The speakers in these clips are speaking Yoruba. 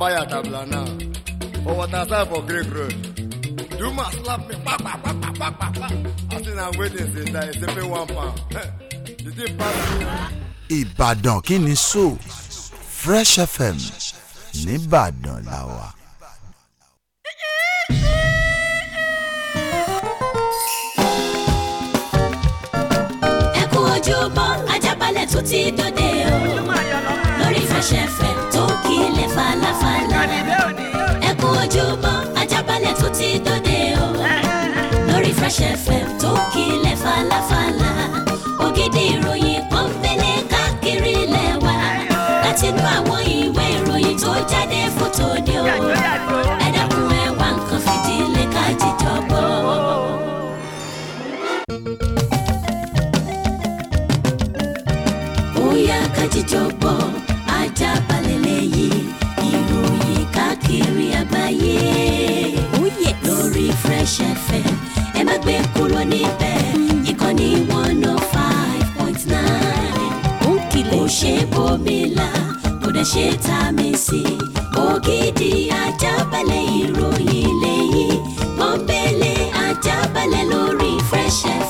buy at Ablana for water side for Greek Road. Duma slap me, pa pa pa pa pa pa pa. I think I'm waiting since I pay one pound. Did it pass? Ìbàdàn kí ni so Fresh FM nìbàdàn la lawa. ẹ kú ojúbọ Ajábalẹ̀ tó ti dòde Fresh FM tó kílẹ̀ falafala. ẹ kú ojúmọ́ ajábalẹ̀ tó ti dòde o. lórí Fresh FM tó kílẹ̀ falafala. ògidì ìròyìn kan fẹ́lẹ́ káàkiri lẹ́wà. látinú àwọn ìwé ìròyìn tó jáde fótó ni o. níbẹ̀ ìkànnì one oh five point nine. ó kìlẹ̀. kò ṣe bòmílà kò dẹ̀ ṣe tá a sí. ògidì ajábalẹ̀ ìròyìn lẹ́yìn pọ́npẹ́lẹ́ ajábalẹ̀ lórí fresh air.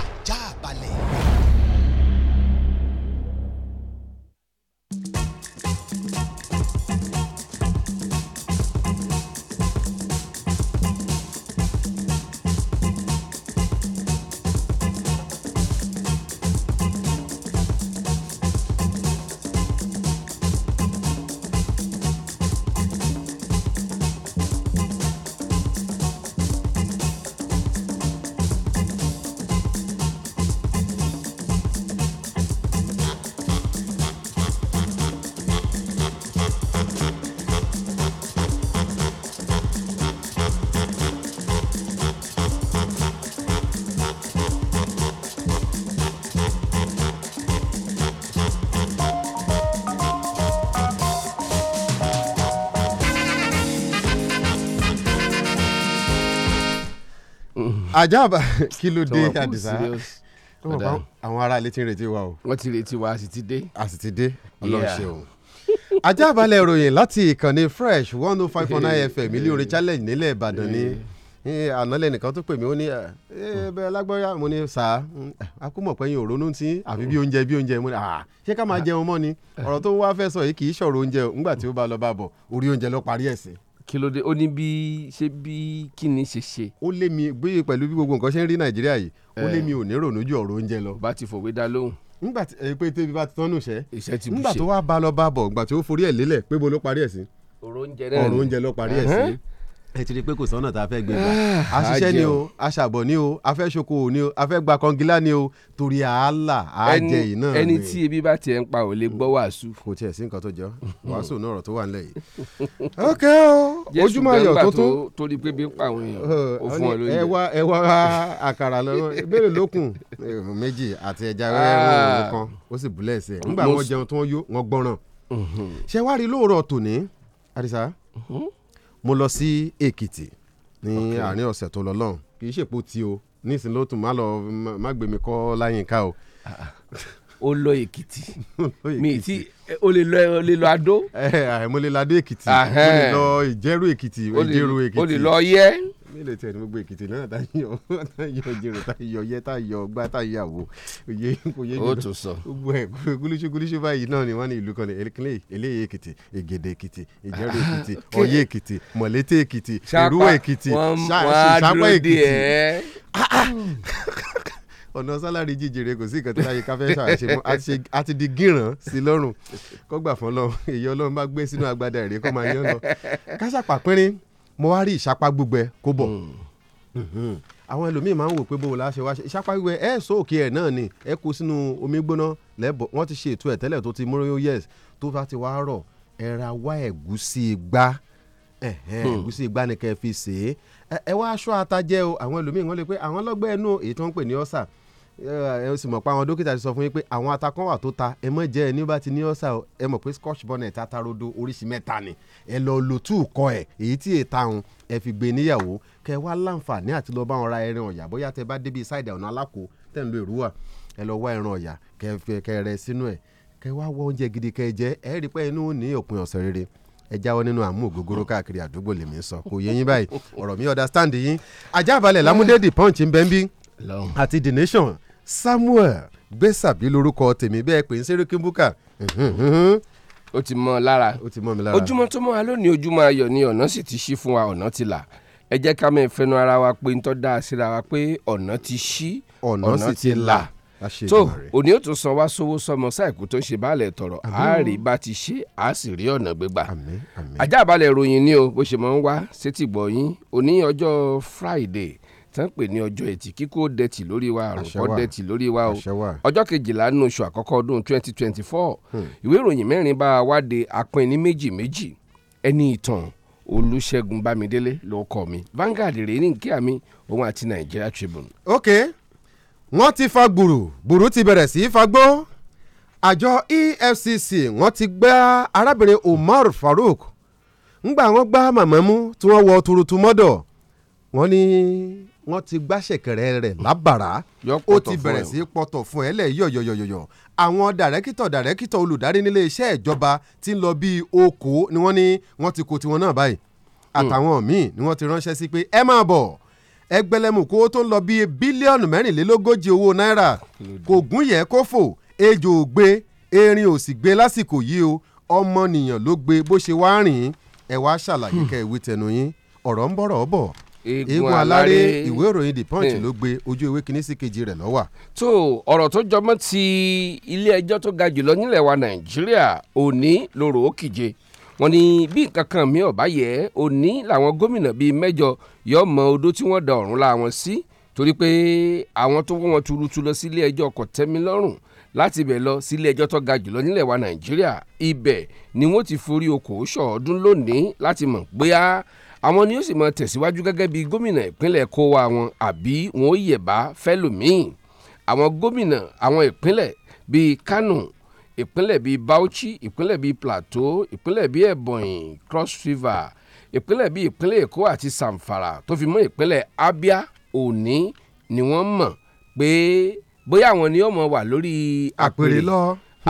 àjàbá kí ló dé àdìsá àwọn ará ilé ti ń retí wa o. wọ́n ti retí wa a sì ti dé. a sì ti dé ọlọ́run ṣe òun ajábalẹ̀ ìròyìn láti ìkànnì fresh one oh five point nine fm ilé orin challenge nílẹ̀ ìbàdàn ni ànálẹ̀ nìkan tó pè mí ó ní ẹ bẹ́ẹ̀ lágbọ́yà mo ní sà á kú mọ̀ pé yín ò ronú tí àfi bí oúnjẹ bí oúnjẹ mo ní ṣé ká máa jẹun mọ́ ni ọ̀rọ̀ tó wá fẹ́ sọ yìí kì í ṣọ̀rọ̀ oúnjẹ nígbà tí ó bá lọ bá bọ̀ orí oúnjẹ ló parí ẹ̀ sí kí ló dé ó ní bí ṣe bí kí ni ṣe ṣe. ó lé mi bí pẹ̀lú bí gbogbo nǹkan ṣe ń rí nàìjíríà yìí ó lé eh. mi ò ní ronú ju ọ̀rọ̀ oúnjẹ lọ. bá ti fòwe dá lóhùn. nígbà tí ẹ eh, pé tẹ́bi bá ti tọ́nù ṣẹ́. iṣẹ́ ti bù ṣe. nígbà tó wá bá lọ bá bọ̀ nígbà tó forí ẹ̀ lélẹ̀ pé bo ló parí ẹ̀ sí. ọ̀rọ̀ oúnjẹ náà ọ̀rọ̀ oúnjẹ ló parí ẹ̀ sí ẹ ti rí i pé kò sọ́nà tá a fẹ́ gbé gbà ah, a ṣiṣẹ́ ni o a ṣàbọ̀ ni o a fẹ́ ṣoko ni o a fẹ́ gba kọngilá ni o torí àálà a jẹ yìí náà ni. ẹni tí ebi bá tiẹ̀ ń pa ò lè gbọ́ wàásù. kò tiẹ̀ sí nǹkan tó jọ wàásù náà ọ̀rọ̀ tó wà nílẹ̀ yìí. ok o ojúmọ́ ayọ̀ tó tó torí pé bí ń pa àwọn èèyàn ó fún ọ lóye. ẹ wá ẹ wá àkàrà lọ́wọ́ ìbéèrè lókun méjì àti ẹja ah. rẹ́rẹ́ kan ó sì búlẹ̀ ẹsẹ̀ nígbà wọn jẹun tí wọ́n yó wọn gbọ́ràn mhm. ṣẹ wá rí lóòrọ̀ tòní àdìsá mhm mo lọ sí Èkìtì ní àárín ọ̀sẹ̀ tó lọ lọ́hùn kì í ṣèpò tí o nísìnyí ló tún má lọ má gbé mi kọ́ láyínká o. o ah, ah. lọ Èkìtì mi ti o lè lọ o lè lọ Adó. Eh, eh, mo lè lọ Adó Èkìtì mo lè lọ Ìjẹ̀rú Èkìtì Ìjẹ̀rú Èkìtì o lè lọ Ọ̀yẹ́ mélòó tiẹ̀ ni mo gbé èkìtì náà tá yọ tá yọ jèrò tá yọ yẹ tá yọ gbá tá yọ àwò kò yé jùlọ ó tún sọ gbogbo ẹ gúlúṣú gúlúṣú báyìí náà ni wọn ní ìlú kan ní eléyìí eléyìí èkìtì ègèdè èkìtì ìjẹrò èkìtì ọyẹ èkìtì mọ̀lété èkìtì èrúwà èkìtì sápá èkìtì ọ̀nà sálárì jíjèrè kò sí nǹkan tó láyé káfẹ́ ṣàṣe a ti di gíràn sí lọ́rùn kọ́gbà fún ọlọ́run èyí ọlọ́run bá gbé sínú agbada ẹ̀rẹ́ kọ́ máa yán lọ káṣàpà pínrín mo wá rí ìsapá gbígbẹ kó bọ̀ hmm. Hmm. àwọn ẹlòmíín máa ń wò pé bó o la ṣe wá ṣe ìsapá gbígbẹ ẹ sóòkè ẹ náà ni ẹ kó sínú omi gbóná lẹ́bọ̀ wọ́n ti ṣe ètò ẹ̀ tẹ́lẹ̀ tó ti múrò yẹ́s tó bá ti wá rọ̀ ẹ wá ẹ̀gúsí gbá hmm. ẹ̀gúsí gbá ni kẹ́ fi ṣe é ẹ wá aṣọ ata jẹ́ o àwọn ẹlòmíín wọ́n lè pé àwọn lọ́gbẹ́ ẹnu èyí tó ń pè ní ọ̀sà Eh, ẹ sì mọ̀ pé àwọn dókítà ti sọ fún yín pé àwọn ata wà tó ta ẹ mọ̀ jẹ́ ẹ ní bá ti ní ọ̀sà ẹ mọ̀ pé scotch bonnet atarodo oríṣi mẹ́ta ni ẹ lọ lò tú kọ ẹ èyí tí èta hùn ẹ fi gbé e níyàwó kẹ wá láǹfààní àti lọ bá wọn ra ẹran ọ̀yà bóyá tẹ bá débi ṣáìdì ọ̀nà alákò tẹ̀ ń lo èrúwà ẹ lọ wá ẹran ọ̀yà kẹ rẹ sínú ẹ kẹ wá wọ oúnjẹ gidi kẹ jẹ ẹ rí pé inú ní òpin ọ̀sẹ̀ rere ẹ jáwọ́ nínú àmú ògógóró káàkiri àdúgbò lèmi sọ kò yé yín báyìí ọ̀rọ̀ mi understand yín ajá balẹ̀ lámúdé punch ń bẹ́ńbí àti the nation Samuel gbèsàbí lórúkọ tèmi bẹ́ẹ̀ pé ń ṣeré kíńbùkà. ó ti mọ́ lára ó ti mọ́ mi lára ojúmọ́ tó mọ́ wa lónìí ojúmọ́ ayọ̀ ni ọ̀nà sì ti ṣí fún wa ọ̀nà ti là ẹ jẹ́ ká mẹ́ fẹnu ara wa pé ń tọ́ da síra wa pé ọ̀nà ti ṣí ọ̀nà sì ti là tó òní ó tún san wá sówó sọmọ sáìkú tó ń ṣe baálẹ̀ tọrọ àárí bá ti ṣe á sì rí ọ̀nà gbégbà ajá balẹ̀ ìròyìn ni o bó ṣe máa ń wá sétí gbọ̀yìn òní ọjọ́ Friday tán pè ní ọjọ́ ẹtì kíkó dẹ̀tì lórí wa àròkọ dẹ̀tì lórí wa o ọjọ́ kejìlá nínú oṣù àkọ́kọ́ ọdún twenty twenty four hmm. ìwé ìròyìn mẹ́rin bá a wáde apin ní méjì méjì ẹni ìtàn olùṣègùn bámidélé ló kọ mi Vanguard rèé ní nkíà mi òun àti Nigeria Tribune. ok wọ́n ti fa gbùrù gbùrù ti bẹ̀rẹ̀ sí í fagbó àjọ EFCC wọ́n ti gbá arábìnrin Umar Farouk ngbà wọ́n gbá màmá mú tí wọ́n wọ tuurutu mọ́dọ̀ wọ́n ní wọ́n ti gbàṣẹ̀kẹ̀rẹ̀ rẹ̀ lábàrá ó ti bẹ̀rẹ̀ sí pọ̀tọ̀ fún ẹ lẹ̀ yọ̀yọ̀yọ̀yọ̀ àwọn dàrẹ́kítọ̀ dàrẹ́kítọ̀ olùdarí nílé iṣẹ́ ìjọba ti ń lọ bíi okòó ni wọ́n ní wọ́n ti kó tiwọn náà báyìí hmm. àtàwọn míì ni wọ́n ti ránṣẹ́ sí pé ẹ máa bọ̀ ẹgbẹ̀lẹ́mù kó tó ń lọ bíi bílíọ̀nù mẹ́rìnlélógójì owó náírà kò gún yẹ kó fò ejò ò gbé erin ò sì gbé lásìkò yìí o ọmọnìyàn ló gbé bó ṣe wá rìn ẹ wá ṣàlàyé kẹ́ ẹ tẹnu yín ọ̀rọ̀ ń bọ̀rọ̀ bọ̀ eégún aláré ìwé ìròyìn the punch hmm. ló gbé ojú ewé kínní sí kejì rẹ̀ lọ́wọ́. tó ọ̀rọ̀ tó jọmọ́ ti ilé ẹjọ́ tó ga jùlọ nílẹ̀ wa nàìjíríà òní lòrò ó kìje wọn ni bí nǹkan kan mi ò yẹ òní làwọn gómìnà bíi mẹ́jọ yóò mọ odó tí wọ́n da ọ̀run la wọn sí torí pé àwọn tó wọ́n tuurutu lọ sílé ẹjọ́ kò tẹ́mi lọ́rùn láti ibẹ̀ lọ sílé ẹjọ́ tó ga jùlọ nílẹ̀ wa nàìjíríà ibẹ̀ ni wọ́n ti forí okòó ṣọ̀ọ́dún lónìí láti mọ̀ bóyá àwọn ni ó sì máa tẹ̀síwájú gẹ́gẹ́ bí gómìnà ìpínlẹ̀ kó wa wọn àbí wọn ó yẹ̀bá fẹ́lòmíì àwọn gómìnà àwọn ìpínlẹ̀ bíi Kano ìpínlẹ̀ bíi Bauchi ìpínlẹ̀ bíi Plateau ìpínlẹ̀ bíi Ebonyi Cross River ìpínlẹ̀ bíi ìpínlẹ̀ Èkó àti Samfara tó fi mọ́ ìpínlẹ̀ Abia Òní ni wọ́n mọ̀ pé bóyá àwọn ni ó mọ̀ wà lórí àpèrè lọ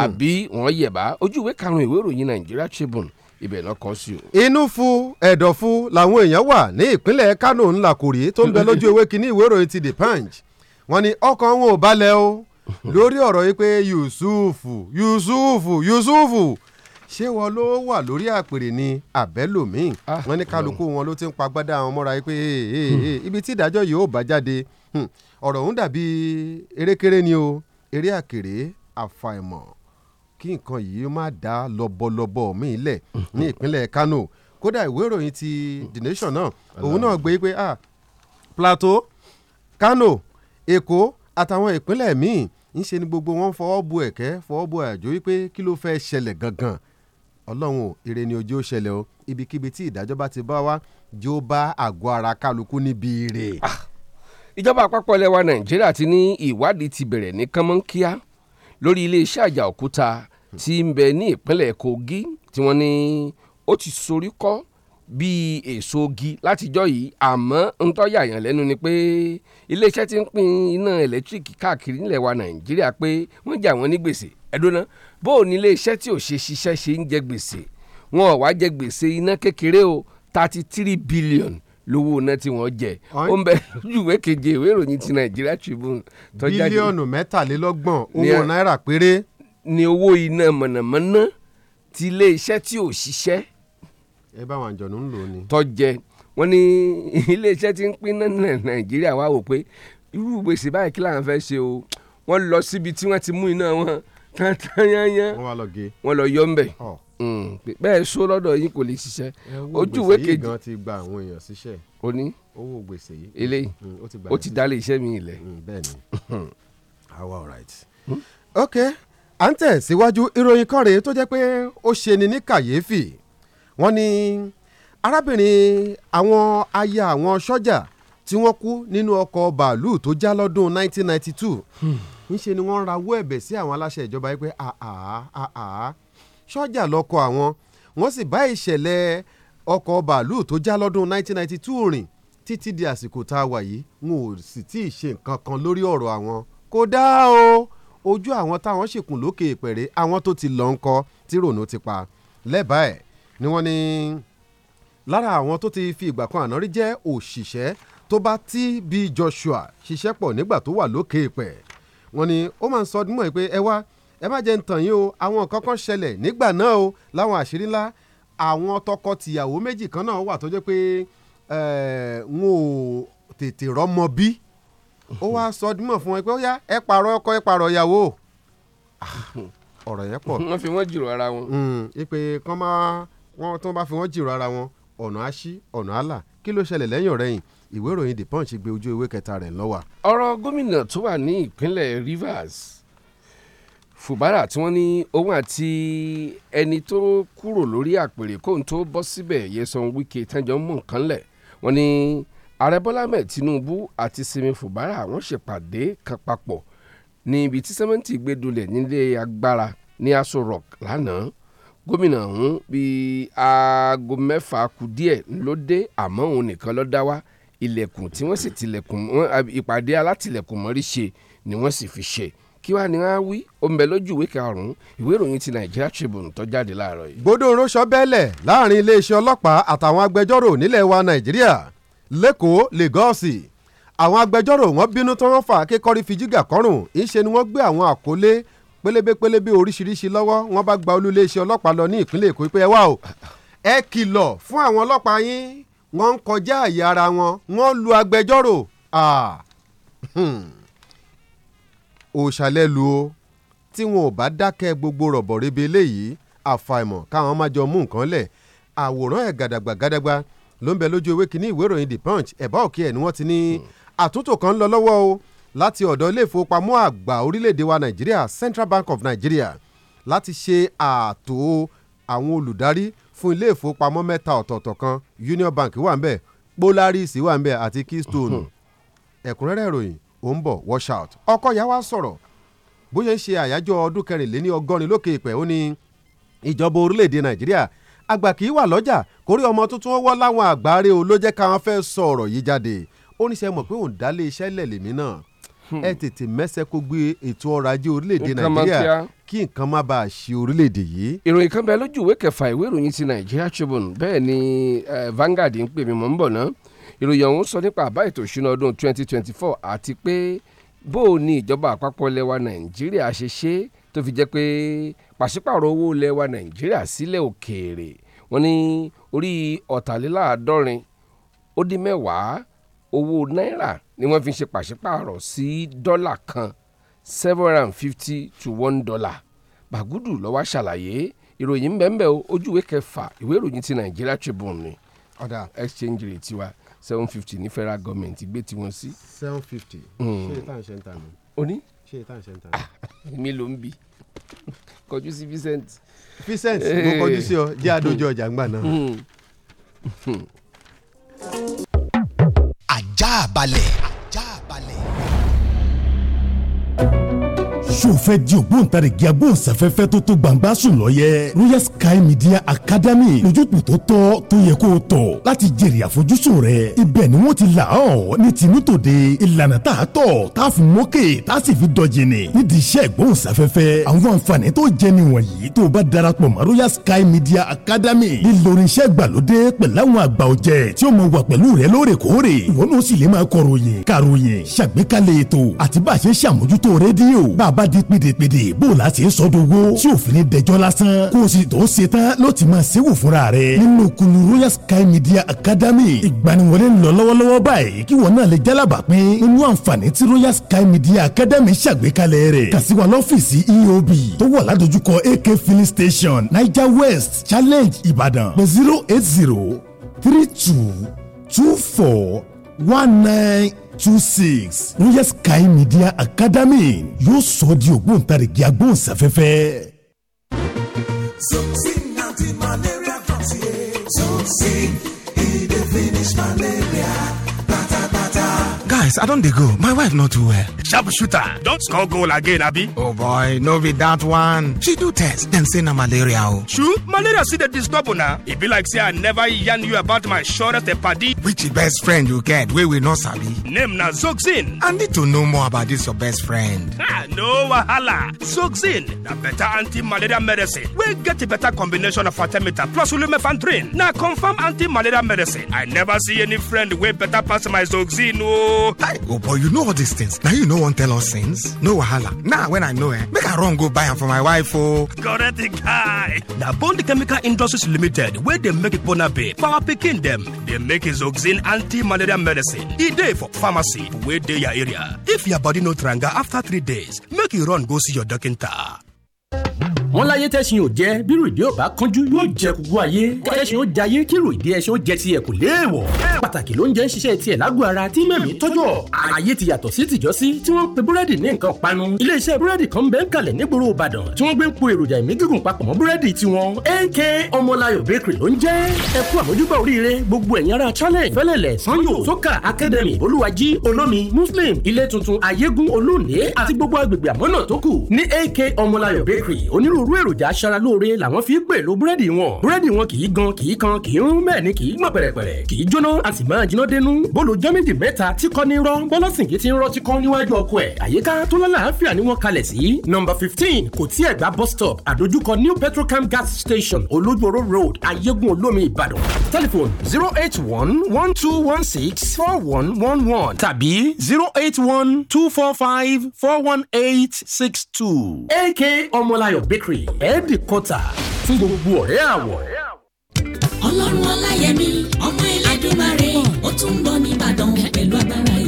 àbí wọ́n yẹ̀bá ojú ìwé karùn-ún ìwé ìròyìn Nigeria Tribune ibẹ̀ ló kọ sí o. inú fu ẹ̀dọ̀ fu làwọn èèyàn wà ní ìpínlẹ̀ Kánò ńlá kòrí tó ń bẹ lójú ewé kínní ìwé ìròyìn ti The Punch wọ́n ní ọkàn wọn ò balẹ̀ o lórí ọ̀rọ̀ yìí pé Yusufu Yusufu Yusufu ṣé wọn ló wà lórí àpèrè ní àbẹ́lòmíì ah. wọ́n ní kálukú wọn ló ti ń pagbádá àwọn mọ́ra yìí pé hmm. ibi tí ìdájọ́ yìí ó bá jáde hmm. ọ̀rọ̀ ọ̀hún dàbí erékeré ni o eré àkèrè àfàìmọ̀ kí nǹkan yìí má dá lọ́bọ̀lọ́bọ̀ míì lẹ̀ ní ìpínlẹ̀ Kano kódà ìwé ìròyìn ti The Nation náà òun náà gbé pé ah Plateau Kano Èkó àtàwọn ìpínlẹ̀ míì ń ṣe ni gbogbo wọn fọwọ́ bu ẹ̀kẹ́ fọwọ́ bu àjò wípé kí ló fẹ́ ṣẹlẹ̀ gangan ọlọ́run ò ire ni ojú ó ṣẹlẹ̀ o ibikíbi tí ìdájọ́ bá ti bá wa jó bá àgọ́ ara kálukú níbi ire. Ah, ìjọba àpapọ̀ ilẹ̀ wa nàìjíríà ti ní ìwádìí ti bẹ̀rẹ̀ ní kánmọ́nkíá lórí iléeṣẹ́ àjà òkúta tí ń bẹ ní ìpínlẹ̀ Kogi tí wọ́n ní ó ti sorí kọ́ bíi èso ogi látijọ́ yìí àmọ́ ń tó yà yàn lẹ́nu ni pé iléeṣẹ́ tí ń pín iná ẹ̀lẹ́tíríkì káàkiri nílẹ̀ wa Nàìjíríà pé wọ́n jà wọ́n ní gbèsè ẹ̀dọ́nà bó ní iléeṣẹ́ tí ò ṣe ṣiṣẹ́ ṣe ń jẹ gbèsè wọn ò wá jẹ gbèsè iná kékeré o thirty three billion lówó iná tí wọ́n jẹ ó ń bẹ lójúwèé keje ìwé ìròyìn ti Nàìjíríà Tribune bílíọ̀nù mẹ́tàlélọ́gbọ̀n owó náírà péré ni owó iná mọ̀nàmọ́ná ti iléeṣẹ́ tí ò ṣiṣẹ́. ẹ bá wọn àjọ̀nù ń lò ó ni. tọ́jẹ wọn ní iléeṣẹ́ tí ń pín náà nàìjíríà wá wò pé irú gbèsè báyìí kí làwọn fẹ́ ṣe o wọ́n lọ síbi tí wọ́n ti mú iná wọn tán tán yányán wọ́n lọ yọ ńbẹ̀ hmm. bẹ́ẹ̀ sọ lọ́dọ̀ yín kò lè ṣiṣẹ́ ojú ìwé kejì. owó gbèsè yìí gan ti gba àwọn èèyàn ṣiṣẹ́. o ní owó gbèsè yìí. eléyìí hmm, ó ti dálé iṣẹ́ mi ilẹ̀. Hmm, bẹ́ẹ̀ ni àwa ah, all right. Hmm? ok à ń tẹ̀síwájú ìròyìn kan rèé tó jẹ́ pé ó ṣe ni ní kàyéfì wọ́n ní arábìnrin àwọn aya àwọn sọ́jà tí wọ́n kú nínú ọkọ̀ bàálù tó já lọ́dún 1992 ńṣe hmm. ni wọ́n rawọ́ ẹ̀bẹ̀ sí àwọn aláṣẹ ìjọba yìí pé àà àà sọ́jà lọ́kọ̀ àwọn wọ́n sì bá ìṣẹ̀lẹ̀ ọkọ̀ bàálù tó já lọ́dún 1992 rìn títí di àsìkò tá a wà yìí wọn ò sì tí ì ṣe nǹkan kan lórí ọ̀rọ̀ àwọn kódà o ojú àwọn táwọn ṣìkùn lókè ìpẹ̀rẹ̀ àwọn tó ti lọ ń tí rònú ti pa lẹ́bàá ẹ̀ ni wọ́n ní lára àwọn tó ti fi ìgbà kan àná rí jẹ́ òṣìṣẹ́ tó bá tí bíi Joshua ṣiṣẹ́ pọ̀ nígbà tó wà lókè ìpẹ̀ wọ́n ní ó máa ń sọ ọdún mọ́ ẹ pé ẹ wá ẹ má jẹ́ ń tàn yín o àwọn nǹkan kan ṣẹlẹ̀ nígbà náà o láwọn àṣírí ńlá àwọn tọkọ méjì kan náà wà tó jẹ́ pé wọn ò tètè rọ́mọ bí ó wá sọ dímọ̀ fún ẹ pé ó yá ẹ pààrọ̀ ọkọ ẹ pààrọ̀ ìyàwó ah, ọ̀rọ̀ yẹn pọ̀. wọ́n fi wọ́n jìrò ara wọn. Hmm, ipe kán máa wọn tó bá fi wọ́n jìrò ara wọn ọ̀nà àṣì ọ̀nà àlà kí ló ṣẹlẹ̀ lẹ́yìn ọ̀rẹ́yìn ìwé ìròyìn the punch gbé ojú ewé kẹta rẹ̀ lọ́wà. ọ̀rọ̀ gómìnà tó wà ní ìpínlẹ̀ Rivers Fubara tí wọ́n ní òun àti ẹni tó kúrò lórí àpèrè kóun tó bọ́ síbẹ̀ Nyesom Wike tẹ́jọ́ mọ̀ nǹkan lẹ̀ wọ́n ní ààrẹ bọ́lá ahmed tinubu àti simi fubara wọ́n ṣèpàdé kan papọ̀ ní ibi tí sẹ́mẹ́ǹtì gbé dolẹ̀ nílé agbára ní aso rock lánàá gómìnà ọ̀hún bíi aago mẹ́fà kù díẹ̀ ló dé àmọ́ òun nìkan ló dá wá ilẹ̀kùn tí wọ́n sì tilẹ̀kùn ìpàdé alátìlẹ̀kùn mọ́rí ṣe ni wọ́n sì fi ṣe kí wàá ní wọ́n á wí ombẹ lójú ìwé karùn ìwé ìròyìn ti Nigeria Tribune tó jáde láàárọ̀ yìí. gbódò ń bẹ́ẹ̀lẹ̀ láàrin iléeṣẹ́ ọlọ́pàá àtàwọn agbẹjọ́rò nílẹ̀ wa Nàìjíríà lẹ́kọ̀ọ́ lagọ́ọ̀sì àwọn agbẹjọ́rò wọn bínú tí wọ́n fà á kékọ́rí fi jígà kọ́rùn ìṣe ni wọ́n gbé àwọn àkọlé pélébépélébé oríṣiríṣi lọ́wọ́ wọ́n bá gba olú iléeṣẹ́ ọlọ́pàá lọ ní ìpínlẹ̀ èkó pé ẹ wá o ẹ kìlọ̀ fún àwọn ọlọ́pàá yín wọ́n ń kọjá àyè ara wọn wọ́n lu agbẹjọ́rò òṣàlẹ̀ hmm. lu o tí wọn ò bá dákẹ́ gbogbo rọ̀bọ̀rẹ́bẹ eléyìí àfàìmọ̀ káwọn má jọ mú nǹkan lẹ̀ àwòrán ẹ̀ gàdàgbà ló ń bẹ lójú ewé kínní ìwé ìròyìn the punch ẹ̀bá òkè ẹ̀ ni wọ́n ti ní àtúntò kan ń lọ lọ́wọ́ o láti ọ̀dọ̀ ilé ìfowópamọ́ àgbà orílẹ̀-èdè wa nàìjíríà Central Bank of Nigeria láti ṣe ààtò àwọn olùdarí fún ilé ìfowópamọ́ mẹ́ta ọ̀tọ̀ọ̀tọ̀ kan Union Bank wà ńbẹ̀ Polaris wà ńbẹ̀ àti Keystone hmm. ẹ̀kúnrẹ́rẹ́ ìròyìn ò ń bọ̀ wash out ọkọ̀ yà wá sọ̀rọ̀ bóyá ń ṣe àyájọ́ ọdún kẹrìnléní ọgọ́rin lókè ìpẹ́ ó ní ìjọba orílẹ̀-èdè nàìjíríà àgbà kì í wà lọ́jà kórí ọmọ tuntun wọ́ láwọn àgbáre o ló jẹ́ káwọn fẹ́ sọ ọ̀rọ̀ yìí jáde ó ní sẹ́ mọ̀ pé òun dálé iṣẹ́ lẹ̀ lèmi náà hmm. ẹ tètè mẹ́sẹ̀ kó gbé ètò ọrọ̀ ajé orílẹ̀-èdè nàìjíríà kí nǹkan má bàa ṣe orílẹ̀-èdè yìí. ìròyìn kan bẹ lójú ìwé kẹfà ìwé ìròyìn ti nàìjíríà tribune bẹ́ẹ̀ ni Vanguard ń pè mí mọ́ ń bọ̀ ná ìròyìn ọ̀hún sọ nípa àbá ètò ìṣúná ọdún 2024 àti pé bó o ìjọba àpapọ̀ lẹwa nàìjíríà ṣe ṣe tó fi jẹ́ pé pàṣípààrọ̀ owó ilẹ̀ wa nàìjíríà sílẹ̀ òkèèrè wọ́n ní orí ọ̀tàléláàádọ́rin ó dín mẹ́wàá owó náírà ni wọ́n fi ṣe pàṣípààrọ̀ sí dọ́là kan seven hundred and fifty to one dollar bàgúdù lọ́wọ́ ṣàlàyé ìròyìn mbẹ́mbẹ́ ojúwe kẹfà ìwé ìròyìn ti Nigeria Tribune ni ọ̀dà exchange rate tiwa seven fifty ní federal government gbé tiwọn sí. seven fifty hmm. ṣé ìtàn ṣe ń tà mí. o ní. ṣé ìtàn ṣe ń tà mí. mi ló ń bi kọjú sí Vincent. Vincent mo kọjú sí ọ jẹ́ àdójú ọjà ńgbà náà. Hmm. Hmm. ajá balẹ̀. ajá balẹ̀ ṣó fẹ́ di ògbóǹtarìgì agbóhùnsáfẹ́fẹ́ tó tó gbangba sùn lọ́yẹ Royal Sky Media Academy lójútùú tó tọ́ tó yẹ kó o tọ̀ láti jèrè àfojúsùn rẹ ibẹ̀ ni wọ́n ti là ọ́ ní tinútòde ìlànà tá a tọ̀ tá a fi mókè tá a sì fi dọ̀jì ni nídìí iṣẹ́ ìgbóhùnsáfẹ́fẹ́ àwọn àǹfààní tó jẹ nìwọ̀nyí tó bá darapọ̀ mọ́ Royal Sky Media Academy nílòrin iṣẹ́ ìgbàlódé pẹ̀lú àwọn àgbà wádìí pédèpédè bó o la ṣe sọdowó tí o fini dẹjọ́ lásán kó o sì tó ṣe tán ló ti máa ṣẹ́wò fúnra rẹ̀ nínú kunu royal sky media academy ìgbaniwọlé ń lọ lọ́wọ́lọ́wọ́ báyìí kí wọn náà lè jálábà pín nínú àǹfààní tí royal sky media academy ṣàgbékalẹ̀ rẹ̀ kàn sí wa lọ́fíìsì eob tó wà ládojúkọ ak filling station niger west challenge ìbàdàn pé zero eight zero three two two four one nine two six royal sky media academy yóò sọ ọ́ di ògbóǹtarìgì agbóhùnsáfẹ́fẹ́. zoxyn anti malaria drops ye zoxyn finish malaria guys i don't dey go my wife not too well sharp shooter Don't score goal again Abby. oh boy no be that one she do test dem say na malaria o oh. true malaria see the disturb una e be like say i never yarn you about my surest party. which best friend you get wey we no sabi name na zoxin i need to know more about this your best friend no wahala zoxin The better anti-malaria medicine We get a better combination of artemether plus lumefantrine Now confirm anti-malaria medicine i never see any friend way better pass my zoxin Oh. Hey, oh boy, you know all these things. Now you know one tell us things. No wahala. Now when I know eh, make I run go buy them for my wife oh. Correct the guy. Now Bond Chemical Industries Limited, where they make it be, power picking them. They make his oxin anti-malaria medicine. E day for pharmacy, where they your area. If your body no tranga after three days, make you run go see your doctor. wọn láyé tẹ́sìn ò jẹ́ bírò ìdí ò bá kánjú yóò jẹ gbogbo ayé kẹ́sìn ó jayé kíro ìdí ẹṣin ó jẹ tiẹ̀ kò léèwọ̀ pàtàkì ló ń jẹ́ ń ṣiṣẹ́ tiẹ̀ lágùn ara tí mẹ́mí tọ́jọ́ ayé ti yàtọ̀ sí tìjọ́sí tí wọ́n pe búrẹ́dì ní nǹkan panu iléeṣẹ́ búrẹ́dì kan bẹ́ẹ̀ kalẹ̀ nígboro Ìbàdàn tí wọ́n gbé ń po èròjà ìmí gígùn papọ̀ mọ́ búrẹ́dì tiwọn AK Ọmọláyọ̀ bakery ló ń jẹ́ ẹ kú àmójúbà challenge fẹ́lẹ̀lẹ̀ sanyo soka academy olúwají olómi muslim ilé tuntun ayégún olóòní àti gbogbo agbègbè àmọ́nà tó kù ní AK Ọmọláyọ̀ bakery onírú onírúurú èròjà aṣara làwọn fi gbèlò búrẹ́dì wọn búrẹ́dì wọn kì í gan kì í kan kì í rún bẹ́ẹ̀ ni kì í gbọ̀n pẹ̀rẹ̀pẹ̀rẹ̀ kì í jóná a sì máa jiná dénú bólú jẹ́mídì mẹ́ta tí kọ́ ní rọ́ bọ́lọ́sìnkì ti ń rọ́ ti kọ́ níwájú ọkọ ẹ̀ àyíká tó lálàáfíà ni wọ́n kalẹ̀ sí. nọ́mbà fifteen kò tí ẹ̀ gba bus stop àdójúkọ new petrocam gas station olójúoró road ayégun olómi ìbàdàn telephone zero eight one one two one six four one one one tàbí zero eight one two four five four one eight six two. ak ọmọláyọ̀ bakery bakery ẹ̀ẹ́dìkọ́tà fún gbogbo ọ̀rẹ́ àwọ̀. ọlọ́run ọláyẹmí ọmọ ẹlẹ́dùnmarè ó tún ń bọ̀ ní pẹ̀lú agbára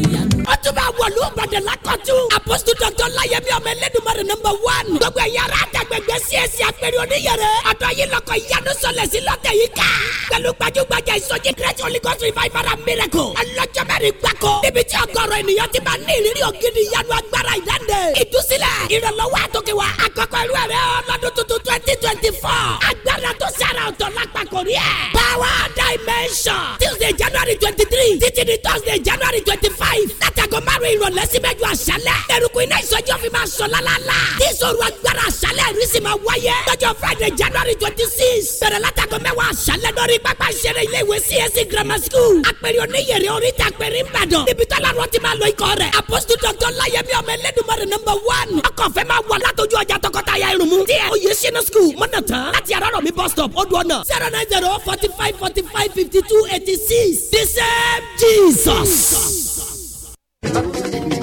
tún bá wọ̀lú ìbàdàn lákọ̀tún. àpòsù dọ̀tọ̀ láyẹ̀mí ọmọ ẹlẹ́dùnmọ̀rẹ̀ nọmba wán. gbogbo ẹ̀yà ara àtàgbẹ̀gbẹ̀ csc apẹ̀rẹ̀ oníyẹrẹ. ọ̀dọ̀ yìí lọkọ̀ ìyanu sọlẹ̀ sí lọ́tẹ̀ yìí ká. pẹ̀lú gbajúgbajà ìsọjí grace holy gods revival and miracle. ọlọ́jọ́ mẹ́rin gbáko. níbi tí ọ̀gọ̀rọ̀ ènìyàn ti máa ní ìrírí ògidì ìyanu agbára ìdáǹdè. ìtúsílẹ̀ ìrànlọ́wọ́ àtòkè wa. àkọ́kọ́ irú ẹ̀rẹ́ ọlọ́dún tuntun twenty twenty four. agbára tó sára ọ̀tọ̀ lápapọ̀ rí ẹ̀. power dimension tuesday january twenty three títí di thursday january twenty five. látàg aago márùn ìrọ̀lẹ́ sí mẹ́jọ àṣálẹ̀. eruku iná ìsọjí fi máa sọ lálálá. tí ìṣòro agbára àṣálẹ̀ rí sì máa wáyé. lọ́jọ́ friday january twenty six. bẹ̀rẹ̀ látàgọ́ mẹ́wàá àṣálẹ̀ lórí pápá ìṣeré ilé ìwé csc e grammar school. àpèrè oníyèrè oríta àpèrè ìbàdàn. ibi tó lárọ́ ti máa lọ ikọ̀ rẹ̀. apostle doctor layemi ọmọ ẹlẹ́dùnmọ́rẹ̀ number one. ọkọ̀ fẹ́ máa wà látọjú Thank you.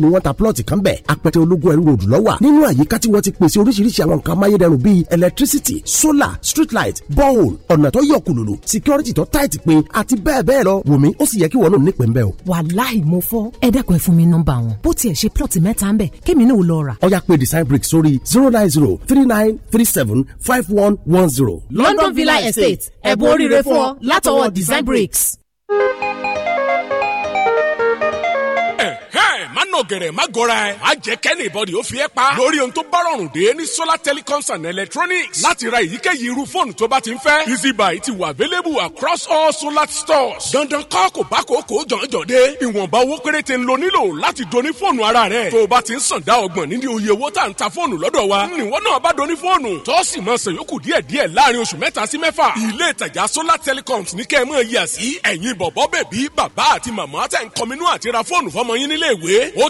ni wọ́n ta plot kan bẹ̀ apẹtẹ ológun ẹ̀rú ròdù lọ́wà nínú àyíká tí wọ́n ti pèsè oríṣiríṣi àwọn nǹkan amáyédẹrùn bíi electricity solar street light borehole ọ̀nà tó yọ kùlùlù security tó tight pin àti bẹ́ẹ̀ bẹ́ẹ̀ lọ wùmí ó sì yẹ kí wọ́n lòun nípìn bẹ́ẹ̀ o. wàláì mo fọ́ ẹ dẹ́kun ẹ fún mi nọ́mbà wọn bó tiẹ̀ ṣe plọ̀tì mẹ́ta ń bẹ̀ kémi náà lọ rà. ọ̀yá pé design brick sórí zero nine zero three nine three seven five one one zero. London Villa Estate ẹ̀bùn oríire fún ọ látọwọ́ design bricks. gẹ̀rẹ̀ má gọra ẹ̀ má jẹ́ kẹ́ni ìbọ̀dì ó fi ẹ́ pa lórí ohun tó bá rọrùn dé ní solar telecoms and electronics láti ra èyíkéyìí irú fóònù tó bá ti ń fẹ́ easy buy ti wà available across all solar stores dandan kọ́ kò bá kò kò jọ̀njọ̀ dé ìwọ̀nba owó péréte ń lo nílò láti doni fóònù ara rẹ̀ tó o bá ti ń sàn dá ọgbọ̀n nínú iye owó tá à ń ta fóònù lọ́dọ̀ wa níwọ̀n náà bá doni fóònù tó sì máa sàn yókù díẹ̀díẹ̀ láàrin oṣù mẹ́ta sí mẹ́fà ilé ìtajà solar telecoms ní kẹ́ ẹ mọ̀ yíyà sí ẹ̀yin bọ̀bọ̀ bèbí bàbá àti màmá tẹ̀ ń kọminú àti ra fóònù fọmọ yín nílé ó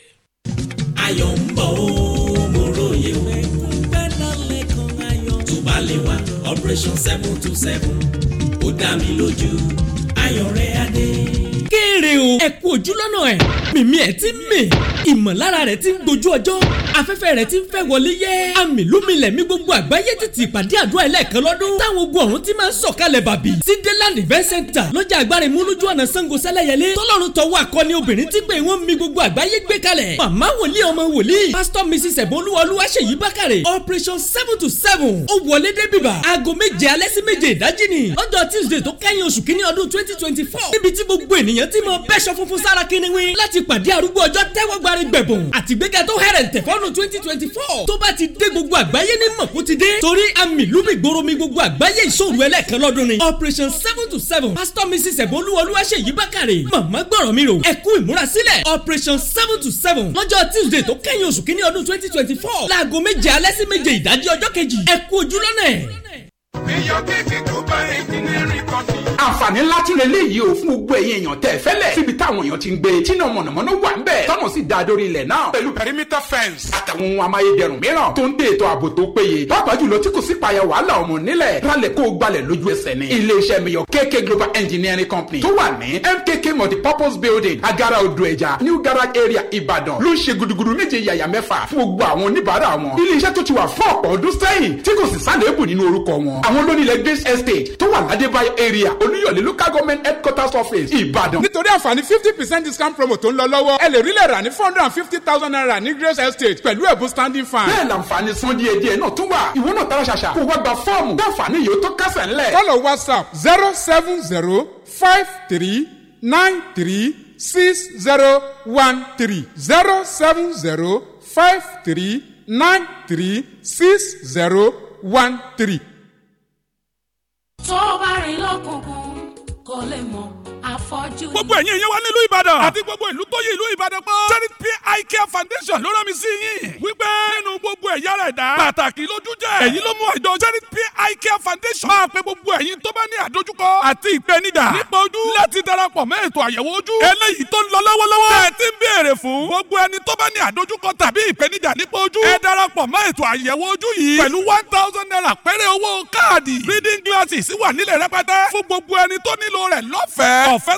ayọ̀ ń bọ̀ ó mo ròyìn o. tó bá lè wá operation seven two seven ó dá mi lójú ayọ̀ rẹ̀ adé léèrè o ẹ kú ojúlọ́nà ẹ̀ mímí ẹ̀ ti mì ìmọ̀lára rẹ̀ ti ń gbojú ọjọ́ afẹ́fẹ́ rẹ̀ ti ń fẹ́ wọlé yẹ́ àmìlúmilẹ̀ mi gbogbo àgbáyé títí ìpàdé àdúrà ẹlẹ́ẹ̀kan lọ́dún táwọn ogun ọ̀run ti máa ń sọ̀kalẹ̀ bàbí sí deland event center lọ́jà agbára ìmúlójú ọ̀nà Ṣàngó Sẹ́lẹ̀yẹlé tọ́lọ́run tọwọ́ akọni obìnrin tí pé wọ́n mi gbogbo àgbáyé gbé kalẹ̀ màmá wòlíì ọmọ wòlíì pásítọ̀ mrs ẹ̀bọ́nlúwọlúwa ṣèyí bákàrẹ̀ operation seven to seven ó wọlé dé bíbà aago méje alẹ́ sí méje ìdájí ni ọjọ́ tuesday tó kẹ́yìn oṣù kínní ọdún twenty twenty four níbi tí gbogbo ènìyàn ti mọ máa bẹ́ṣọ funfun sára kíniwín láti pàdé arúgbó ọjọ́ tẹ́wọ́ gbẹ̀bùn àtìgbéga tó hẹ̀rẹ̀ tẹ̀ twenty twenty four tó bá ti dé gbogbo àgbáyé ní mọ̀kú ti dé torí àmì lùmí gbòòrò mi gbogbo àgbáyé ìṣòro ẹlẹ́ẹ̀kan lọ́dún ni operation seven to seven pastor mrs ẹ̀bọ́lúwọlúwà ṣèyí bákàrẹ̀ màmá gbọ́rọ̀ mi rò ẹ̀kú ìmúrasílẹ̀ operation seven to seven lọ́jọ́ tuesday tó kẹ́yìn oṣù kínní ọdún twenty twenty four láago méje alẹ́ sí àǹfààní ńlá tí relé yìí ò fún gbogbo ẹ̀yin èèyàn tẹ̀ fẹ́lẹ̀ síbi táwọn èèyàn ti ń gbé tíná mọ̀nàmọ́ná wà ń bẹ̀ tọ́nà sì da dórí ilẹ̀ náà pẹ̀lú perimeter fence àtàwọn ohun amáyédẹrùn mìíràn tó ń dé ètò ààbò tó péye pàápàá jùlọ tí kò sí payà wàhálà ọmọ nílẹ̀ rálẹ̀ kó o gbalẹ̀ lójú ẹsẹ̀ ni iléeṣẹ́ miyàn KK Global Engineering Company tó wà ní MKK multipurpose building agara odò ẹja new garage area Ìbàdàn ló ń ṣe gudugudu méje yàyà mẹ́fà fún gbogbo àwọn oníbàárà wọn iléeṣẹ́ tó ti wà fún ọ̀pọ̀ ọdún sẹ́yìn tí kò sì sálẹ̀ èbù nínú orúkọ wọn mọ́. àwọn lónìí ilẹ̀ grace estate tó wà ládébáyé area olúyọ̀lé local government headquarters office ìbàdàn. nítorí àǹfààní fifty percent discount promo tó ń lọ lọ́wọ́ ẹ lè rí lẹ̀ rà ní four hundred and fifty thousand naira ní grace estate pẹ̀lú ẹ̀bùn standing fan. bẹ́ẹ̀ làǹfààní san díẹ̀ díẹ̀ náà tún wà ìwọ náà tara ṣàṣà kó wá gba fọ́ọ̀mù dáǹfààní yìí tó kásẹ̀ ńlẹ̀. kọ́lọ̀ whatsapp zero seven zero five three nine three six zero one three zero seven zero five three nine three six zero one three tó bá rìn lọ́kùnkùn kò lè mọ̀ afọ́jú ni. gbogbo ẹ̀yin ìyẹn wá nílùú ìbàdàn àti gbogbo ìlú tó yí ìlú ìbàdàn pọ̀. charity pay eye care foundation ló rán mi sí yín. wípé nínú gbogbo ẹ̀yà rẹ̀ dá. pàtàkì lójú jẹ́. èyí ló mú àjọ charity pay eye care foundation. máa pe gbogbo ẹ̀yin tó bá ní àdójúkọ àti ìpèníjà. nípa ojú láti darapọ̀ mẹ́ ètò àyẹ̀wò ojú. eléyìí tó ń lọ lọ́wọ́lọ́wọ́. ẹ ti béèrè fún. gbogbo ẹni tó bá ní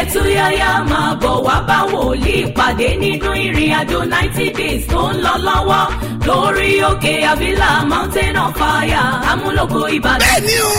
ẹtúyáyá máa bọ̀ wá bá wòlíì pàdé nínú ìrìn àjò ninety days tó ń lọ lọ́wọ́ lórí òkè àbílà mountain of fire amúlòkọ ìbàdàn. bẹ́ẹ̀ni o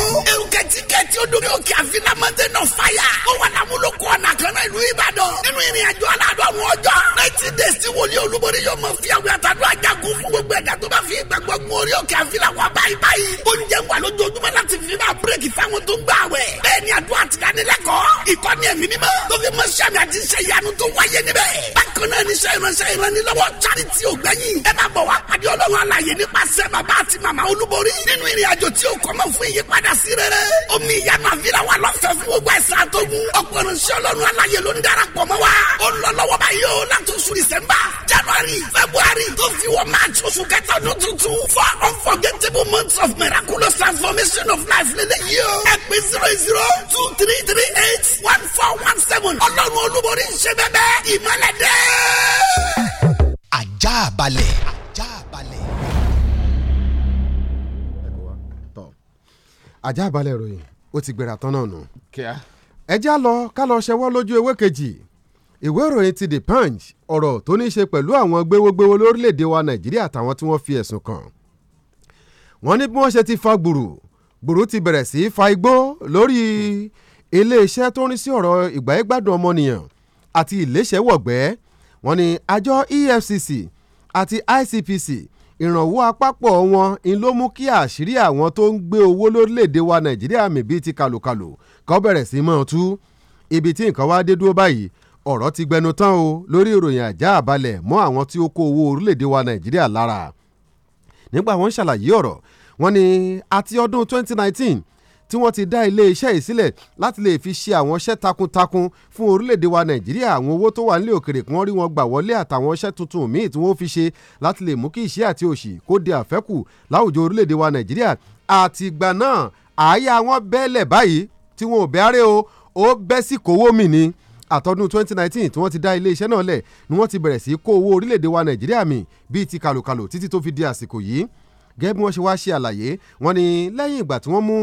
tí ó dórí òkè àfínà mountain of fire. ó wà lámúlòkọ ọ̀nà kan náà ìlú ìbàdàn. nínú ìrìn àjò aládọ́run ọjọ́. ninety days tí wòlíì olúborí yóò mọ fi àwẹ̀ àtàdúrà jagun fún gbogbo ẹ̀dá tó bá fi ìgbàgbọ́ gun orí òkè àfínà wà báyìí báyìí. oúnjẹ wà lójoojúmọ́ láti fi máa bírèkì fáwọn tó ń gbà wẹ̀. bẹ́ẹ̀ ni àdúrà ti dánilẹ́kọ̀ọ́. ìkọ́ni ẹ̀mí mímọ́. tó fi mọ sàmì àti iṣẹ́ ìyanu tó wáyé níbẹ̀. bákan náà ni iṣẹ́ ìránṣẹ́ ìrànlọ́wọ́ charity ògbẹ́yìn. ẹ máa bọ̀ wá pàdé ọlọ́run alàyè nípasẹ̀ bàbá àti màmá olúborí. nínú ìrìn àjò tí ó kọ́mọ fún ìyípadà sí rere. omi ìyanu àfihàn wa lọ́fẹ̀ẹ́ fún gbogbo ẹ̀sìn àtọ́gùn ọ̀pọ̀ ìrìnsẹ̀ ọlọ́run ló ń darapọ̀ mọ́ wa ó ń o láti oṣù dìsẹ́mbà january february tó fi wọ march oṣù kẹta ọdún tuntun for unforgettable months of miraculous transformation of life lẹ́lẹ́ yìí o ẹ zero zero two three three eight one four one seven ọlọ́run olúborí ń ṣe bẹ́ẹ̀ ìmọ̀lẹ̀ dẹ́. ajá balẹ̀. ajá balẹ̀. ajá ó ti gbéra tán náà nù. ẹ já lọ ká lọ ṣẹwọ́ lójú ewé kejì ìwé ìròyìn ti the punch ọ̀rọ̀ tó ní í ṣe pẹ̀lú àwọn gbéwógbéwó lórílẹ̀‐èdè wa nàìjíríà àtàwọn tí wọ́n fi ẹ̀sùn kàn. wọ́n ní bí wọ́n ṣe ti fa gbùrù gbùrù ti bẹ̀rẹ̀ sí í fa igbó lórí iléeṣẹ́ tó ń rí sí ọ̀rọ̀ ìgbáyégbádùn ọmọnìyàn àti ìléṣẹ́wọ̀gbẹ́ wọ́n ní àjọ EFCC àti ICPC ìrànwọ́ àpapọ̀ wọn ń ló mú kí àṣírí àwọn tó ń gbé owó lórílẹ̀‐èdè wa nàìjíríà mì bíi ti kàlòkàlò kọ́ bẹ̀rẹ̀ sí mọ́ ọ tú ibi tí nǹkan wá dé dúró báyìí ọ̀rọ̀ ti gbẹnu tán o lórí ìròyìn àjá àbalẹ̀ mọ́ àwọn tí ó kó owó orílẹ̀‐èdè wa nàìjíríà lára nígbà wọ́n ṣàlàyé ọ̀rọ̀ wọ́n ní àti ọdún 2019 tí wọ́n ti dá iléeṣẹ́ ìsílẹ̀ láti lè fi ṣe àwọn iṣẹ́ takuntakun fún orílẹ̀-èdè wa nàìjíríà àwọn owó tó wà nílẹ̀ òkèrè kí wọ́n rí wọn gbà wọlé àtàwọn iṣẹ́ tuntun míì tí wọ́n fi ṣe láti lè mú kí ìṣẹ́ àti òṣì kó di àfẹ́kù láwùjọ orílẹ̀-èdè wa nàìjíríà àtìgbà náà àáyá wọn bẹ́ẹ̀lẹ̀ báyìí tí wọn ò bẹ́ arẹ́ o ó bẹ́ sí kówó mi ni àtọ́dún 2019 tí wọ́n ti dá iléeṣẹ́ náà lẹ̀ ni wọ́n ti bẹ̀rẹ̀ sí kó owó orílẹ̀-èdè wa nàìjíríà mi bíi ti kàlòkàlò títí tó fi di àsìkò yìí gẹ́gẹ́ bí wọ́n ṣe wá ṣe àlàyé wọ́n ní lẹ́yìn ìgbà tí wọ́n mú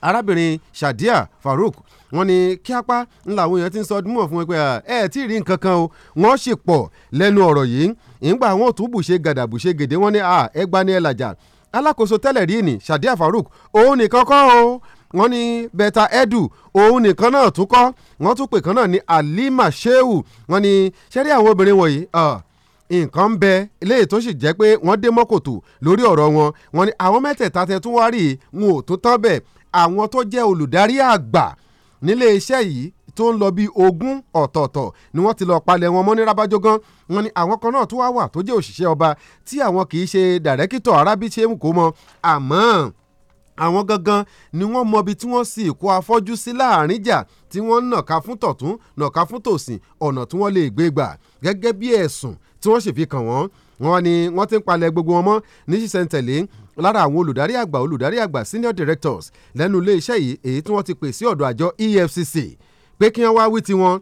arábìnrin Shadia Farouk wọ́n ní kí apá ńlá àwọn èèyàn ti ń sọ ọdún mọ̀ fún wọn pé ẹ tí ì rí nǹkan kan o wọ́n sì pọ̀ lẹ́nu ọ̀rọ̀ yìí ìgbà wọn ò tún bùṣe gàdà bùṣe gèdè wọ́n ní ẹgbàá ní ẹlàjà alákòóso tẹ́lẹ̀ rí ni Shadia Farouk òun nìkan kọ́ o wọ́n ní beta edu òun nìkan náà tún kọ́ wọ́n tún pè kan náà ní Halima Shehu wọ́n ní ṣẹ́rí àwọn obìnrin wọ̀nyí nǹkan ń bẹ eléyìí tó sì jẹ́ pé wọ́n dé mọ́kòtò lórí ọ̀rọ̀ wọn wọ́n ní àwọn mẹ́tẹ̀ẹ̀ta tẹ tún wá rí wọn ò tún tán bẹ́ẹ̀ àwọn tó jẹ́ olùdarí àgbà nílé iṣẹ́ yìí tó ń lọ bíi ogún ọ̀tọ̀ọ̀tọ̀ ni wọ́n ti lọ palẹ̀ wọn mọ́ ní rábájọ́gán wọn ni àwọn kan náà tó wá wà tó jẹ́ òṣìṣẹ́ ọba tí àwọn kì í ṣe dàrẹ́kítọ̀ arábíṣẹ́ kò mọ àmọ́ àwọn gangan ni wọ́n mọbi tí wọ́n sì kó afọ́jú sí láàrin jà tí wọ́n nàka fún tọ̀tún nàka fún tòsìn ọ̀nà tí wọ́n lè gbé gbà gẹ́gẹ́ bí ẹ̀sùn tí wọ́n sì fi kàn wọ́n wọ́n ní wọ́n ti ń palẹ̀ gbogbo wọn mọ́ ní sísẹ̀ntẹ̀lé lára àwọn olùdarí àgbà olùdarí àgbà senior directors lẹ́nu iléeṣẹ́ yìí èyí tí wọ́n ti pè sí ọ̀dọ̀ àjọ EFCC pé kí wọ́n wá wí tiwọn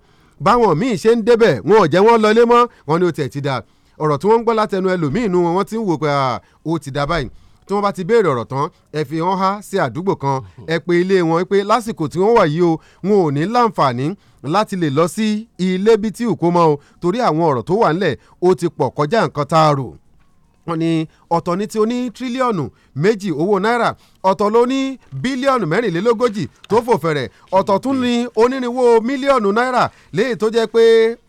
báwọn míì ṣe ń débẹ̀ wọn ò jẹ́ wọ́n lọlé mọ́ wọn ni ó tẹ̀ ti dà ọ̀rọ̀ tí wọ́n ń gbọ́ látẹnu ẹlòmíín nu wọn wọ́n ti ń wò pé ó ti dà báyìí tí wọ́n bá ti béèrè ọ̀rọ̀ tán ẹ fi hàn há sí àdúgbò kan ẹ pe ilé wọn pé lásìkò tí wọ́n wà yìí o wọn ò ní láǹfààní láti lè lọ sí ilé bíi tí òkú mọ́ o torí àwọn ọ̀rọ̀ tó wà ńlẹ̀ ó ti pọ̀ kọjá nǹkan tá a rò wọ́n ní ọ̀tọ̀ ní ti oní tírílíọ̀nù méjì owó náírà ọ̀tọ̀ ló ní bílíọ̀nù mẹ́rìnlélógójì tó fò fẹ̀rẹ̀ ọ̀tọ̀ tún ní onírínwó mílíọ̀nù náírà léyìí tó jẹ́ pé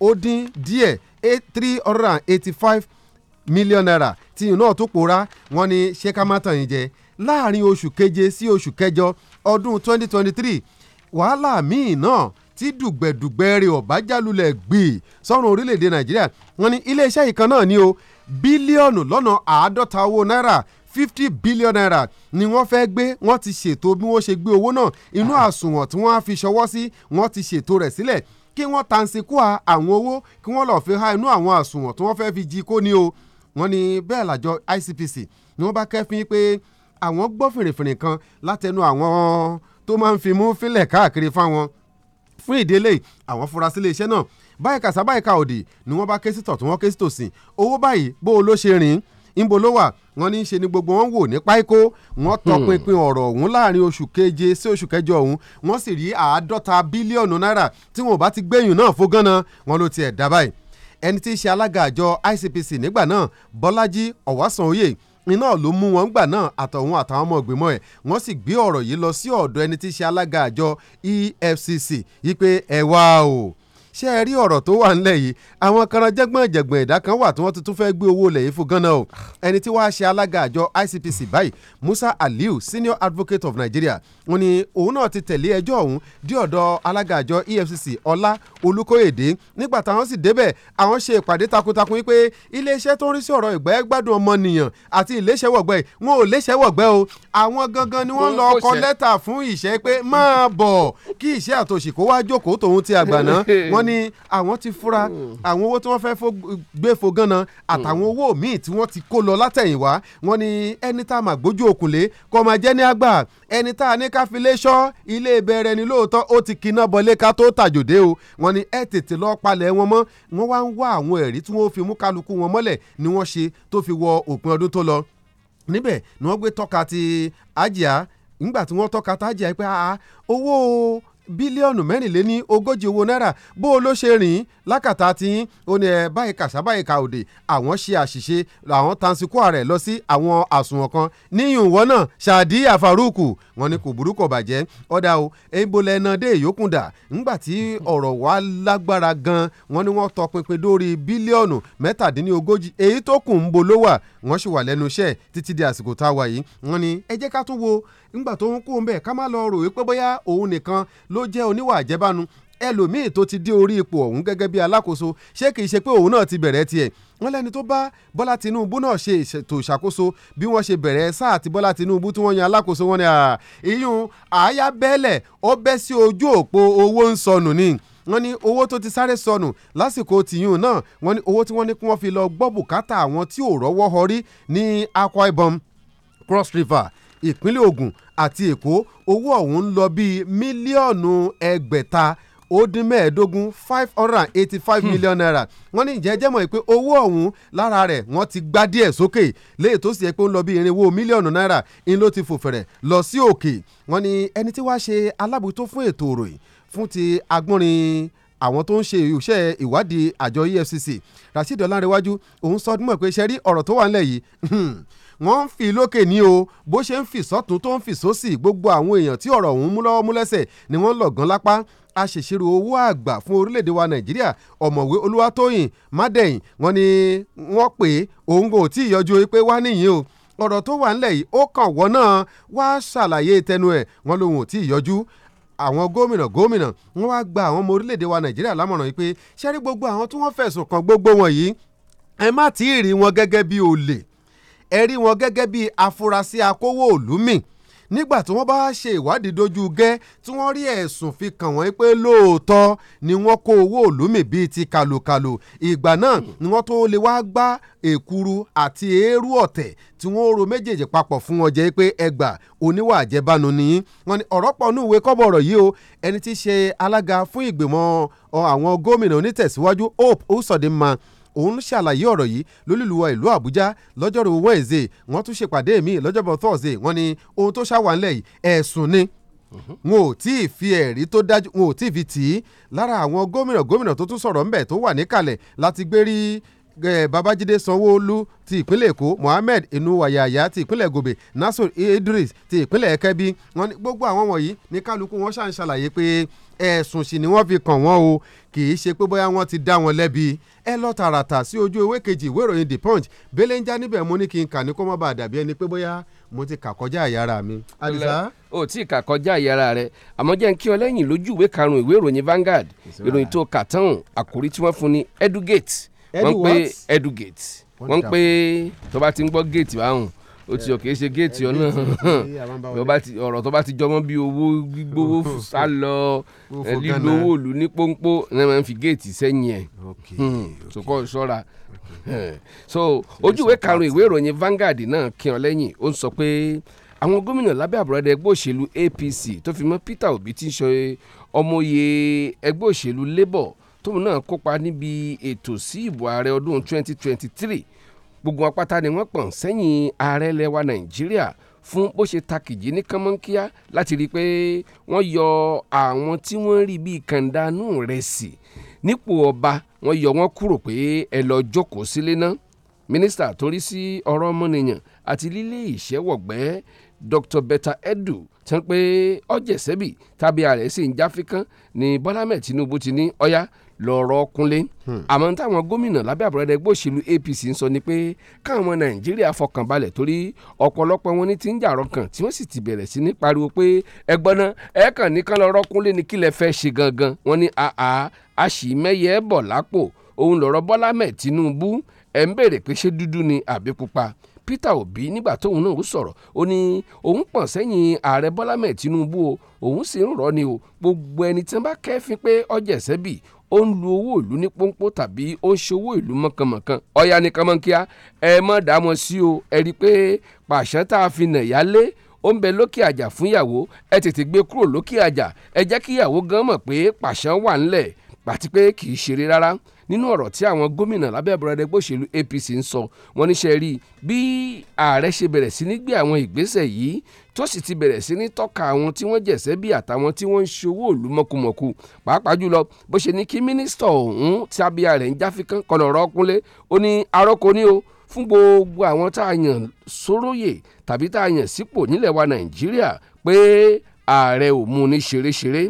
ó dín díẹ̀ eight three hundred and eighty five million naira tí ìyún náà tó pòórá wọ́n ní ṣé ká má tàn yín jẹ láàrin oṣù keje sí oṣù kẹjọ ọdún twenty twenty three wàhálà míì náà tí dùgbẹ̀dùgbẹ̀ rẹ̀ ọ̀bájálulẹ̀ gbì sọ́run orílẹ̀-èdè nàìjíríà wọ́n ní iléeṣẹ́ ìkan náà ni o bílíọ̀nù lọ́nà àádọ́ta owó náírà fifty billion naira ni wọ́n fẹ́ gbé wọ́n ti ṣètò bí wọ́n ṣe gbé owó náà inú ah. àsùnwọ̀n tí wọ́n á fi ṣọwọ́ sí wọ́n ti ṣètò rẹ̀ sílẹ̀ kí wọ́n tansikú àwọn owó kí wọ́n lọ́ọ́ fi há inú àwọn àsùnwọ̀n tí wọ́n fẹ́ fi jí kó ní o wọ́n ní bẹ́ẹ̀ làjọ ICPC ni wọ́n bá kẹ́fín pé àwọn gbọ́ fìrìfìrì kan látẹnu àwọn tó máa ń fimú fínlẹ̀ káàkiri fáwọn fún ìdílé àwọn furasí iléeṣẹ́ náà báyìí kàṣà báyìí ka òdì ni wọ́n bá ké sí tọ̀tún wọ́n ké sí tòsìn owó báyìí bó o ló ṣe rìn níbo ló wà wọ́n ní í ṣe ni gbogbo wọn wò ní páíkó wọ́n hmm. tọpinpin ọ̀rọ̀ ọ̀hún láàrin oṣù keje sí oṣù kẹjọ ọ̀hún wọ́n sì rí àádọ́ta bílíọ̀nù náírà tí wọn ò bá ti gbẹ̀yìn náà fún gánà wọn ló tiẹ̀ dá ẹni tí í ṣe alága àjọ ICPC nígbà náà Bọ́lájí Ọ̀wásanoyè iná ló mú wọn gbà náà àtọ̀hún àtàwọn ọmọ ìgbìmọ̀ ẹ̀ wọ́n sì gbé ọ̀rọ̀ yìí lọ sí ọ̀dọ̀ ẹni tí í ṣe alága àjọ EFCC yí pé ẹ wá o ṣé ẹ rí ọ̀rọ̀ tó wà ńlẹ̀ yìí àwọn kanra jẹ́gbọ́n jẹ̀gbọ́n ẹ̀dá kan wà tí wọ́n tuntun fẹ́ gbé owó lẹ̀ yìí fún ganan o ẹni tí wàá ṣe alága àjọ ICPC báyìí Musa Aliu senior advocate of Nigeria wọ́n ní òun náà ti tẹ̀lé ẹjọ́ ọ̀hún dí ọ̀dọ̀ alága àjọ EFCC Ọlá Olúkóyèdé nígbà táwọn sì débẹ̀ àwọn ṣe ìpàdé takuntakun wípé iléeṣẹ́ tó ń rí sí ọ̀rọ̀ ìgbẹ́ gbádùn ọmọnìyàn àti iléeṣẹ́ wọ̀gbẹ́ wọn ò léṣẹ́ wọ̀gbẹ́ o àwọn gangan ni wọ́n lọ kọ lẹ́tà fún ìṣẹ́ pé máa bọ̀ kí ìṣẹ́ àtòṣì kó wá jókòó tòun ti àgbàná wọ́n ni àwọn ti fura àwọn owó tí wọ́n fẹ́ gbé fo ganan àtàwọn owó míì tí wọ́n ti kó lọ látẹ̀yìnwá wọ́n ní ẹni tá a mà gbójú òkùnlé kọ́ máa jẹ́ ní àgbà ẹni tá a ní ká fi lé ṣọ́ ilé ìbẹ̀rẹ̀ ni lóòótọ́ ó ti kiná bọlé ká tó tàjòdè o wọ́n ní ẹ tètè lọ palẹ̀ wọn mọ́ wọ́n wá ń wá àwọn ẹ̀rí tí wọ́n fi mú kálukú wọn mọ́lẹ̀ ni wọ́n ṣe tó fi wọ òpin ọdún tó lọ níbẹ̀ ni wọ́n gbé tọ́ka ti àjíá nígbà tí wọ́n tọ́ka tájì àìpẹ́ àá owó bílíọ̀nù mẹ́rìnléní ogójì owó náírà bó o ló ṣe rìn lákàtà tí ó ní ẹ báyìí kàṣá báyìí ka òde àwọn ṣe àṣìṣe àwọn tansikó rẹ̀ lọ sí àwọn àsùnwọ̀n kan níyùn ìwọ náà ṣáàdì àfàrúkù wọ́n ni kò burúkọ bàjẹ́ ọ̀dà o ebola ẹ̀nà dé ìyókùn dà ńgbà tí ọ̀rọ̀ wa lágbára gan wọ́n ní wọ́n tọpinpin dórí bílíọ̀nù mẹ́tàdínlógójì èyí tó kù ń bo ló wà wọ́n sì wà lẹ́nu iṣẹ́ títí di àsìkò tá a wà yìí wọ́n ní ẹ jẹ́ ká tún wo ńgbà tó ń kú ń bẹ̀ ká má lọ rò wípé bóyá òun nìkan ló jẹ́ oníwà àjẹbánu ẹlòmíì tó ti dé orí ipò ọ̀hún gẹ́gẹ́ bí alákòóso ṣé kìí ṣe pé òun náà ti bẹ̀rẹ̀ tiẹ̀ wọ́n lẹ́ni tó bá Bọ́lá Tinubu náà ṣe ètò ìṣàkóso bí wọ́n ṣe bẹ̀rẹ̀ sáà tí Bọ́lá Tinubu tí wọ́n yan alákòóso wọn ni ìyún àáyá bẹ́ẹ̀lẹ̀ ó bẹ́ sí ojú òpó owó ń sọnù ni wọ́n ní owó tó ti sáré sọnù lásìkò tìyún náà wọ́n ní owó tí wọ́n ní kí wọ́n fi lọ gbọ́ bùkátà àwọn tí ò rọ́wọ́ họrí ní Akwa Ibom Cross River ìpínlẹ̀ Ògùn àti Èkó owó ọ̀hún lọ bíi mílíọ̀nù ẹgbẹ̀ta ó dín mẹ́ẹ̀ẹ́dógún five hundred and eighty five hmm. million naira wọ́n ní ìjẹ́ jẹ́mọ̀ pé owó ọ̀hún lára rẹ̀ wọ́n ti gbá díẹ̀ sókè léyìí tó sì yẹ pé ó ń lọ bí irinwó mílíọ̀nù náírà ń ló ti fò fẹ̀rẹ̀ lọ sí òkè wọ́n ní ẹni tí wàá ṣe alábòójútó fún ètò òròyìn fún ti agbọ́nrin àwọn tó ń ṣe iṣẹ́ ìwádìí àjọ EFCC Rasheed Ọlánrewájú òun sọ ọdún mọ̀ pé ṣe rí ọ̀rọ̀ tó wà ńlẹ̀ yìí hmm. wọ́n ń fi lókè ní o bó ṣe ń fi sọ́tún tó ń fi sósì gbogbo àwọn èèyàn tí ọ̀rọ̀ ọ̀hún mú lọ́wọ́ mú lẹ́sẹ̀ ni wọ́n lọ̀gán lápá aṣèṣirò owó àgbà fún orílẹ̀-èdè wa nàìjíríà ọ̀mọ̀wé olúwatóyìn mádẹ́yìn wọ́n ní wọ́n pè é òun kò tí ì yọjú pé wá nìyí o ọ̀rọ̀ tó wà ńlẹ̀ yìí ó kàn wọ́n náà wá ṣàlàyé tẹnu ẹ̀ wọ́n lòun ò tí ì yọjú àwọn gómìnà gómìnà wọ́n wá gba àwọn ọmọ orílẹ̀-èdè wa nàìjíríà lámọ̀ràn yìí pé ṣẹ́rí gbogbo àwọn tí wọ́n fẹ̀sùn kàn gbogbo wọn yìí ẹ má tí ì rí wọn gẹ́gẹ́ bí olè ẹ rí wọn gẹ́gẹ́ bí afurasí akówó òlùmíì nígbà tí wọ́n bá ṣe ìwádìí dojú gẹ́ tí wọ́n rí ẹ̀sùn fi kàn wọ́n pé lóòótọ́ ni wọ́n kó owó olómi bíi ti kàlòkàlò ìgbà náà ni wọ́n tó lè wá gbá èkuru àti eérú ọ̀tẹ̀ tí wọ́n ro méjèèjì papọ̀ fún wọn jẹ́ pé ẹgbà oníwà àjẹbánu ni wọ́n ní ọ̀rọ̀ pọ̀ ní ìwé kọ́bọ̀rọ̀ yìí o ẹni tí í ṣe alága fún ìgbìmọ̀ àwọn gómìnà onítẹ̀síwájú Hope Uzodinma òun ṣàlàyé ọ̀rọ̀ yìí lólùlùwọ̀ ìlú àbújá lọ́jọ́rò wednesday wọ́n tún ṣèpàdé míì lọ́jọ́bọ̀ thursday wọ́n ní ohun tó ṣàwánlẹ̀ yìí ẹ̀sùn ni wọn ò tí ì fi ẹ̀rí tó dájú wọn ò tí ì fi tì í lára àwọn gómìnà gómìnà tó tún sọ̀rọ̀ ńbẹ̀ tó wà níkàlẹ̀ láti gbé rí babájídé sanwóolu ti ìpínlẹ̀ èkó mohammed enuwayaya ti ìpínlẹ̀ gòbè nasir idris ti ìpínlẹ̀ kẹ́bí wọn gbogbo àwọn wọ̀nyí ní kálukú wọn ṣàn ṣàlàyé pé ẹ̀sùn sì ni wọ́n fi kàn wọ́n o kì í ṣe pé bóyá wọ́n ti dá wọn lẹ́bi ẹ lọ tààràtà sí ojú ewé kejì ìwé ìròyìn the punch bẹ́lẹ̀ ń já níbẹ̀ mo ní kí n kà ní kó má bàa dàbí ẹni pé bóyá mo ti kà kọjá àyàrá mi. àdìsá. o tí kà kọjá àyàrá rẹ àmọ́ jẹ́ n kí ọ lẹ́yìn lójú ìwé karùn-ún ìwé ìròyìn Vanguard ìròyìn tó kà tán àkòrí tí wọ́n fún ni Edugate wọ́n pé edugate wọ́n pé tó bá ti ń gbọ́ gate báwọn ó ti yọ eh, kì í ṣe géètì ọ̀nà ọ̀rọ̀ tó bá ti jọmọ́ bí owó gbígbówó sá lọ eh, lílo owó òlu ní pọ́npọ́ ní wọ́n fi géètì sẹ́yìn ẹ̀ hmm, sọkọ́ ṣọ́ra so ojúwe karùn-ún ìwé ìròyìn Vanguard náà kí ọ lẹ́yìn ó ń sọ pé àwọn gómìnà lábẹ́ àbúradà ẹgbẹ́ òṣèlú APC tó fi mọ́ Peter Obi ti ń ṣe ọmọye ẹgbẹ́ òṣèlú Labour tóun náà kópa níbi ètò sí ìbò ààrẹ ọdún 2023 gbogbo apáta ni wọ́n pọ̀n sẹ́yìn ààrẹ lẹ́wà nàìjíríà fún bó ṣe takìjì ní kánmọ́nkíá láti rí i pé wọ́n yọ àwọn tí wọ́n rí bíi kàndánù rẹ̀ sí nípò ọba wọ́n yọ wọ́n kúrò pé ẹ lọ jókòó sílé náà mínísítà tó rí sí ọ̀rọ̀ ọmọnìyàn àti lílé ìṣẹ́wọ̀gbẹ́ Dr. Betta Edu tí wọ́n pé ọ̀jẹ̀sẹ́bì tàbí ààrẹ sì ń jáfikán ní Bọ́lá Tinubu ti ní ọ̀yá lọ́rọ̀ kúnlé hmm. àmọ́ táwọn gómìnà lábẹ́ àbúrò ẹgbẹ́ òṣèlú APC ń sọ ni pé káwọn Nàìjíríà fọkànbalẹ̀ torí ọ̀pọ̀lọpọ̀ wọn ní ti ń jàrọ̀ kan tí wọ́n sì ti bẹ̀rẹ̀ sí ní pariwo pé ẹgbọ́n náà ẹ kàn kúnlé ni kílẹ̀ fẹ́ ṣe gangan wọ́n ní àá àṣìmẹ́yẹ bọ̀ lápò òun lọ́rọ̀ Bọ́lá mẹ́ Tinubu ẹ̀ ń béèrè pé ṣé dúdú ni àbí pupa Peter Obi nígbà tóun náà sọ̀rọ̀ ó ní òun pọ̀n sẹ́yìn ààrẹ Bọ́lá mẹ́ Tinubu o òun sì ń rọ́ ni o gbogbo ẹni tí wọ́n bá kẹ́fín pé ọjẹ̀sẹ́ bì ó ń lu owó ìlú ní pọ́npọ́ tàbí ó ń ṣòwò ìlú mọ̀kànmọ̀kàn ọ̀ya ní kànmọ́kíá ẹ mọ̀ dàmọ́ sí o ẹ rí i pé pàṣẹ tá a fi nà yálé ó ń bẹ lókè àjà fún ìyàwó ẹ tètè gbé kúrò lókè àjà ẹ jẹ́ kí ìyàwó gan mọ̀ pé pàṣẹ wà ńlẹ̀ àti pé kì í ṣeré rárá nínú ọ̀rọ̀ tí àwọn gómìnà lábẹ́ bọ̀rọ̀ ẹgbẹ́ òṣèlú APC ń sọ wọ́n níṣẹ́ rí bí ààrẹ ṣe bẹ̀rẹ̀ sí ní gbé àwọn ìgbésẹ̀ yìí tó sì ti bẹ̀rẹ̀ sí ní tọ́ka àwọn tí wọ́n jẹ̀sẹ́ bí àtàwọn tí wọ́n ń ṣòwò òlu mọ̀kùmọ̀kù pàápàá jùlọ bó ṣe ní kí mínísítọ̀ ọ̀hún tí abíyá rẹ̀ ń jáfikán kọ̀nà ọ̀rọ̀ ọkúnlé ó ní aróko ní o fún gbogbo àwọn tá a yàn sóróyè tàbí tá a yàn sípò nílẹ̀ wa nàìjíríà pé ààrẹ ò mú ní ṣeréṣeré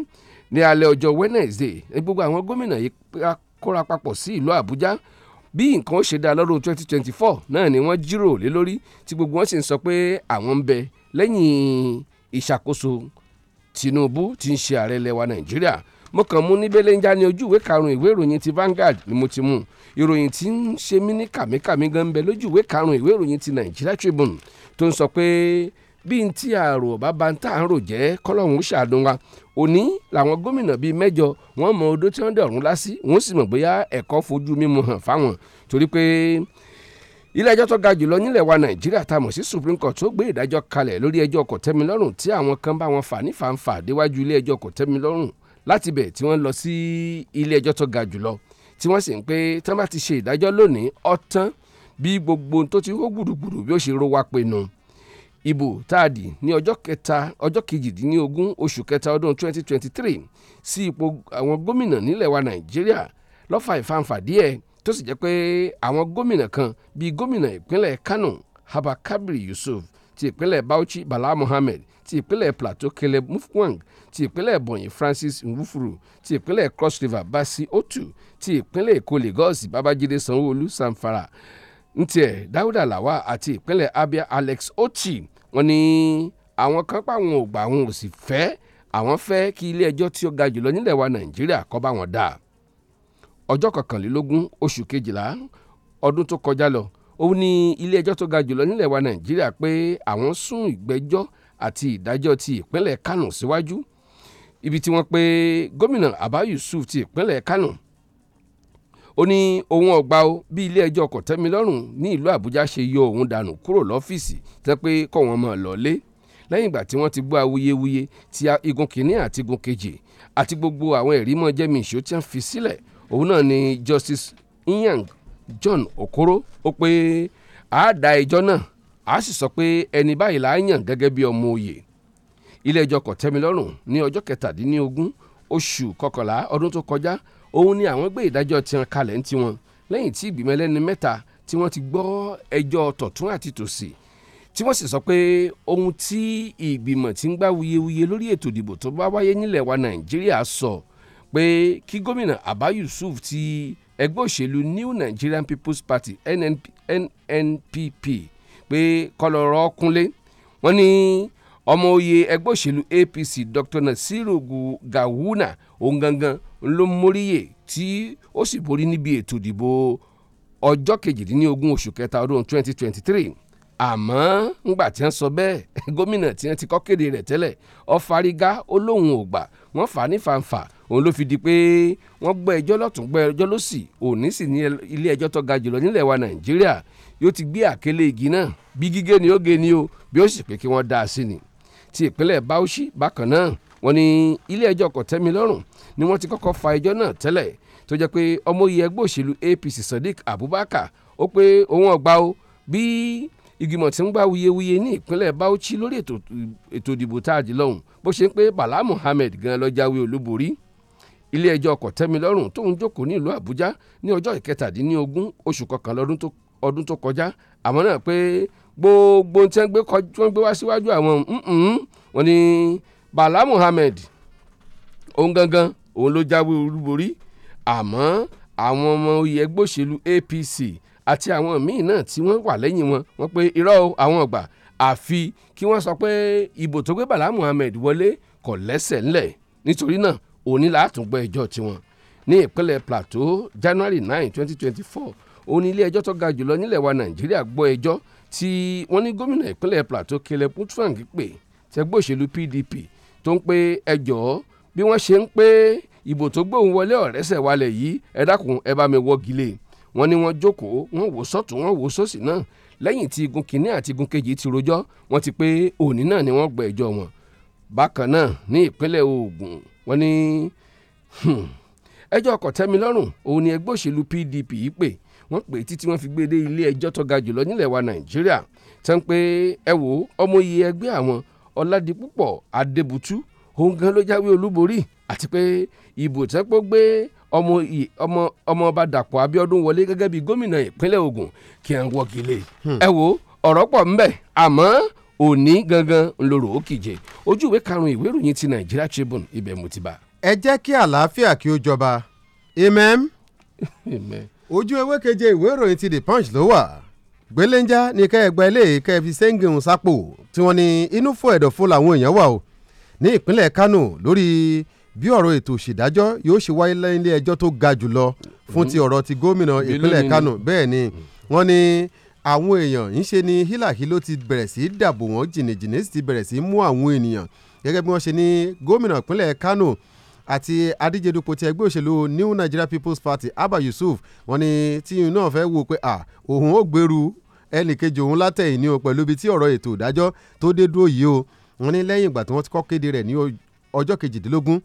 ní alẹ́ ọjọ́ Wednesday gbogbo àwọn gómìnà yìí kóra papọ̀ sí ìlú àbújá bí nǹkan ó ṣe dáa lọ́dún 2024 náà ni wọ́n jírò lé lórí tí gbogbo wọn sì ń sọ pé àwọn ń bẹ lẹ́yìn ìṣàkóso tinubu tí ń ṣe ààrẹ lẹwa nàìjíríà mo kàn mú ní belenja ní ojú ìwé karùn-ún ìwé ìròyìn ti Vanguard ni mo ti mú ìròyìn tí ń ṣe mí ní kàmíkàmí gan ń bẹ lójú ìwé karùn-ún ìwé ìròyìn ti Nigeria Tribune tó ń sọ pé bí n tí àrò bàbá tá à ń rò jẹ́ kọ́lọ́hún ṣàánú wa òní làwọn gómìnà bíi mẹ́jọ wọ́n mọ odó tí wọ́n dọ̀rùn lásì wọ́n sì mọ̀ bóyá ẹ̀kọ́ fojú mímu hàn fáwọn torí pé ilé ẹjọ́ tó ga jùlọ nílẹ̀ wa nàìjíríà tá a mọ̀ sí supreme court tó gbé ìdájọ́ kalẹ̀ lórí ẹjọ́ kòtẹ́milọ́rùn tí àwọn kan bá wọn fà nífàǹfà déwájú ilé ẹjọ́ kòtẹ́milọ́rùn láti bẹ̀ tí wọ́n lọ sí ilé ẹjọ́ tó ga jùlọ tí wọ́n sì ń pé tí wọ́n bá ti ṣe ìdájọ́ lónìí ọ̀tán bí gbogbo tó ti hó gbùdùgbùdù bí ó ṣe ro wa pinnu ìbò táàdì ní ọjọ́ kẹta ọjọ́ kejìdínlógún oṣù kẹta ọdún 2023 sí ipò àwọn gómìnà nílẹ̀ wa nàìjíríà lọ́fà ìfanfà díẹ̀ tó sì jẹ́ pé àwọn gómìnà kan bíi gómìnà ìpínlẹ̀ kano Abba Kabir Yusuf ti ìpínlẹ̀ Bauchi Bala Mohammed ti ìpínlẹ̀ Plateau Caleb Mutfwang ti ìpínlẹ̀ Ebonyi Francis Nwufuru ti ìpínlẹ̀ Cross River Basi Otu ti ìpínlẹ̀ Èkó Lagos Babajide Sanwó-Olu Samfara ntiẹ̀ Dáúdà Làwà àti ìpínlẹ̀ Abia Alex Oti wọ́n ní àwọn kan páwọn ò gbà àwọn ò sì fẹ́ àwọn fẹ́ kí ilé ẹjọ́ tí ó ga jùlọ nílẹ̀ wa nàìjíríà kọ́ bá wọn dà ọjọ́ kọkànlélógún oṣù kejìlá ọdún tó kọjá lọ ó ní ilé ẹjọ́ tó ga jùlọ nílẹ̀ wa nàìjíríà pé àwọn sún ìgbẹ́jọ́ àti ìdájọ́ ti ìpínlẹ̀ kánò síwájú ibi tí wọ́n pé gómìnà abba yusuf ti ìpínlẹ̀ kánò ó ní òun ọ̀gbà o bí ilé ẹjọ́ kọ̀tẹ́milọ́rùn ní ìlú àbújá ṣe yọ òun dànù kúrò lọ́fíìsì tẹ́ pé kọ́ wọn mọ̀ lọ́lé lẹ́yìn ìgbà tí wọ́n ti gbọ́ awuyewuye ti igun kìíní àti igun kejì àti gbogbo àwọn ẹ̀rí mọ́ jẹ́mi ìṣó tí wọ́n fi sílẹ̀ òun náà ni Justice Inyang John Okoro ó pé a dá ẹjọ́ náà a sì sọ pé ẹni báyìí là á yàn gẹ́gẹ́ bí ọmọ òye ilé ẹjọ́ kọ̀tẹ́milọ́rùn ní ọjọ́ kẹtàdínlógún oṣù kọkànlá ọdún tó kọjá òun ni àwọn gbé ìdájọ́ tiwọn kalẹ̀ ń tiwọn lẹ́yìn tí ìgbìmọ̀ ẹlẹ́ni mẹ́ta tí wọ́n ti gbọ́ ẹjọ́ tọ̀tún àti tòsì tí wọ́n sì sọ pé ohun tí ìgbìmọ̀ ti ń gbá wuyewuye lórí ètò ìdìbò tó bá wáyé nílẹ̀ wa nàìjíríà sọ pé kí gómìnà abba yusuf ti ẹgbẹ́ òṣèlú new nigerian people's party nnpp pé kọlọ́rọ́ kúnlé wọ́n ní ọmọ oyè ẹgbẹ́ òṣèlú apc dr nasiru gawuna òun gangan ló móríyè tí ó sì borí níbi ètò ìdìbò ọjọ́ kejìdínlógún oṣù kẹta ọdún 2023 àmọ́ ńgbà tí wọ́n sọ bẹ́ẹ̀ gómìnà tí wọ́n ti kọ́ kéde rẹ̀ tẹ́lẹ̀ ọ̀fàrígá ó lóun ò gbà wọ́n fà á ní fanfà òun ló fi di pé wọ́n gbọ́ ẹjọ́ lọ́tún gbọ́ ẹjọ́ lọ́sì òní sì ní ilé ẹjọ́ tó ga jùlọ nílẹ̀ wa nàìjíríà yóò ti gbé àkélé igi náà bí gígé ni ó gé ni o bí ó sì pé kí wọ́n dá a sí ni ti ìpínlẹ̀ Bauchi bákan náà wọ́n ní ilé ẹjọ́ kòtẹ́milọ́rùn ni wọ́n ti kọ́kọ́ fa ẹjọ́ náà tẹ́lẹ̀ tó jẹ́ pé ọmọye ẹgbẹ́ òṣèlú APC Sadiq Abubakar ó pé òun ọ̀gbá o bí ìgbìmọ̀ tí ń gba wuyewuye ní ìpínlẹ̀ Bauchi lórí ètò ìdìbò tá lọ́hùn bó ṣe ń pé Bala Muhammed gan ló jáwé olúborí ilé ẹjọ́ kòtẹ́milọ́rùn tóun jókòó ní ìlú Àbújá ní ọjọ́ ìkẹtàdínlógún oṣù kọkànlá ọdún tó kọjá àmọ́ náà pé gbogbo tí wọ́n gbé kọjú wọ́n gbé wá síwájú àwọn wọ́n ní Bala Muhammed òun gangan òun ló jáwé olúborí àmọ́ àwọn ọmọ oyè ẹgbẹ́ òṣèlú APC àti àwọn míì náà tí wọ́n wà lẹ́yìn wọn wọ́n pé irọ́ àwọn ọgbà àfi kí wọ́n sọ pé ìbò tó gbé Bala Muhammed wọlé kò lẹ́sẹ̀ ńlẹ̀ nítorí náà òní látúngbọ́ ẹjọ́ tiwọn ní ìpínlẹ̀ Plateau January nine twenty twenty four òní ilé ẹjọ́ tó ga jùlọ nílẹ̀ wa Nàìjíríà gbọ́ ẹjọ́ tí wọ́n ní gómìnà ìpínlẹ̀ Plateau Caleb Utvang pè tẹgbẹ́ òṣèlú PDP tó ń pe ẹjọ́ bí wọ́n ṣe ń pé ìbò tó gbóhùn wọlé ọ̀rẹ́sẹ̀ wálẹ̀ yìí ẹ dákun ẹ bá mi wọ́gi lé wọ́n ní wọ́n jókòó wọ́n wò sọ́tún wọ́n wò sósì náà lẹ́yìn tí igun kìíní àti igun kejì ti rojọ́ wọ́n ti pé òní náà ni wọ́n gbọ́ ẹjọ́ wọn bákan náà ní ìpínlẹ̀ Ògùn wọ́n ní hmm, ẹjọ́ kọ̀tẹ́milọ́rùn òun ni ẹgbẹ́ òṣèlú PDP yìí pè wọ́n pè títí wọ́n fi gbé dé ilé ẹjọ́ tó ga jùlọ nílẹ̀ wa nàìjíríà tí wọ́n pé ẹ wò ọmọ iye ẹgbẹ́ àwọn ọ̀làdìpúpọ̀ adébútú òun gan ló jáwé olúborí àti pé ìbò tí wọ́n pọ́ gbé ọmọ ọmọ ọmọọba dàpọ̀ abíọ́dún wọlé gẹ́gẹ́ bí gómìnà ìpínlẹ̀ ògùn kí ẹ̀ ń wọ́gilé hmm. ẹ wò ọ̀rọ̀ pọ̀ ńbẹ̀ àmọ́ òní gangan ńlọrọ̀ ó kìje ojú ìwé karùn-ún ìwé ìròyìn ti Nigeria Tribune ibẹ̀ mo ti bá. ẹ jẹ́ kí àlàáfíà kí ó jọba amen. amen ojú ewé keje ìwé ìròyìn ti the punch ló wà gbẹlẹ́njá ní kẹ́ẹ̀gbẹ́ ilé kẹ́ẹ̀fi sẹ́ńgìrún sápò tí wọ́n ní inú fún ẹ̀dọ̀fún làwọn èèyàn wà o ní ìpínlẹ̀ Kánò lórí bí ọ̀rọ̀ ètò òṣèdájọ́ yóò ṣe wáyé lẹ́yìnlé ẹjọ́ tó ga jùlọ fún ti ọ̀rọ̀ ti gómìnà ìpínlẹ̀ Kánò bẹ́ẹ̀ ni hmm. wọ́n ní àwọn èèyàn ń ṣe ni hílàhí ló ti bẹ̀rẹ̀ sí í dàbò wọ́n jìnnìjìnnì sì ti bẹ̀rẹ̀ sí í mú àwọn ènìyàn gẹ́gẹ́ bí wọ́n ṣe ní gómìnà ìpínlẹ̀ Kánò àti adíjedupò ti ẹgbẹ́ òṣèlú New Nigeria People's Party Abba Yusuf wọ́n ní tí inú náà fẹ́ wò pé òun ó gbèrú ẹnìkejì òun látẹ̀yìn ni o pẹ̀lú ibi tí ọ̀rọ̀ ètò ìdájọ́ tó dé dúró yìí o wọ́n ní lẹ́yìn ìgbà tí wọ́n ti kọ́ kéde rẹ̀ ní ọjọ́ kejìdínlógún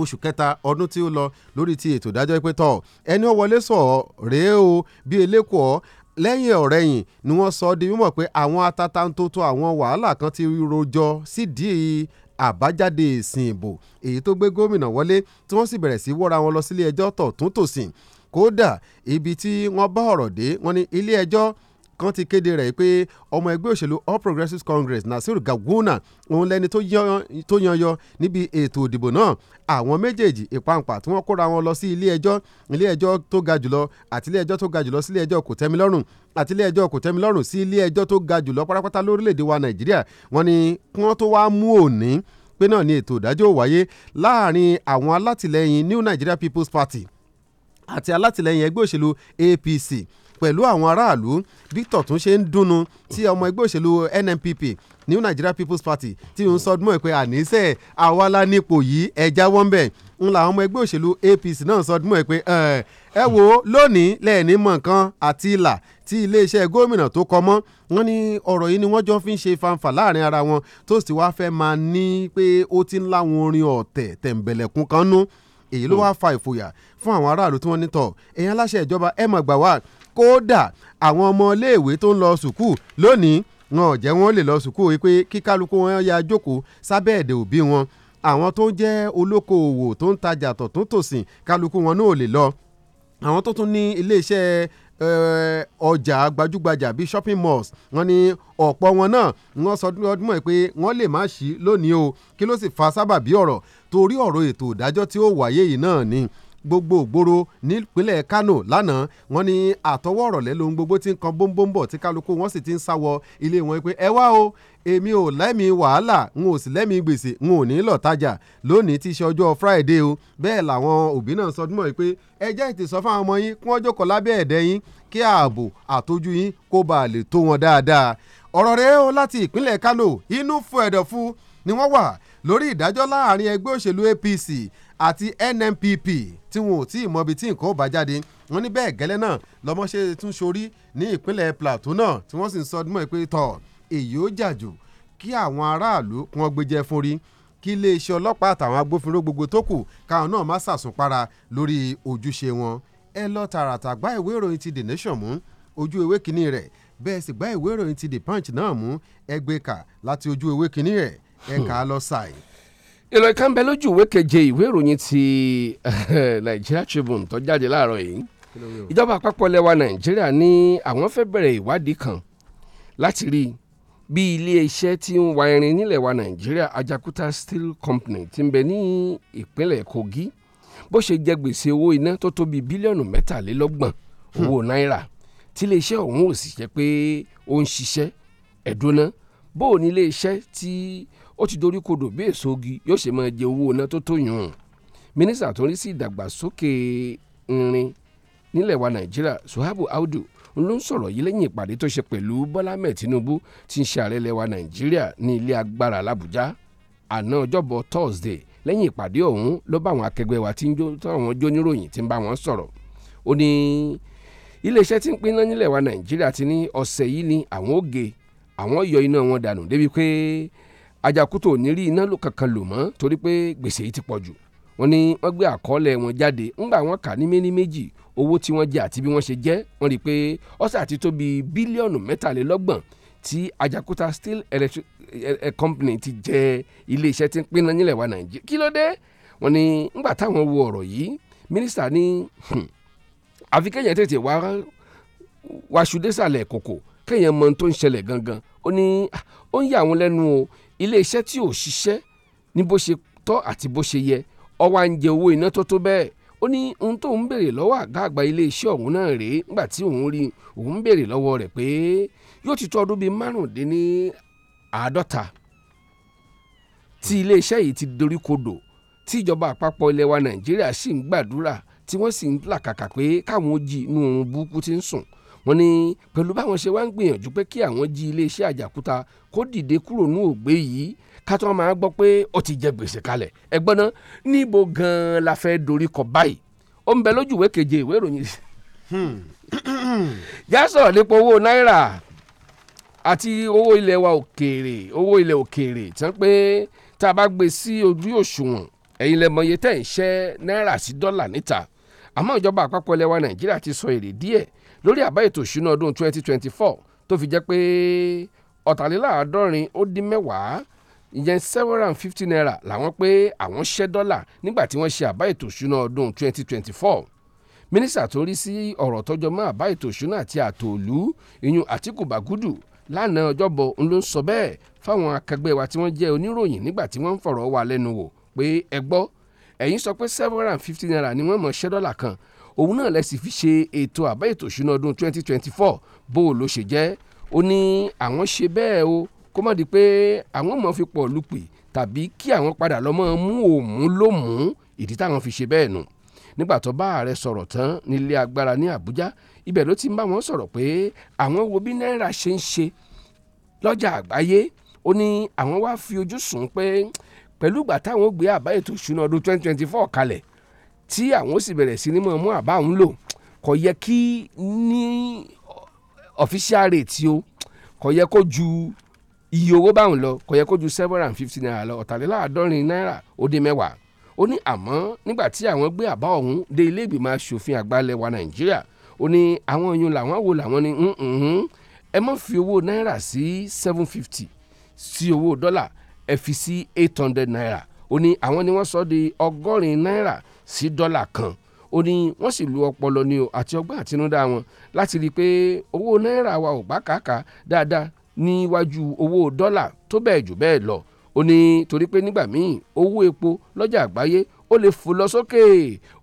oṣù kẹta ọdún tí ó lọ lórí ti ètò ìdájọ́ pé tọ̀ ẹni ó wọlé sọ̀ rèé o bí elékòó lẹ́yìn ọ̀rẹ́yìn ni wọ́n sọ ọ́ di mímọ̀ pé àwọn atatantoto àwọn wàhálà kan ti rojọ sídìí àbájáde èsì ìbò èyí tó gbé gómìnà wọlé tí wọ́n sì bẹ̀rẹ̀ sí wọ́ra wọn lọ sílé ẹjọ́ tọ̀tún tòsìn kódà ibi tí wọ́n bá ọ̀rọ̀ dé wọ́n ní ilé ẹjọ́ kan ti kéde rẹ̀ pé ọmọ ẹgbẹ́ òṣèlú All Progressives Congress Nasiru Gawuna òun lẹni tó yanyọ níbi ètò òdìbò náà àwọn méjèèjì ìpàǹpà tí wọ́n kóra wọn lọ sí ilé ẹjọ́ ilé ẹjọ́ tó ga jùlọ àti ilé ẹjọ́ tó ga jùlọ sí ilé ẹjọ́ kòtẹ́milọ́rùn àti ilé ẹjọ́ kòtẹ́milọ́rùn sí ilé ẹjọ́ tó ga jùlọ pátápátá lórílẹ̀‐èdè wa Nàìjíríà wọ́n ní kí wọ́n tó wá mú òní pé náà ni ètò ìdájọ́ wáyé láàrin àwọn alátìlẹyìn New Nigeria People's Party àti alátìlẹyìn ẹgbẹ́ òṣèlú APC pẹ̀lú àwọn aráàlú bí tọ̀tún ṣe ń dùnnú tí ọmọ ẹgbẹ́ òṣèlú NNPP New Nigeria People's Party ti ń sọdúnmọ́ ẹ̀ pé àníṣe àwa la nípò yìí ẹja wọ́n bẹ̀ ń la àwọn ọmọ ẹgbẹ́ òṣèlú APC náà sọdúnmọ́ ẹ̀ pé ẹ wo lónìí lẹ́ẹ̀ni mọ̀ nǹkan àti ìlà tí iléeṣẹ́ gómìnà tó kọ mọ́ wọn ní ọ̀rọ̀ yìí ni wọ́n jọ fi ń ṣe fanfà láàrin ara wọn tó sì wá fẹ́ máa ní pé ó ti ń láwọn orin ọ̀tẹ̀ tẹ̀m̀bẹ̀lẹ̀kún kan nú èyí ló wá fa ìfòyà fún àwọn aráàlú tí wọ́n ní tọ̀ ẹ̀yin aláṣẹ ìjọba ẹ má gbà wá kódà àwọn ọmọléèwé tó ń lọ sùkúù lónìí wọn ò jẹ́ wọn lè lọ sùkúù wípé kíkálukú wọn ya jókòó sábẹ́ ẹ̀dẹ̀ òbí wọn àwọn tó ń jẹ́ olókoòwò tó ń tajà tọ̀tún tòsìn kálukú wọn náà ò lè lọ àwọn tó tún ní iléeṣẹ́ eh, ọjà gbajúgbajà bíi shopping malls wọn ni ọ̀pọ̀ wọn náà wọn sọ ọdún mọ́ ẹ pé wọ́n lè má sí lónìí o kí ló sì fa sábàbí ọ̀rọ̀ torí ọ̀rọ̀ ètò ìdájọ́ tí ó wáyé yìí náà ni gbogbo ògbóró nípínlẹ̀ Kánò lánàá wọ́n ní àtọwọ́ ọ̀rọ̀lẹ́ lohun gbogbo ti ń kan bóńbóńbọ̀ tí kálukú wọ́n sì ti ń sáwọ ilé wọn pé ẹ wá o èmi ò lẹ́mìí wàhálà n ò sì lẹ́mìí gbèsè n ò ní lọ tajà lónìí tí í ṣe ọjọ́ Friday o bẹ́ẹ̀ làwọn òbí náà sọdúnmọ́ yìí pé ẹ jẹ́ ìtì sọ fún àwọn ọmọ yín kí wọ́n jókòó lábẹ́ ẹ̀dẹ́ yín kí ààbò àtọ́jú yín kó bàa lè tó wọn dáadáa ọ̀rọ̀ rẹ̀ o láti ìpínlẹ̀ Kánò inú fún ẹ̀dọ̀ fún ni wọ́n wà lórí ìdájọ́ láàrin ẹgbẹ́ òṣèlú APC àti NNPP tí wọn ò tí ì mọ ibi tí nǹkan ò bá jáde wọn ní bẹ́ẹ̀ gẹ́lẹ́ náà lọ́mọṣẹ́ tún sorí ní ìpínlẹ̀ Plateau náà tí wọ́n sì ń sọ mọ́ pé tọ̀ èyí ó jà jù kí àwọn aráàlú wọn gbéjẹ fún rí kí iléeṣẹ́ ọlọ́pàá àtàwọn agbófinró gbogbo tó kù káwọn náà má sàsùn para lórí ojúṣe wọn ẹ lọ tààràtà gbá ìwé ìròyìn ti The Nation mú ojú ìwé kìíní rẹ̀ bẹ́ẹ̀ sì gbá ìwé ìròyìn ti The Punch náà mú ẹgbẹ́ e kà láti ojú ìwé kìíní rẹ̀ ẹ kà á lọ ṣàì. ìròyìn kan bẹ lójú ìwé keje ìwé ìròyìn ti eh, Nigeria Tribune tó jáde láàárọ̀ yìí ìjọba àpapọ̀ lẹwa Nàìjíríà ní àwọn fẹ́ bẹ̀rẹ̀ ìwádìí kan láti rí bí ilé tí ń wa irin nílẹ̀ wa Nàìjíríà Ajakuta Steel Company tí ń bẹ ní ìpínlẹ̀ Kogi bó ṣe jẹ gbèsè owó iná tó tó bíi bílíọ̀nù mẹ́tàlélọ́gbọ̀n owó hmm. náírà tí iléeṣẹ́ ọ̀hún ò sì jẹ́ pé ó ń ṣiṣẹ́ ẹ̀dúná bó o ní iléeṣẹ́ tí ó ti dorí kodò bí èso igi yóò ṣe máa jẹ owó iná tó tó yùn mínísítà tó ń rí sí ìdàgbàsókè irin nílẹ̀ wa nàìjíríà suhabu audu ló ń sọ̀rọ̀ yìí lẹ́yìn ìpàdé tó ṣe pẹ̀lú bọ́lá mẹ́ẹ̀ tinubu tí ń ṣe ààrẹ lẹwa nàìjíríà ní ilé agbára làbújá àná ọjọ́bọ̀ thursday lẹ́yìn ìpàdé ọ̀hún ló bá àwọn akẹgbẹ́ wa tí ń tọ̀wọ́n jóníròyìn tí ń bá wọn sọ̀rọ̀ ó ní iléeṣẹ́ tí ń pín iná nílẹ̀ wa nàìjíríà ti ní ọ̀sẹ̀ yìí ni àwọn ó ge àwọn yọ iná wọn dànù débi pé ajakuto ní rí iná lò kankan lò mọ́ torí pé gbèsè yìí ti pọ̀ jù wọ́n ní wọ́n gbé àkọọ́lẹ̀ wọn jáde ńgbà wọ́n kà ní méní méjì owó tí wọ́n jẹ àti bí wọ́n ṣe jẹ wọ́n rí i pé ọ̀sà ti tó bíi bílíọ̀nù mẹ́tàlélọ́gbọ̀n tí ajakuta steel electric eh, eh, company ti jẹ iléeṣẹ́ tí ń pinna nílẹ̀ wa nàìjíríà kí ló dé wọ́n ní ńgbà táwọn wo ọ̀rọ̀ yìí mínísítà ní hmm, àfi kẹ́yìn tètè wá wàṣúdésàlẹ̀ kòkò kẹ́yìn mọ tó ń ṣẹlẹ̀ gangan ó ní ah, ó ń yà àwọn lẹ́nu o iléeṣẹ́ tí ò ṣiṣẹ́ ní bó ṣe tọ́ àti bó ṣe yẹ ọwọ́ à ń jẹ owó iná tó tó bẹ́ẹ̀ ó ní ohun tó ń béèrè lọ́wọ́ àgbà àgbà iléeṣẹ́ ọ̀hún náà rèé nígbà tí òun rí òun ń béèrè lọ́wọ́ rẹ̀ pé yóò ti tó ọdún bíi márùndínní tí iléeṣẹ́ yìí ti dorí kodò tí ìjọba àpapọ̀ ilẹ̀ wa nàìjíríà sì ń gbàdúrà tí wọ́n sì ń làkàkà pé káwọn ó inú oorun burúkú ti ń sùn wọ́n ní pẹ̀lú báwọn ṣe wá ń gbìyànjú pé kí àwọn jí iléeṣẹ́ àjàkúta kó dìde kúrò ní ògbé yìí ká tó máa gbọ́ pé ó ti jẹ gbèsè kalẹ̀ ẹgbọ́n náà níbo gan-an la fẹ́ dorí kọ báyìí ó ń bẹ lójú ìwé keje ìwé ìròyìn já hmm. nípa owó náírà àti owó ilẹ̀ wa òkèèrè owó ilẹ̀ òkèèrè tí wọ́n pé tá a bá gbé sí ojú òṣùwọ̀n ẹ̀yin lẹ mọ̀ye tẹ̀ ń ṣẹ́ náírà sí dọ́là níta àmọ́ ìjọba àpapọ̀ ilẹ̀ wa nàìjíríà ti sọ èrè díẹ̀ lórí àbá ètò ìṣúná ọdún 2024 tó fi jẹ́ pé ọ̀tàléláàádọ́rin ó dín mẹ́wàá ìyẹn seven and fifty naira làwọn pé àwọn ṣẹ́ dọ́là nígbà tí wọ́n ṣe àbá ètò ìṣúná ọdún 2024 mínísítà tó rí sí ọ̀rọ̀ tọ́jọ́ mọ́ àbá ètò ìṣúná àti àtòlú ìyún Àtíkù Bàgúdù lánàá ọjọ́bọ̀ ń ló ń sọ bẹ́ẹ̀ fáwọn akẹgbẹ́ wa tí wọ́n jẹ́ oníròyìn nígbà tí wọ́n ń fọ̀rọ̀ wá lẹ́nu wò pé ẹ gbọ́ ẹ̀yin sọ pé seven and fifty naira ni wọ́n mọ̀ ṣẹ́ dọ́là kan òun náà lẹ́sì fi ṣe ètò àbá ètò ìṣúná ọdún 2024 bó o ló ṣe jẹ́ ó ní àwọn ṣe bẹ́ẹ̀ o kó má di pé àwọn mọ̀ fi pọ̀ lùpì tàbí kí àwọn padà lọ́mọ mú òun ló mú ìdí táwọn fi ṣe bẹ́ẹ̀ nù nígbà tó bá ààrẹ sọ̀rọ̀ tán nílé agbára ní Àbújá ibẹ̀ ló ti ń bá wọn sọ̀rọ̀ pé àwọn wo bí náírà ṣe ń ṣe lọ́jà àgbáyé ó ní àwọn wá fi ojú sùn pé pẹ̀lú ìgbà táwọn gbé àbá ètò ìṣúná ọdún 2024 kalẹ̀ tí àwọn ó sì bẹ̀rẹ̀ sí ní mọ̀ mú àbá òun lò kò yẹ kí ní official rate o kò yẹ kó ju iye owó báwọn lọ kò yẹ kó ju seven and fifty naira lọ ọ̀tàléláàádọ́rin náírà ó dín mẹ́wàá ó ní àmọ́ nígbà tí àwọn gbé àbá ọ̀hún dé ilé ìgbìmọ̀ asòfin àgbà ilẹ̀ wa nàìjíríà ó ní àwọn èèyàn làwọn wò làwọn ni ẹ má fi owó náírà sí seven fifty sí owó dọ́là ẹ fi sí eight hundred naira ó ní àwọn ni wọ́n sọ di ọgọ́rin náírà sí dọ́là kan ó ní wọ́n sì lu ọpọlọ ni o àti ọgbọ́n àtinúdá wọn láti rí i pé owó náírà wa ò bá kàkà dáadáa níwájú owó dọ́là tó bẹ́ẹ̀ jù bẹ́ẹ̀ lọ ó ní torí pé nígbà míì owó epo lọ́jà àgbáyé ó lè fò lọ sókè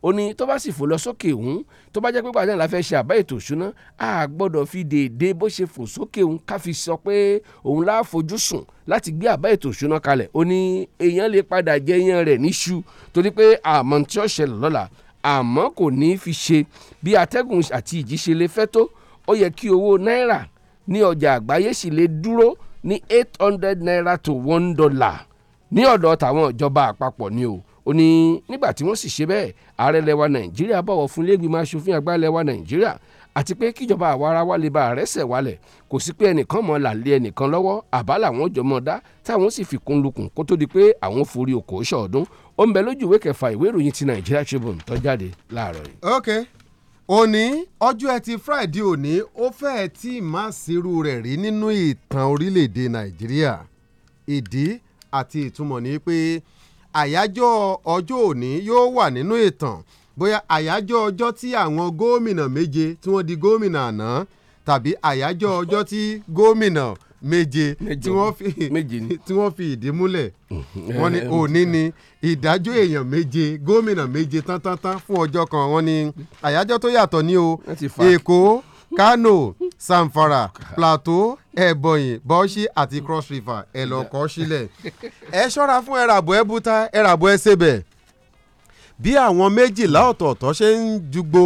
ó ní tó bá sì fò lọ sókè òun tó bá jẹ́ pé pàdé la fẹ́ ṣe àbá ètò ìṣúná a gbọ́dọ̀ fi dèédé bó ṣe fò sókè òun ká fi sọ pé òun láà fojú sùn láti gbé àbá ètò ìṣúná kalẹ̀ ó ní èèyàn lè padà jẹ iyán rẹ̀ níṣu torí pé àmọ́ tí ó ṣẹlẹ̀ lọ́la àmọ́ kò ní fi ṣe bí atẹ́gùn àti ìjì ṣe lè fẹ́ tó ó yẹ kí owó náírà ní ọjà àgbáyé sì lè dúró ní eight hundred naira to one dollar ní ọ̀dọ̀ tàwọn ìjọba àpapọ̀ ni o ó ní nígbà tí wọ́n sì ṣe bẹ́ẹ̀ ààrẹ lẹwa nàìjíríà bọ̀wọ̀ fún iléègbìmọ̀ asòfin àgbà lẹwa nàìjíríà àti pé kíjọba àwara wa lè ba wálẹ̀ kò sí pé ẹnìkan mọ̀ làlẹ́ ẹnìkan lọ́wọ́ àbá làwọn jọ mọ̀ dá táwọn sì fi kún lukùn kó tó di pé àwọn forí okòó ṣọ̀ọ́dún ó ń bẹ lójú ìwé kẹfà ìwé ìròyìn ti Nigeria Tribune tó jáde láàárọ̀ yìí. ok òní ọjọ́ ẹtì Friday òní ó fẹ́ẹ̀ tí má sírú rẹ̀ rí nínú ìtàn orílẹ̀-èdè Nàìjíríà ìdí àti ìtumọ̀ ni pé àyájọ́ ọjọ́ òní yóò wà nínú ìtàn bóyá àyájọ́ ọjọ́ tí àwọn gómìnà méje tí wọ́n di gómìnà àná tàbí àyájọ́ ọjọ́ tí gómìnà méje tí wọ́n fi tí fi ìdí múlẹ̀ wọ́n ní òní ni ìdájọ́ èèyàn méje gómìnà méje tán tán tán fún ọjọ́ kan wọ́n ní àyájọ́ tó yàtọ̀ ní o Èkó kano zamfara plateau ebonyi bauchi àti cross river ẹ lọ kọ sílẹ̀ ẹ ṣọ́ra fún ẹràbọ̀ ẹbúta ẹràbọ̀ ẹsẹ̀bẹ̀ bí àwọn méjìlá ọ̀tọ̀ọ̀tọ̀ ṣe ń jugbo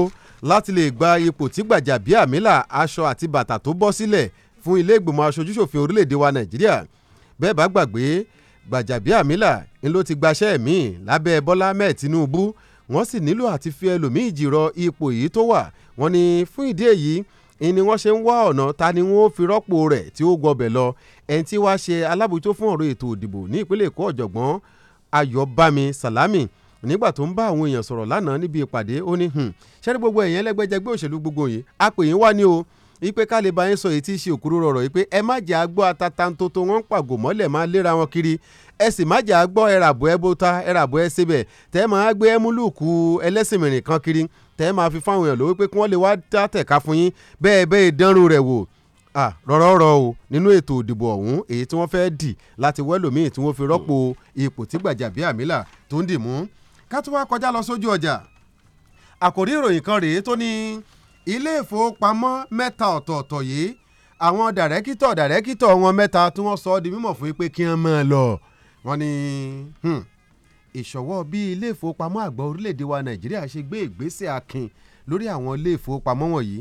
láti lè gba ipò tí gbàjàbíàmílà aṣọ àti bàtà tó bọ́ sílẹ̀ fún ilé ìgbìmọ̀ aṣojúṣòfin orílẹ̀-èdè wa nàìjíríà bẹ́ẹ̀ bá gbàgbé gbàjàbíàmílà ni ló ti gbaṣẹ́ míì lábẹ́ bọ́lá mẹ́ẹ̀ tinubu wọ́n sì nílò àti fi ẹlòmíì jìrọ ipò yìí tó wà wọ́n ní fún ìdí èyí ni wọ́n ṣe ń wá ọ̀nà ta ni wọ́n fi rọ́pò rẹ̀ tí ó gbọbẹ̀ lọ ẹni tí wàá ṣe alábòjútó fún ọ̀rọ̀ ètò ìdìbò ní ìpínlẹ̀ èkó ọ̀jọ̀gbọ́n ayọ̀bámi sàlámì nígbà tó ń bá àwọn èèyàn sọ̀rọ̀ lánàá níbi ìpàdé ó ní ṣẹ́ni gbogbo ẹ̀yẹn lẹ́gbẹ́jẹgbẹ́ òṣèlú gbogbo yìí apèyìn wá ní o wípé ká lè bá yín sọ èyí tí í ṣe òkúrú rọrọ wípé ẹ má jẹ́ àgbọ́ atatantoto wọn ń pàgò mọ́lẹ̀ máa léra wọn kiri ẹ sì má jẹ́ àgbọ́ ẹ̀ràbọ̀ ẹ bóta ẹ̀ràbọ̀ ẹ síbẹ̀ tẹ́ máa gbé ẹmúlùkù ẹlẹ́sìnmìrìn kan kiri tẹ́ máa fi fáwọn èèyàn lówó pé kí wọ́n lè wá dá tẹ̀ka fún yín bẹ́ẹ̀ bẹ́ẹ̀ dánrù rẹ̀ wò rọ̀rọ̀rọ̀ o nínú ètò òdìbò ọ̀hún èyí tí wọ́n fẹ́ dì láti wẹ́lòmíì tí wọ́n fi rọ́pò ipò tí Gbajabiamila tó ń dì mú ká tó wá kọjá lọ sójú ọjà àkòrí ìròyìn kan rèé tó ní ilé ìfowópamọ́ mẹ́ta ọ̀tọ̀ọ̀tọ̀ yìí àwọn dàrẹ́kítọ̀ dàrẹ́kítọ̀ wọn mẹ́ta tí wọ́n sọ ọ́ di mímọ̀ fún pé kí wọ́n máa lọ wọ́n ní hmm, ìṣọ̀wọ́ bí ilé ìfowópamọ́ àgbà orílẹ̀-èdè wa nàìjíríà ṣe gbé ìgbésẹ̀ akin lórí àwọn ilé ìfowópamọ́ wọ̀nyí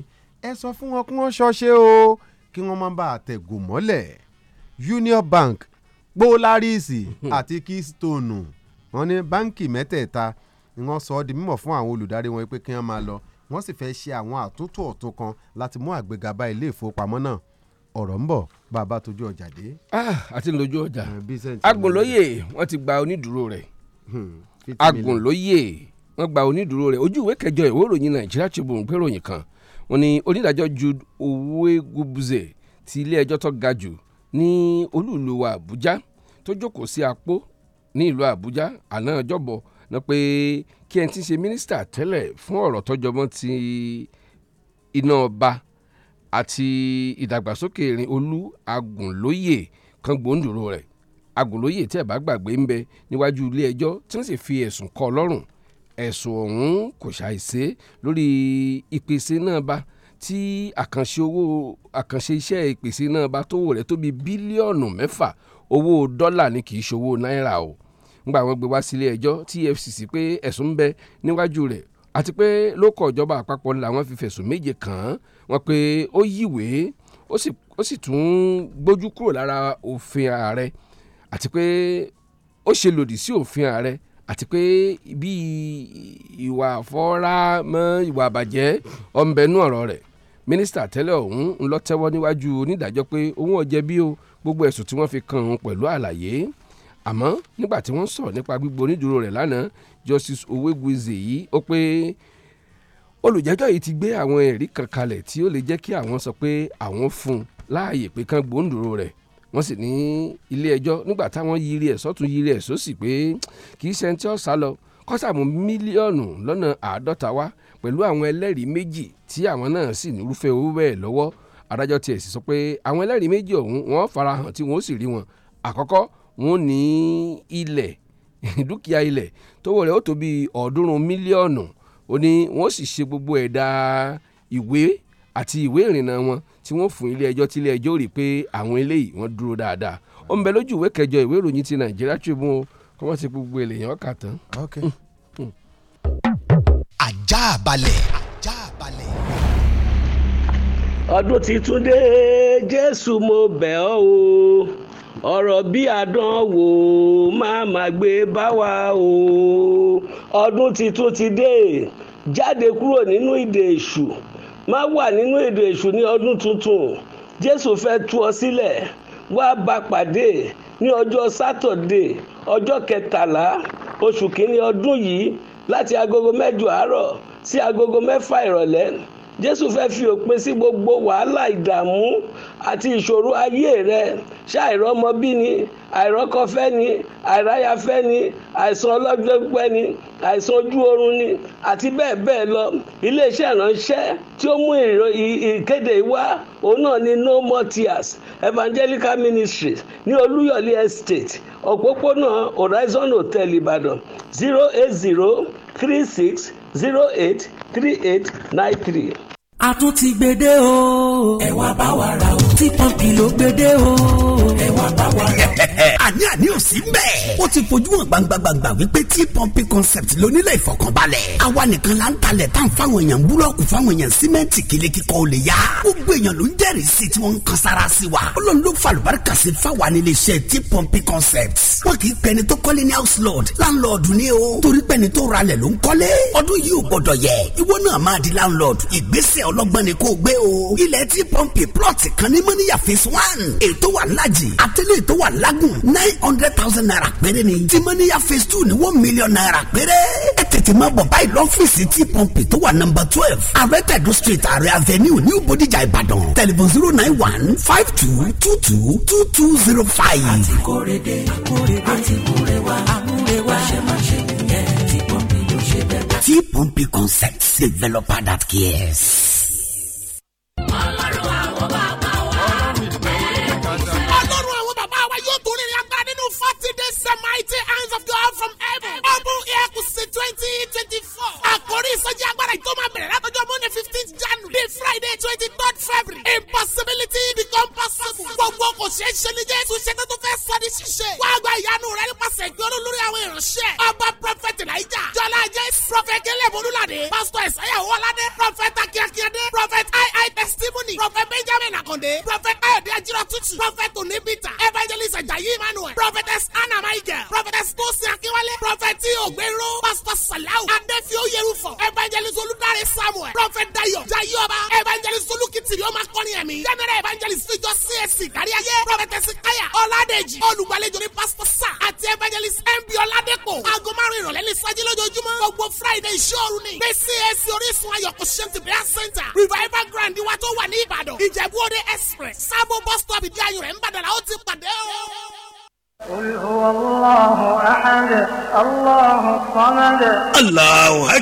ẹ sọ fún wọn kí wọ́n ṣọṣẹ́ o kí wọ́n má bàa tẹ̀gùn mọ́lẹ̀ Union Bank Polaris àti Keystone wọ́n ní báǹkì mẹ́tẹ̀ẹ̀ta ni wọ́n sọ ọ́ di mímọ̀ fún àwọn olùdarí wọn pé kí wọ́n máa lọ wọ́n sì fẹ́ ṣe àwọn àtúntò ọ̀tun kan láti mú àgbéga bá ilé ìfowópamọ́ náà ọ̀rọ̀ ń bọ̀ bá a bá tójú ọjà dé. àti ah, lójú ọjà eh, agùnlóye wọ́n ti gba onídùúró rẹ̀ hmm, agùnlóye wọ́n gba onídùúró rẹ̀ ojú ìwé kẹjọ ìwé ìròyìn nàìjíríà Tribune gbé ìròyìn kan wọ́n ní onídàájọ́ Jude Owegbuze ti ilé ẹjọ́ tó ga jù ní olúùlú wa Àbújá tó jókòó sí apó ní ìlú Àbújá àná ọjọ́bọ̀ náà pé kí ẹni tí ń ṣe mínísítà tẹ́lẹ̀ fún ọ̀rọ̀ tọ́jọmọ́ ti iná ọba àti ìdàgbàsókè ìrìn olú agùnlóyè kan gbòǹdùrú rẹ̀ agùnlóyè tí ẹ̀ bá gbàgbé ń bẹ níwájú ilé ẹjọ́ tí wọ́n sì fi ẹ̀sùn kọ́ lọ́rùn ẹ̀sùn ọ̀hún kò ṣàìṣe lórí ìpèsè náà bá tí àkànṣe owó àkànṣe iṣẹ́ ìpèsè náà bá tówó rẹ̀ tó bílíọ̀nù mẹ́fà owó dọ́là ni kì í ṣòwò náírà o ńgbà wọ́n gbé wá sílé ẹjọ́ tí EFCC pé ẹ̀sùn ń bẹ níwájú rẹ̀ àti pé lókọ̀ ìjọba àpapọ̀ làwọn fi fẹ̀sùn méje kàn án wọ́n pé ó yíwèé ó sì tún gbójú kúrò lára òfin ààrẹ àti pé ó ṣe lòdì sí òfin ààrẹ àti pé bí ìwà àfọ́rá mọ́ ìwà àbàjẹ́ ọ̀nbẹ́nú ọ̀rọ̀ rẹ̀ mínísítà tẹ́lẹ̀ ọ̀hún ń níwájú onídàájọ́ pé òun ò jẹ̀bi o gbogbo ẹ̀sùn tí wọ́n fi kàn án pẹ̀lú àlàyé àmọ́ nígbà tí wọ́n sọ̀rọ̀ nípa gbígbó onídùúró rẹ̀ lánàá Justice Owegwize yìí ó pé olùjẹ́jọ́ yìí ti gbé àwọn ẹ̀rí kan kalẹ̀ tí ó lè jẹ́ kí àwọn sọ pé àwọn fún un láàyè pé kán gbóǹdùró rẹ̀ wọ́n sì ní ilé ẹjọ́ nígbà táwọn yiri ẹ̀ sọ́tún yiri ẹ̀ sósì pé kì í ṣe ẹni tí ó sá lọ kọ́sàmù mílíọ̀nù lọ́nà àádọ́ta wá pẹ̀lú àwọn ẹlẹ́rìí méjì tí àwọn náà sì nírúfẹ́ owó bẹ́ẹ̀ lọ́wọ́ adájọ́ tiẹ̀ sì sọ pé àwọn ẹlẹ́rìí méjì ọ̀hún wọ́n farahàn tí wọ́n sì rí wọn àkọ́kọ́ wọ́n ní ilẹ̀ dúkìá ilẹ̀ tówó rẹ̀ ó tó bí ọ̀ọ́dúnrún mílíọ̀nù ó ní wọ́n sì ṣe gbogbo ẹ̀dà ìwé àti ìwé ìrìnnà wọn tí wọ́n fún ilé ẹjọ́ tí ilé ẹjọ́ rí pé àwọn eléyìí wọ́n dúró dáadáa ó ń bẹ lójú ìwé kẹjọ ìwé ìròyìn ti Nàìjíríà Tribune kọ́ wọ́n ti gbogbo èlèyàn kà tán. Hmm. ajá balẹ̀. ajá ọdún ti tún dé Jésù mo bẹ̀ ọ́ o ọ̀rọ̀ bí àdánwò máa má gbé bá wa o ọdún tuntun ti dé jáde kúrò nínú ìdè èṣù má wà nínú ìdè èṣù ní ọdún tuntun jésù fẹ́ tú ọ sílẹ̀ wá bá pàdé ní ọjọ́ sátọ̀dé ọjọ́ kẹtàlá oṣù kìíní ọdún yìí láti agogo mẹ́jọ àárọ̀ sí agogo mẹ́fà ìrọ̀lẹ́ jésù fẹ́ fi òpin sí gbogbo wàhálà ìdààmú àti ìṣòro ayé rẹ ṣé àìrọ́mọbí ni àìrọ́kọfẹ́ ni àìráyafẹ́ ni àìsàn ọlọ́jọ́ pípẹ́ ni àìsàn ojú oorun ni àti bẹ́ẹ̀ bẹ́ẹ̀ lọ iléeṣẹ́ ìránṣẹ́ tí ó mú ìkéde wá òun náà ni no more tears evangelical ministry ní olúyọ̀lé estate òpópónà horizon hotel ìbàdàn zero eight zero three six zero eight three eight nine three a tún ti gbede o. ẹ wá bá wa ra o. tí pọ́ǹpì ló gbede o. ẹ wá bá wa ra o. àní àní ò sí mbẹ̀. ó ti fojú hàn gbangbangba wípé tí pọ́ǹpì concept lónílẹ̀ ìfọkànbalẹ̀. àwa nìkan la ń talẹ̀ tán fáwọn èèyàn búlọ́ọ̀kù fáwọn èèyàn símẹ́ǹtì kílé kíkọ́ ò lè yá. gbogbo èèyàn ló ń jẹ́rìí sí tí wọ́n ń kan sára sí wa. ọlọ́run ló fa àlùbáríkà sí fáwa nílé iṣẹ́ tí pọ́ǹpì concept. wọ́n kì í pẹni house lord landlord ni o. torí pẹni tó ralẹ̀ ló ń kọ́lé. ọdún yìí ò di landlord. ìgbésẹ̀ ọlọ́gbọ́n ni kò gbé o. ilẹ̀ tí pọ́ǹpì plọ̀tì kan ní mọ́níyà phase one ètò wà lájì àtẹ́lẹ̀ ètò wà lágùn nine hundred thousand naira péré ni tí mọ́níyà phase two ni one million naira péré. ẹ tètè máa bọ̀ báyìí lọ́fíìsì tí pọ́ǹpì tó wà nọ́mbà twelve arẹ́tẹ̀dù street ààrẹ avenue new bodijà ìbàdàn tẹlifon zero nine one five two two two two zero five. àti kórede àti on Pompey sex developer that cares.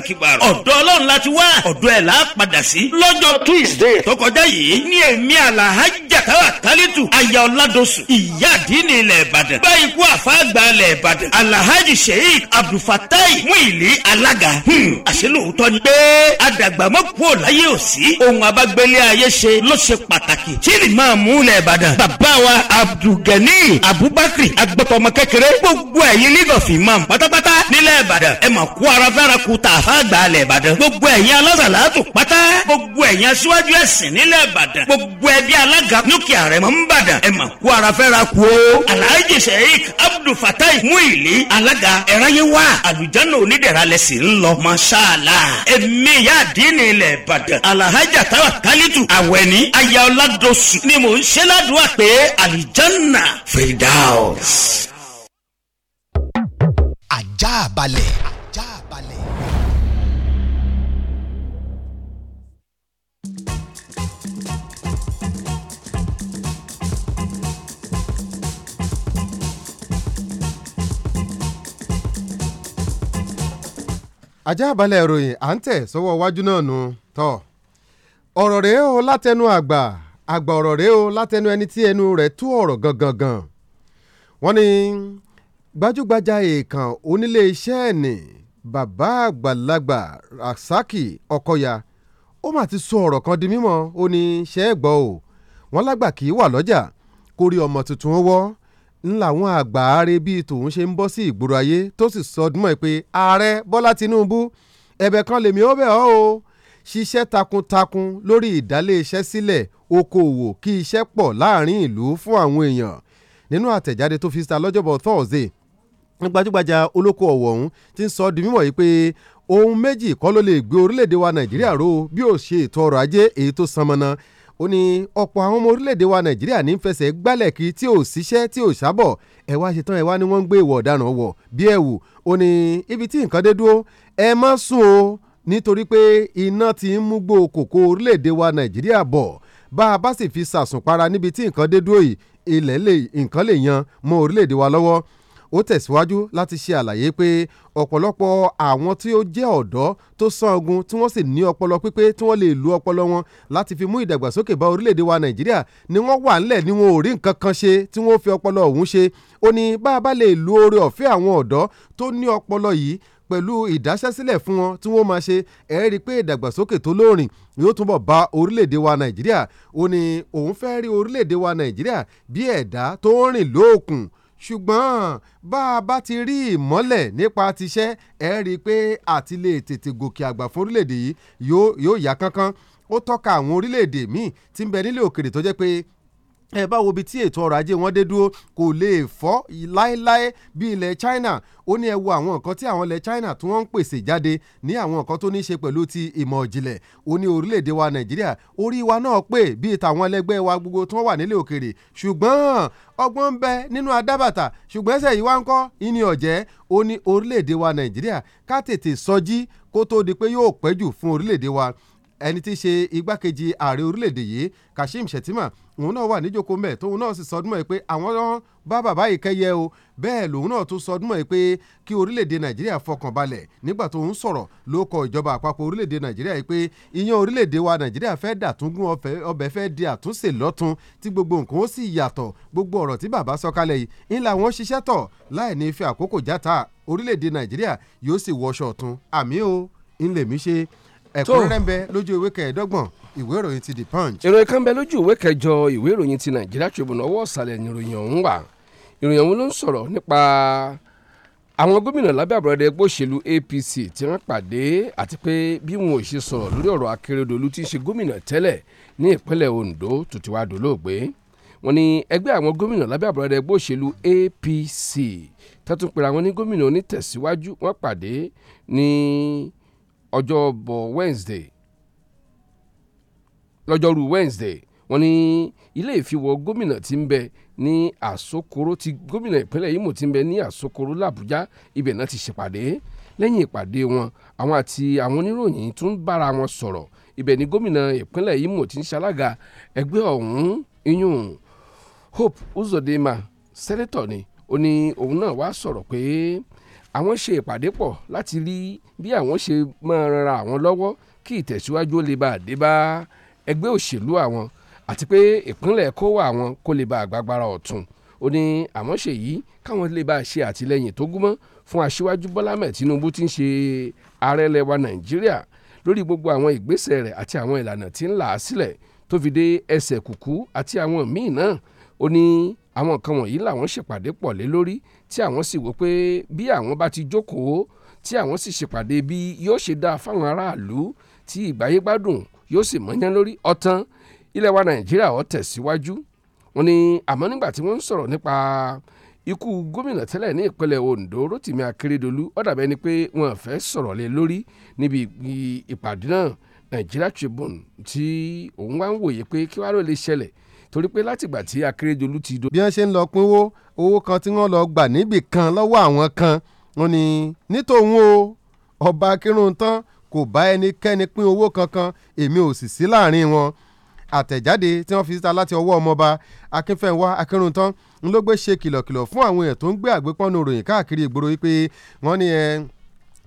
akíbarò. ọ̀dọ̀ ọlọ́run láti wá ọ̀dọ̀ ẹ̀ la padà sí. lọ́jọ́ tuesday tó kọjá yìí ní èmi àlàájì kálítù aya ọ̀làdọ̀sù ìyá àdínì ilẹ̀ ìbàdàn bá ikú àfáàgbà ilẹ̀ ìbàdàn alahaji sheik abdulfatai muili alaga hmm, àṣẹ lóòótọ́ ni pé adàgbàmọ́kù ò láyé ò sí ohun abágbélé ayé ṣe ló ṣe pàtàkì tí ni máa mú ilẹ̀ ìbàdàn bàbá wa abdulgani abubakar agbọ́tọ̀mọ kékeré gbogbo ẹ̀yin nígọ̀fì máa pátápátá nílẹ̀ ìbàdàn ẹ mà kú ara fẹ́ra kú tà àfáàgbà ilẹ̀ ìbàdàn gbogbo ẹ̀yin alásàlátù pátá gbogbo dúkìá rẹ̀ mọ́ ń bàdàn ẹ̀ mà kú ara fẹ́ ra kú o. alhaji sheik abdul fatai muili alága ẹ̀ráyé wá àlùjáná onídẹ̀ra lẹ́sìn ń lọ masala ẹ̀mí ìyá àdínì ilẹ̀ ìbàdàn alhaja tawa kálítù àwẹ̀ní aya ọ̀làdọ̀sù ni mò ń ṣe ládùúgbà pé àlùjáná firdaus. ajá balẹ̀. ajá balẹ̀ ìròyìn à ń tẹ̀ sọ́wọ́ iwájú náà nù tọ́ ọ̀rọ̀ rèé o látẹnu àgbà àgbà ọ̀rọ̀ rèé o látẹnu ẹni tí ẹnu rẹ̀ tú ọ̀rọ̀ gangan gan wọ́n ní gbajúgbajà èèkàn onílé iṣẹ́ ẹ̀nì bàbá àgbàlagbà rasaki ọkọya ó mà ti sọ ọ̀rọ̀ kan di mímọ́ ó ní ṣẹ́ gbọ́ o wọ́n lágbà kì í wà lọ́jà kó ọmọ tuntun ó wọ́ ń làwọn àgbà ààrẹ bíi tòun ṣe ń bọ́ sí ìgboro ayé tó sì sọdún mọ́ ẹ pé ààrẹ bọ́lá tinubu ẹ̀bẹ̀ kan lèmi ó bẹ̀ ọ́ o ṣiṣẹ́ takuntakun lórí ìdálé iṣẹ́ sílẹ̀ okòòwò kí iṣẹ́ pọ̀ láàrin ìlú fún àwọn èèyàn nínú àtẹ̀jáde tó fi síta lọ́jọ́bọ̀ thursday ní gbajúgbajà olóko ọ̀wọ̀ ọ̀hún ti ń sọ ọ́ di mímọ̀ yìí pé ohun méjì kọ́ ló lè gbé orílẹ̀-èdè wa nàìjíríà ró bí ó ṣe ètò ọrọ̀ ajé èyí tó sanmọ́nà ó ní ọ̀pọ̀ àwọn ọmọ orílẹ̀-èdè wa nàìjíríà ní fẹsẹ̀ gbálẹ̀ kí tí ò síṣẹ́ tí ò sábọ̀ ẹ wá ṣe tán ẹ wá ní wọ́n ń gbé ìwà ọ̀daràn wọ̀ bí ẹ̀wù ó ní ibi tí nǹkan dé dúró ẹ má sùn o nítorí pé iná ti ń mú gbó kòkó orílẹ̀-èdè wa nàìjíríà bọ̀ bá a bá sì fi sàsùn para níbi tí nǹkan dé dúró yìí ilẹ̀ nǹkan lè yan mọ́ orílẹ̀-èdè wa lọ́wọ́ ó tẹ̀síwájú láti ṣe àlàyé pé ọ̀pọ̀lọpọ̀ àwọn tí ó jẹ́ ọ̀dọ́ tó sangun tí wọ́n sì ní ọpọlọ pípé tí wọ́n lè lu ọpọlọ wọn láti fi mú ìdàgbàsókè bá orílẹ̀-èdè wa nàìjíríà ni wọ́n wà ńlẹ̀ ni wọn ò rí nǹkan kan ṣe tí wọ́n fi ọpọlọ ọ̀hún ṣe ó ní bá a bá lè lu oore ọ̀fẹ́ àwọn ọ̀dọ́ tó ní ọpọlọ yìí pẹ̀lú ìdáṣẹ́sílẹ̀ fún wọn tí wọ́n máa ṣe ẹ̀ rí i pé ìdàgbàsókè tó lóòrìn yóò túbọ̀ bá orílẹ̀-èdè wa nàìjíríà ó ní òun fẹ́ rí orílẹ̀-èdè wa nàìjíríà bí ẹ̀dá tó ń rìn lóòkùn ṣùgbọ́n bá a bá ti rí ìmọ́lẹ̀ nípa tiṣẹ́ ẹ̀ rí i pé àti lè tètè gòkè àgbà fún orílẹ̀-èdè yìí yóò yá kánkán ó tọ́ka àwọn orílẹ̀-èdè míì tí ń bẹ nílẹ̀ òkèrè tó jẹ́ pé ẹ bá wo ibi tí ètò ọrọ̀ ajé wọn dé dúró kò lè fọ́ láéláé bí ilẹ̀ China ó ní ẹ wo àwọn nǹkan tí àwọn ilẹ̀ China tí wọ́n ń pèsè jáde ní àwọn nǹkan tó ní í ṣe pẹ̀lú ti ìmọ̀ ìjìnlẹ̀ ó ní orílẹ̀-èdè wa Nàìjíríà orí wa náà pè bíi tàwọn ẹlẹgbẹ́ wa gbogbo tí wọ́n wà nílé òkèrè ṣùgbọ́n ọgbọ́n ń bẹ nínú adábàtà ṣùgbọ́n ẹsẹ̀ yìí wá ń kọ́ ìní ọ̀jẹ́ ó ní orílẹ̀-èdè wa Nàìjíríà ká tètè sọjí kó tó di pé yóò pẹ́jù fún orílẹ̀-èdè wa ẹni tí í ṣe igbákejì ààrẹ orílẹ̀-èdè yìí Kashim Shettima òun náà wà níjókòó mbẹ tóun náà sì sọdún mọ́ ẹ pé àwọn bá bàbá yìí kẹ́yẹ o bẹ́ẹ̀ lòun náà tún sọdún mọ́ ẹ pé kí orílẹ̀-èdè Nàìjíríà fọkàn balẹ̀ nígbà tóun sọ̀rọ̀ ló kọ ìjọba àpapọ̀ orílẹ̀-èdè Nàìjíríà yìí pé ìyẹn orílẹ̀-èdè wa Nàìjíríà fẹ́ dàtúngún ọbẹ̀ fẹ́ di àtúnṣe lọ́tun tí gbogbo nǹkan ó sì yàtọ̀ gbogbo ọ̀rọ̀ tí bàbá sọ kalẹ̀ yìí ńlá wọn ṣiṣẹ́ tọ̀ láì ní fi àkókò játa orílẹ̀-èdè Nàìjíríà yóò sì wọṣọ̀ ọ̀tun àmì o ńlẹ̀mí ṣe ẹ̀kúnrẹ́rẹ́ ń bẹ lójú ìwé kẹẹ̀ẹ́dọ́gbọ̀n ìwé ìròyìn ti the punch. ìròyìn kan bẹ lójú ìwé kẹjọ ìwé ìròyìn ti Nigeria Tribune ọwọ́ ọ̀sàlẹ̀ ni ìròyìn ọ̀hún wà ìròyìn ọ̀hún ló ń sọ̀rọ̀ nípa àwọn gómìnà lábẹ́ àbúrọ̀dẹ ẹgbẹ́ òṣèlú APC tí wọ́n pàdé àti pé bí wọn ò ṣe sọ̀rọ̀ lórí ọ̀rọ̀ Akérédolú tí í ṣe gómìnà tẹ́lẹ̀ ní ìpínlẹ̀ Ondo tó ti wá dolóògbé wọ́n ní ẹgbẹ́ àwọn gómìnà lábẹ́ àbúrọ̀dẹ ẹgbẹ́ òṣèlú APC tẹ́tùpẹ̀rẹ̀ àwọn ní gómìnà onítẹ̀síwájú wọ́n pàdé ní ọjọ́bọ̀ Wednesday lọ́jọ́rú Wednesday wọ́n ní ilé ìfiwọ̀ gómìnà tí ń bẹ ní àsokoro ti gómìnà ìpínlẹ̀ Imo tí ń bẹ ní àsokoro làbújá ibẹ̀ náà ti ṣèpàdé lẹ́yìn ìpàdé wọn àwọn àti àwọn oníròyìn tún bára wọn sọ̀rọ̀ ibẹ̀ ni gómìnà ìpínlẹ̀ Imo tí ń ṣalága ẹgbẹ́ ọ̀hún iyún Hope Uzodinma sẹ́nẹ́tọ̀ ni ó ní òun náà wá sọ̀rọ̀ pé àwọn ṣe ìpàdé pọ̀ láti rí bí àwọn ṣe máa ran ara àwọn lọ́wọ́ kí ìtẹ̀síwájú ó lè bá a dé bá ẹgbẹ́ òṣèlú àwọn àti pé ìpínlẹ̀ kówà àwọn kó lè bá àgbàgbára ọ̀tún ó ní àwọn ṣe yìí káwọn lè bá a ṣe àtìlẹ́yìn tó gúnmọ́ fún aṣíwájú bọ́lá mẹ́ẹ̀ tinubu tí ń ṣe ààrẹ wa nàìjíríà lórí gbogbo àwọn ìgbésẹ̀ rẹ̀ àti àwọn ìlànà tí ń là á sílẹ̀ tó fi dé ẹsẹ̀ kùkú àti àwọn míì náà ó ní àwọn nǹkan wọ̀nyí làwọn ṣèpàdé pọ̀ lé lórí tí àwọn sì wò pé bí àwọn bá ti jókòó tí àwọn sì ṣèpàdé bí yóò ṣe dáa fáwọn aráàlú tí ìgbáyégbádùn yóò sì mọ́yán lórí ọ̀tán ilẹ̀ wa nàìjíríà ó tẹ̀síwájú wọ́n ní àmọ́ nígbà tí wọ́n ń sọ̀rọ̀ nípa ikú gómìnà tẹ́lẹ̀ ní ìpínlẹ̀ Ondo Rotimi Akeredolu ó dàbẹ́ ni pé wọ́n fẹ́ sọ̀rọ̀ lé lórí níbi ìpàdé náà Nigeria Tribune tí òun wá ń wòye pé kí wàá ló lè ṣẹlẹ̀ torí pé látìgbà tí akérèdọ́lù ti do. bí wọ́n ṣe ń lọ pínwó owó kan tí wọ́n lọ gbà níbì kan lọ́wọ́ àwọn kan wọ́n ní nítòun o ọba akérùn tán kò bá ẹnikẹ́ni pín owó kankan èmi ò sì sí láàrin wọn àtẹ̀jáde tí wọ́n fi síta láti ọwọ́ ọmọọba akínfẹ́ńwá akérùntàn ń ló ṣe kìlọ̀kìlọ̀ fún àwọn èèyàn tó ń gbé àgbépọ́nú ròyìn káàkiri ìgboro wípé wọ́n ní ẹ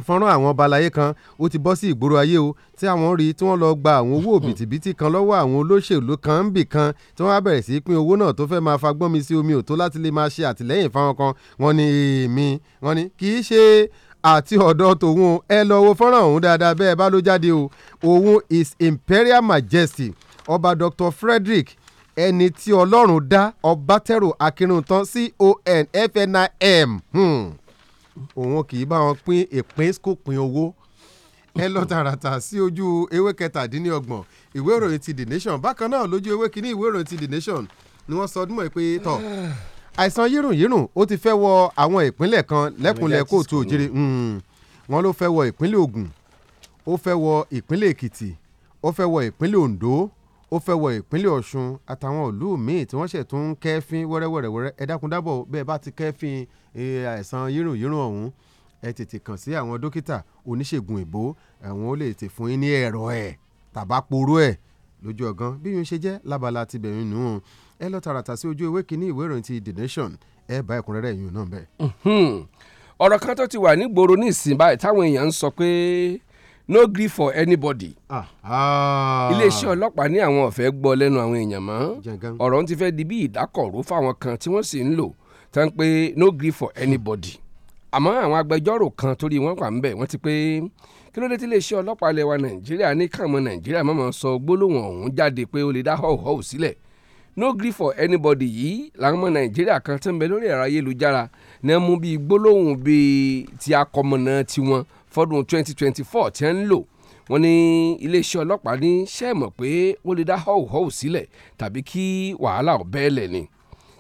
fọ́nrán àwọn ọba aláyé kan ó ti bọ́ sí ìgboro ayé o tí àwọn rí tí wọ́n lọ gba àwọn owó òbítíbitì kan lọ́wọ́ àwọn olóṣèlú kan ń bì kan tí wọ́n á bẹ̀rẹ̀ sí í pín owó náà tó fẹ́ máa fa gbọ́nmi sí omi òtó láti lè máa ṣe àtìlẹ́yìn fáwọn kan wọ́n ní èèmí wọ́n ní kì í ṣe àti ọ̀dọ̀ tòun ẹ lọ wo fọ́nrán ọ̀hún dáadáa bẹ́ẹ̀ bá ló jáde o òun is Imperial Majesty ọba Dr. Frederick ẹni tí ọlọ́run dá ọbátẹ́rù akínrun tán CON FNIM. Hmm òun kì í bá wọn pín ìpín kò pín owó ẹ lọ tààràtà sí ojú ewé kẹtàdínlọ́gbọ̀n ìwé ìròyìn ti the nation bákan náà lójú ewé kínní ìwé ìròyìn ti the nation ni wọ́n sọ ọdún pé tọ̀ àìsàn yírùnyírùn ó ti fẹ́ wọ àwọn ìpínlẹ̀ kan lẹ́kùnlẹ̀ kóòtù òjìrì hmm. wọn ló fẹ́ wọ ìpínlẹ̀ Ògùn ó fẹ́ wọ ìpínlẹ̀ Èkìtì ó fẹ́ wọ ìpínlẹ̀ Oǹdó ó fẹ́ wọ ìpínlẹ̀ ọ̀ṣun àtàwọn ìlú míì tí wọ́n ṣẹ̀ tún ń kẹ́fín wẹ́rẹ́wẹ́rẹ́wẹ́rẹ́ ẹ dákun dábọ̀ bẹ́ẹ̀ bá ti kẹ́fín àìsàn yírùnyírùn ọ̀hún ẹ tètè kàn sí àwọn dókítà oníṣègùn ìbò àwọn ó lè tè fún yín ní ẹ̀rọ ẹ̀ tàbáporó ẹ̀ lójú ọ̀gán bí yín ṣe jẹ́ lábala ti bẹ̀rù nù ún ẹ lọ tààràtà sí ojú ewé kínní ìwé ìròyìn ti the nation ẹ bá ẹ̀kúnrẹ́rẹ́ yìí náà bẹ́ẹ̀. ọ̀rọ̀ kan tó ti wà nígboro ní ìsìn báyìí táwọn èèyàn ń sọ pé no gree for anybody. Ah, ah. iléeṣẹ́ ọlọ́pàá ní àwọn ọ̀fẹ́ gbọ́ lẹ́nu àwọn èèyàn mọ́ ọ̀rọ̀ ń ti fẹ́ di bí ìdákọ̀ró fáwọn kan tí wọ́n sì ń lò tán pé no gree for anybody. àmọ́ àwọn agbẹjọ́rò kan torí wọ́n wà ń bẹ̀ wọ́n ti pé kí ló dé tí iléeṣẹ́ ọlọ́pàá lẹ́wà nàìjíríà ní kàmọ́ nàìjíríà mọ̀mọ́ sọ gbólóhùn ọ̀hún jáde pé ó lè dá họ́ọ̀họ́ọ̀ sílẹ̀ no gree for anybody yìí làwọn ọmọ nàìjíríà kan tó ń bẹ lórí ẹ̀rọ ayélujára náà mú bíi gbólóhùn bíi ti akọmọ̀nà tiwọn fọ́dún 2024 tí ń lò wọ́n ní iléeṣẹ́ ọlọ́pàá ní sẹ́ẹ̀mọ̀ pé wọ́n lè dá họ́wùhọ́wù sílẹ̀ tàbí kí wàhálà ọ̀bẹ́ẹ̀lẹ̀ ni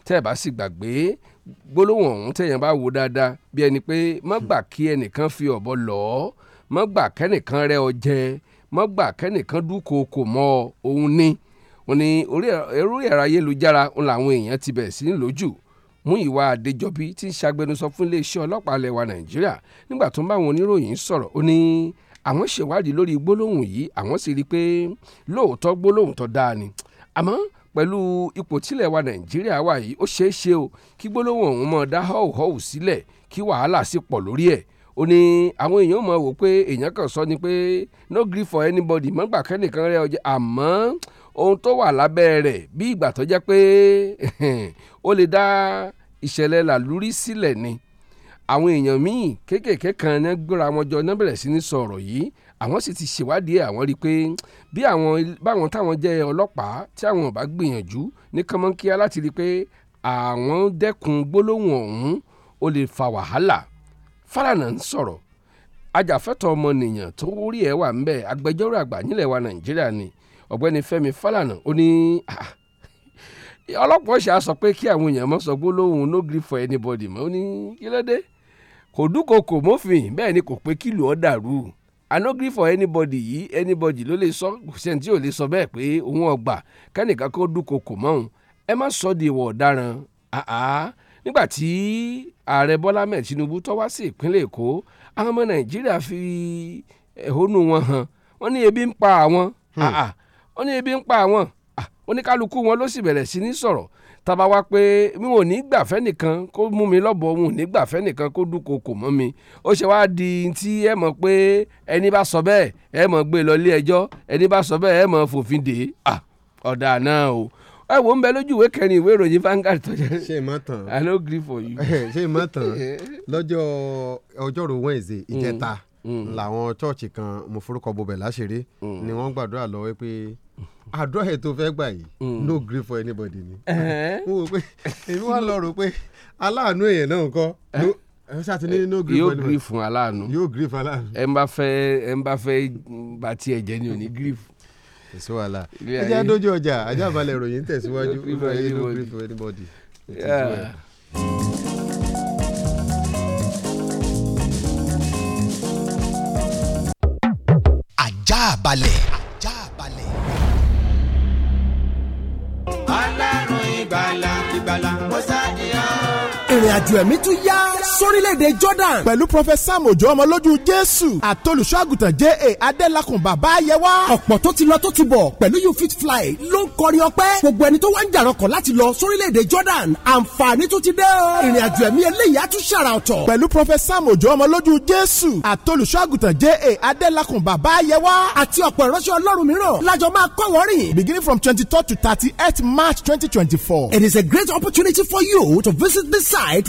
tẹ́ ẹ̀ bá sì gbàgbé gbólóhùn ọ̀hún tẹ̀yàn bá wò dáadáa bí ẹni pé má gbà kí ẹnìkan fi ọ̀bọ lọ̀ ọ́ má gbà kẹ́nìkan rẹ́ ọ jẹ má gbà kẹ́nìkan dúkookò mọ́ ọ òun ni wọ́n ní orí ẹ̀rọ ayélujára òun làwọn èèyàn ti bẹ̀ sí lójú Múyìwá Adéjọbí tí ń ṣagbẹnusọ fún iléeṣẹ́ ọlọ́pàá ilẹ̀ wa Nàìjíríà nígbà tó ń bá àwọn oníròyìn sọ̀rọ̀ ó ní àwọn ṣèwádìí lórí gbólóhùn yìí àwọn sì rí i pé lóòótọ́ gbólóhùn tó dáa ni àmọ́ pẹ̀lú ipò tílẹ̀ wa Nàìjíríà wà yìí ó ṣeé ṣe o kí gbólóhùn ọ̀hún mọ̀ dá họ́wùhọ́wù sílẹ̀ kí wàhálà sì pọ̀ lórí ẹ̀ ó ní àwọn èèyàn mọ̀ wò pé èèyàn kan sọ ni pé no gree for anybody mọ́gbà kẹ́nìkan rẹ̀ ọjà àmọ́ ohun tó wà lábẹ́ rẹ̀ bí ìgbà tó jẹ́ pé ó lè dá ìṣẹ̀lẹ̀ làlúrí sílẹ̀ ni àwọn èèyàn míì kéékèèké kan ní gbéra wọn jọ ní bẹ̀rẹ̀ sí ní sọ̀rọ̀ yìí àwọn sì ti ṣèwádìí ẹ̀ àwọn rí i pé bí àwọn báwọn táwọn jẹ́ ọlọ́pàá tí àwọn ò bá gbìyànjú ní kánmọ́nkíá láti rí i pé àwọn dẹ́kun gbólóhùn ọ̀hún ó lè fa wàhálà Fálànà ń sọ̀rọ̀ ajàfẹ́tọ̀ọ́ ọmọnìyàn tó rí ẹ̀ wà ń bẹ̀ agbẹjọ́rò àgbà nílẹ̀ wa Nàìjíríà ni ọ̀gbẹ́ni Fẹ́mi Fálànà ó ní ah, ọlọ́pàá ọ̀ṣà sọ pé kí àwọn èèyàn mọ́ sọ gbólóhùn no gree for anybody mọ́ ó ní kí ló dé kò dúnkokò mọ́fìn bẹ́ẹ̀ ni kò pé kílù ọ́ dàrú i no gree for anybody yìí anybody ló lè sọ sẹ́ni tí ò lè sọ bẹ́ẹ̀ pé òun ọgbà kẹ́nìkan kó dúnkokò mọ́hún ẹ má sọ di ìwọ̀ ọ̀daràn nígbà tí ààrẹ bọ́lá mẹ́ẹ̀ tinubu tó wá sí ìpínlẹ̀ èkó àwọn ọmọ nàìjíríà fi ẹ̀hónú wọn hàn wọ́n ní ebi ń pa àwọn hmm ó ní ebi ń pa àwọn oníkálukú wọn ló sì bẹ̀rẹ̀ sí ní sọ̀rọ̀ tàbá wá pé mi ò ní gbàfẹ́ nìkan kó mú mi lọ́bọ̀ òun ò ní gbàfẹ́ nìkan kó dúnkokò mọ́ mi ó ṣe wáá di tí ẹ mọ̀ pé ẹni bá sọ bẹ́ẹ̀ ẹ mọ̀ gbé lọ ilé ẹjọ́ ẹni bá sọ bẹ́ẹ̀ ẹ mọ̀ fòfin dè é ọ̀dà náà o ẹ wò ń bẹ lójú ìwé kẹrin ìwé ìròyìn Vanguard tó jẹ. ṣé ìmọ̀ tán I no gree for you. ṣé ìmọ̀ tán lọ́jọ́ ọjọ́rò Wednesday ìjẹta. Mm Mm. làwọn chọ́ọ̀chì kan mo forúkọ bọ̀bẹ̀ láṣẹ̀rẹ́ mm. ni wọ́n gbàdúrà lọ́wọ́ pé àdúrà ẹ̀ tó fẹ́ gbà yìí mm. no grief for anybody ni. mo wò pé èmi wá lọ rò pé aláàánú èèyàn náà kọ́ yóò grief fún aláàánú. yóò grief aláàánú. ẹ ń bá fẹ́ ẹ ń bá fẹ́ bá tiẹ̀ jẹ́ ni ò ní grief. wàhálà ẹ jẹ́ ọjà ajá balẹ̀ ìròyìn tẹ̀síwájú no grief for anybody. Yeah. ajá balẹ̀. àjò ẹ̀mí tún yá sórílẹ̀-èdè Jordan. pẹ̀lú prọfẹsọ Sam Òjó ọmọlójú Jésù àtolùṣọ́àgùtàn J.A. Adélakùn bàbá Ayẹwà. ọ̀pọ̀ tó ti lọ tó ti bọ̀ pẹ̀lú you fit fly ló ń kọrin ọpẹ́. gbogbo ẹni tó wá ń jàrọ̀kọ̀ láti lọ sórílẹ̀-èdè Jordan àǹfààní tó ti dé o. ìrìn ẹ̀mí eléyìí á tún ṣàrà ọ̀tọ̀. pẹ̀lú prọfẹsọ Sam Òjó ọmọlójú Jésù àtolùṣọ́àgùtàn a great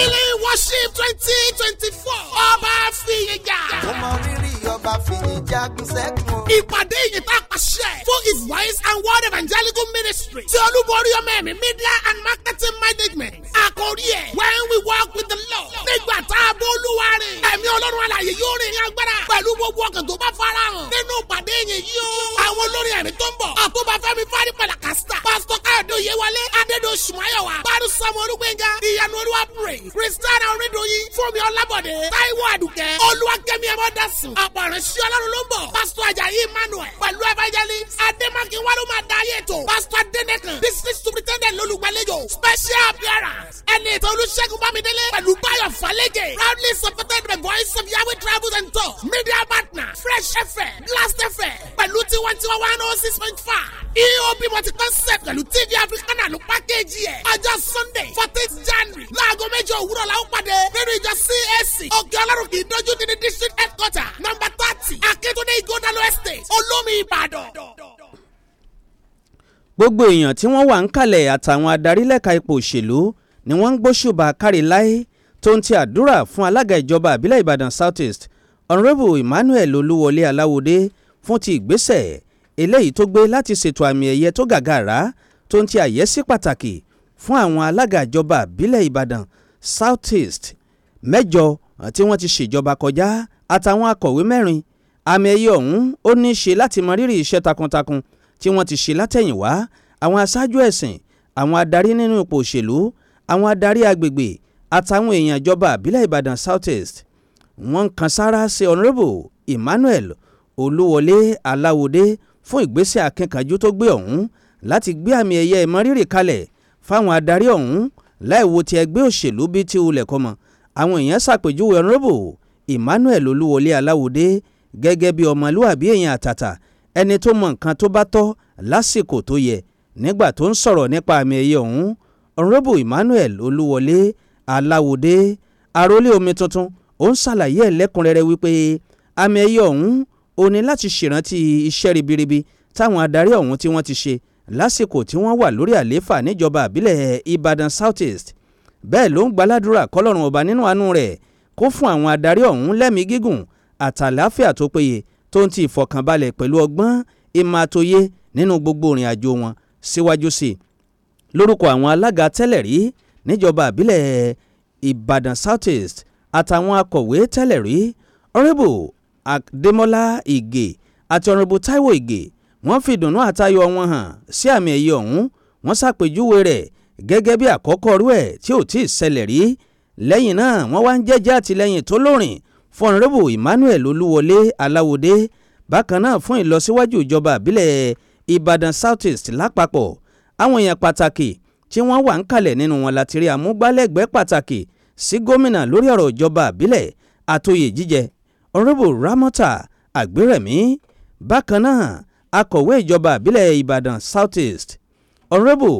Ìní worship twenty twenty four. Ọba Fìyìjà. Mo mọ rírì ọba Fìyìjà gúnṣẹ́gun. Ìpàdé yìí tá a pàṣẹ for his voice and word evangelical ministry ti olúborí ọmọ ẹ̀mí media and marketing management. Àkórí ẹ̀ when we work with the Lord. Nígbà tá a bó olúwa rẹ̀. Ẹ̀mí Ọlọ́run alàyè yóò rìn ní agbára pẹ̀lú gbogbo ọkàn tó bá farahàn. Nínú ìpàdé yìí yóò. Àwọn olórin ẹ̀mí tó ń bọ̀. Àtúbàfẹ́mi Fárí Pàlàkàsítà. Pásítọ̀ Káyọ̀dé Oyewale. Adédọ̀ Sùmáyọ̀wá. Bárú Samuel Olúgbénga. Ìyanu Olúwa pray. King Christiana Orindoyin Fúnmi Ọlábọ̀dé Táíwò Àdùkẹ́ Olúwakẹ́mi Ẹmọ́dásùn àpàrẹ̀sí ọlọ́run ló ń bọ̀ Pásítọ̀ Ajayi Emmanuel pẹ̀lú evangelist Adémákin wà ló máa da ayé ètò Pásítọ̀ Adénẹ́kan district superintendent lólùgbàlejò special appearance ẹni ètò Olúṣẹ́gun Bámidélé pẹ̀lú Báyọ̀ Fálékè proudly supported by voice of Yahweh travels and tours media partner Fresh FM blast tiwọn tiwọn one oh six point five. EOB multi pẹ̀lú TV Africana ló pákéjì ẹ̀. Ọjọ́ Sunday fourteen January láago méjọ òwúrọ̀ la pàdé nínú ìjọ CAC. Òkè Ọlọ́run kì í dojú di district headquarter number thirty Akétúndé Igodalo Estate Olómi Ìbàdàn. Gbogbo èèyàn tí wọ́n wà ń kalẹ̀ àtàwọn adarí lẹ́ka ipò òṣèlú ni wọ́n ń gbóṣùbà kárí láé tó ń ti àdúrà fún alága ìjọba àbílẹ̀ Ìbàdàn South East Honourable Emmanuel Olúwọlé Aláwọdé fún ti ìgbésẹ̀ eléyìí tó gbé láti ṣètò àmì ẹ̀yẹ tó gàgàrà tó ń ti àyẹ́sí pàtàkì fún àwọn alága ìjọba àbílẹ̀ Ìbàdàn South East mẹ́jọ tí wọ́n ti ṣèjọba kọjá àtàwọn akọ̀wé mẹ́rin àmì ẹ̀yẹ ọ̀hún ó ní í ṣe láti mọ rírì iṣẹ́ takuntakun tí wọ́n ti ṣe látẹ̀yìnwá àwọn aṣáájú ẹ̀sìn àwọn adarí nínú ipò òṣèlú àwọn adarí agbègbè àtàwọn èèyàn ìjọba àbílẹ̀ Ìbàdàn South East wọ́n ń kan sára sí Honourable Emmanuel olúwọlé aláwòdé fún ìgbésẹ̀ akínkanjú tó gbé ọ̀hún láti gbé àmì ẹ̀yẹ ìmọrírì kalẹ̀ fáwọn adarí ọ̀hún láì wo ti ẹgbẹ́ òṣèlú bíi ti ulẹ̀ kọ́mọ àwọn èèyàn ṣàpèjúwe ọ̀nrọ́bù Emmanuel olúwọlé aláwòdé gẹ́gẹ́ bí ọmọlúwàbí èèyàn àtàtà ẹni tó mọ nǹkan tó bá tọ́ lásìkò tó yẹ nígbà tó ń sọ̀rọ̀ nípa àmì ẹ̀yẹ ọ̀hún ọ̀nrọ́bù Emmanuel olúwọlé aláwòdé arólé omi tuntun ó ń ṣàlàyé ẹ̀lẹ́kùnrẹ́rẹ́ wípé àmì ẹ̀yẹ ọ̀hún ó ní láti ṣèrántí iṣẹ́ ribiribi táwọn adarí ọ̀hún tí wọ́n ti ṣe lásìkò tí wọ́n wà lórí àlééfà níjọba àbílẹ̀ Ìbàdàn South East bẹ́ẹ̀ ló ń gbaládùra kọ́lọ́run ọba nínú àánú rẹ̀ kó fún àwọn adarí ọ̀hún lẹ́mìí gígùn àtàláfíà tó péye tó ń ti ìfọ̀kànbalẹ̀ pẹ̀lú ọgbọ́n ìmọ̀ àtòye nínú gbogbo ìrìn àjò wọn síwájú sí i lórúkọ àwọn alága tẹ́lẹ̀ rí níjọba àbílẹ̀ Ìbàdàn South East àtàwọn akọ̀wé tẹ́lẹ̀ rí ọ̀rẹ́bù adémọ́lá ìgè àti ọ̀rẹ́bù táíwò ìgè wọ́n fi ìdùnnú àtayọ̀ wọn hàn sí àmì ẹ̀yẹ ọ̀hún wọ́n ṣàpèjúwe rẹ̀ gẹ́gẹ́ bí àkọ́kọ́ rú ẹ̀ tí ò tí ì ṣẹlẹ̀ rí lẹ́yìn náà wọ́n wá ń jẹ́jẹ́ àtìlẹ́yìn tó lórin fún ọ̀rẹ́bù emmanuel olúwọlé aláwòdé bákan náà fún ìlọsíwájú ìjọba àbílẹ̀ ìbàdàn south east lápapọ̀ àwọn èèyàn pàtàkì tí wọ́n wà ń kalẹ̀ nínú wọn láti rí amúgbálẹ́gbẹ̀ẹ́ pàtàkì sí gómìnà lórí ọ̀rọ̀ ìjọba àbílẹ̀ àtòyè jíjẹ honorable ramota àgbérẹ̀mí bákan náà akọ̀wé ìjọba ìbílẹ̀ ìbàdàn south east honorable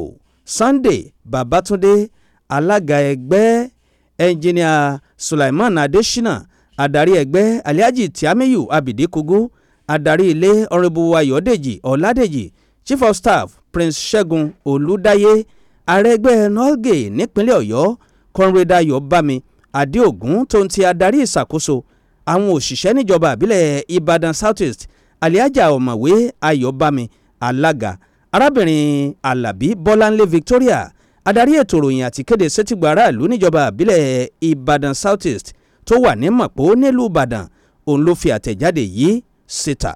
sunday babatunde alága ẹgbẹ́ Engineer sulaiman adesina adarí ẹgbẹ́ alhaji tiamiyu abidikugu kogo adarí ilé honorable ayọ̀dèjì ọ̀làdèjì chief of staff prince ṣẹ́gun olùdáyé àrẹ́gbẹ́ norgay nípínlẹ̀ ọ̀yọ́ kọ́nrẹ́dà ayọ̀ bámi adéògùn tó ń ti adarí ìṣàkóso àwọn òṣìṣẹ́ níjọba àbílẹ̀ Ìbàdàn southeast East aliaja ọ̀mọ̀wé Ayọ̀bámi alága arábìnrin Alábí Bọ́láńlé Victoria adarí ètò ìròyìn àti kéde sétígbà aráàlú níjọba àbílẹ̀ Ìbàdàn South East tó wà ní Màpó nílùú Ìbàdàn òun ló fi àtẹ̀jáde yìí síta.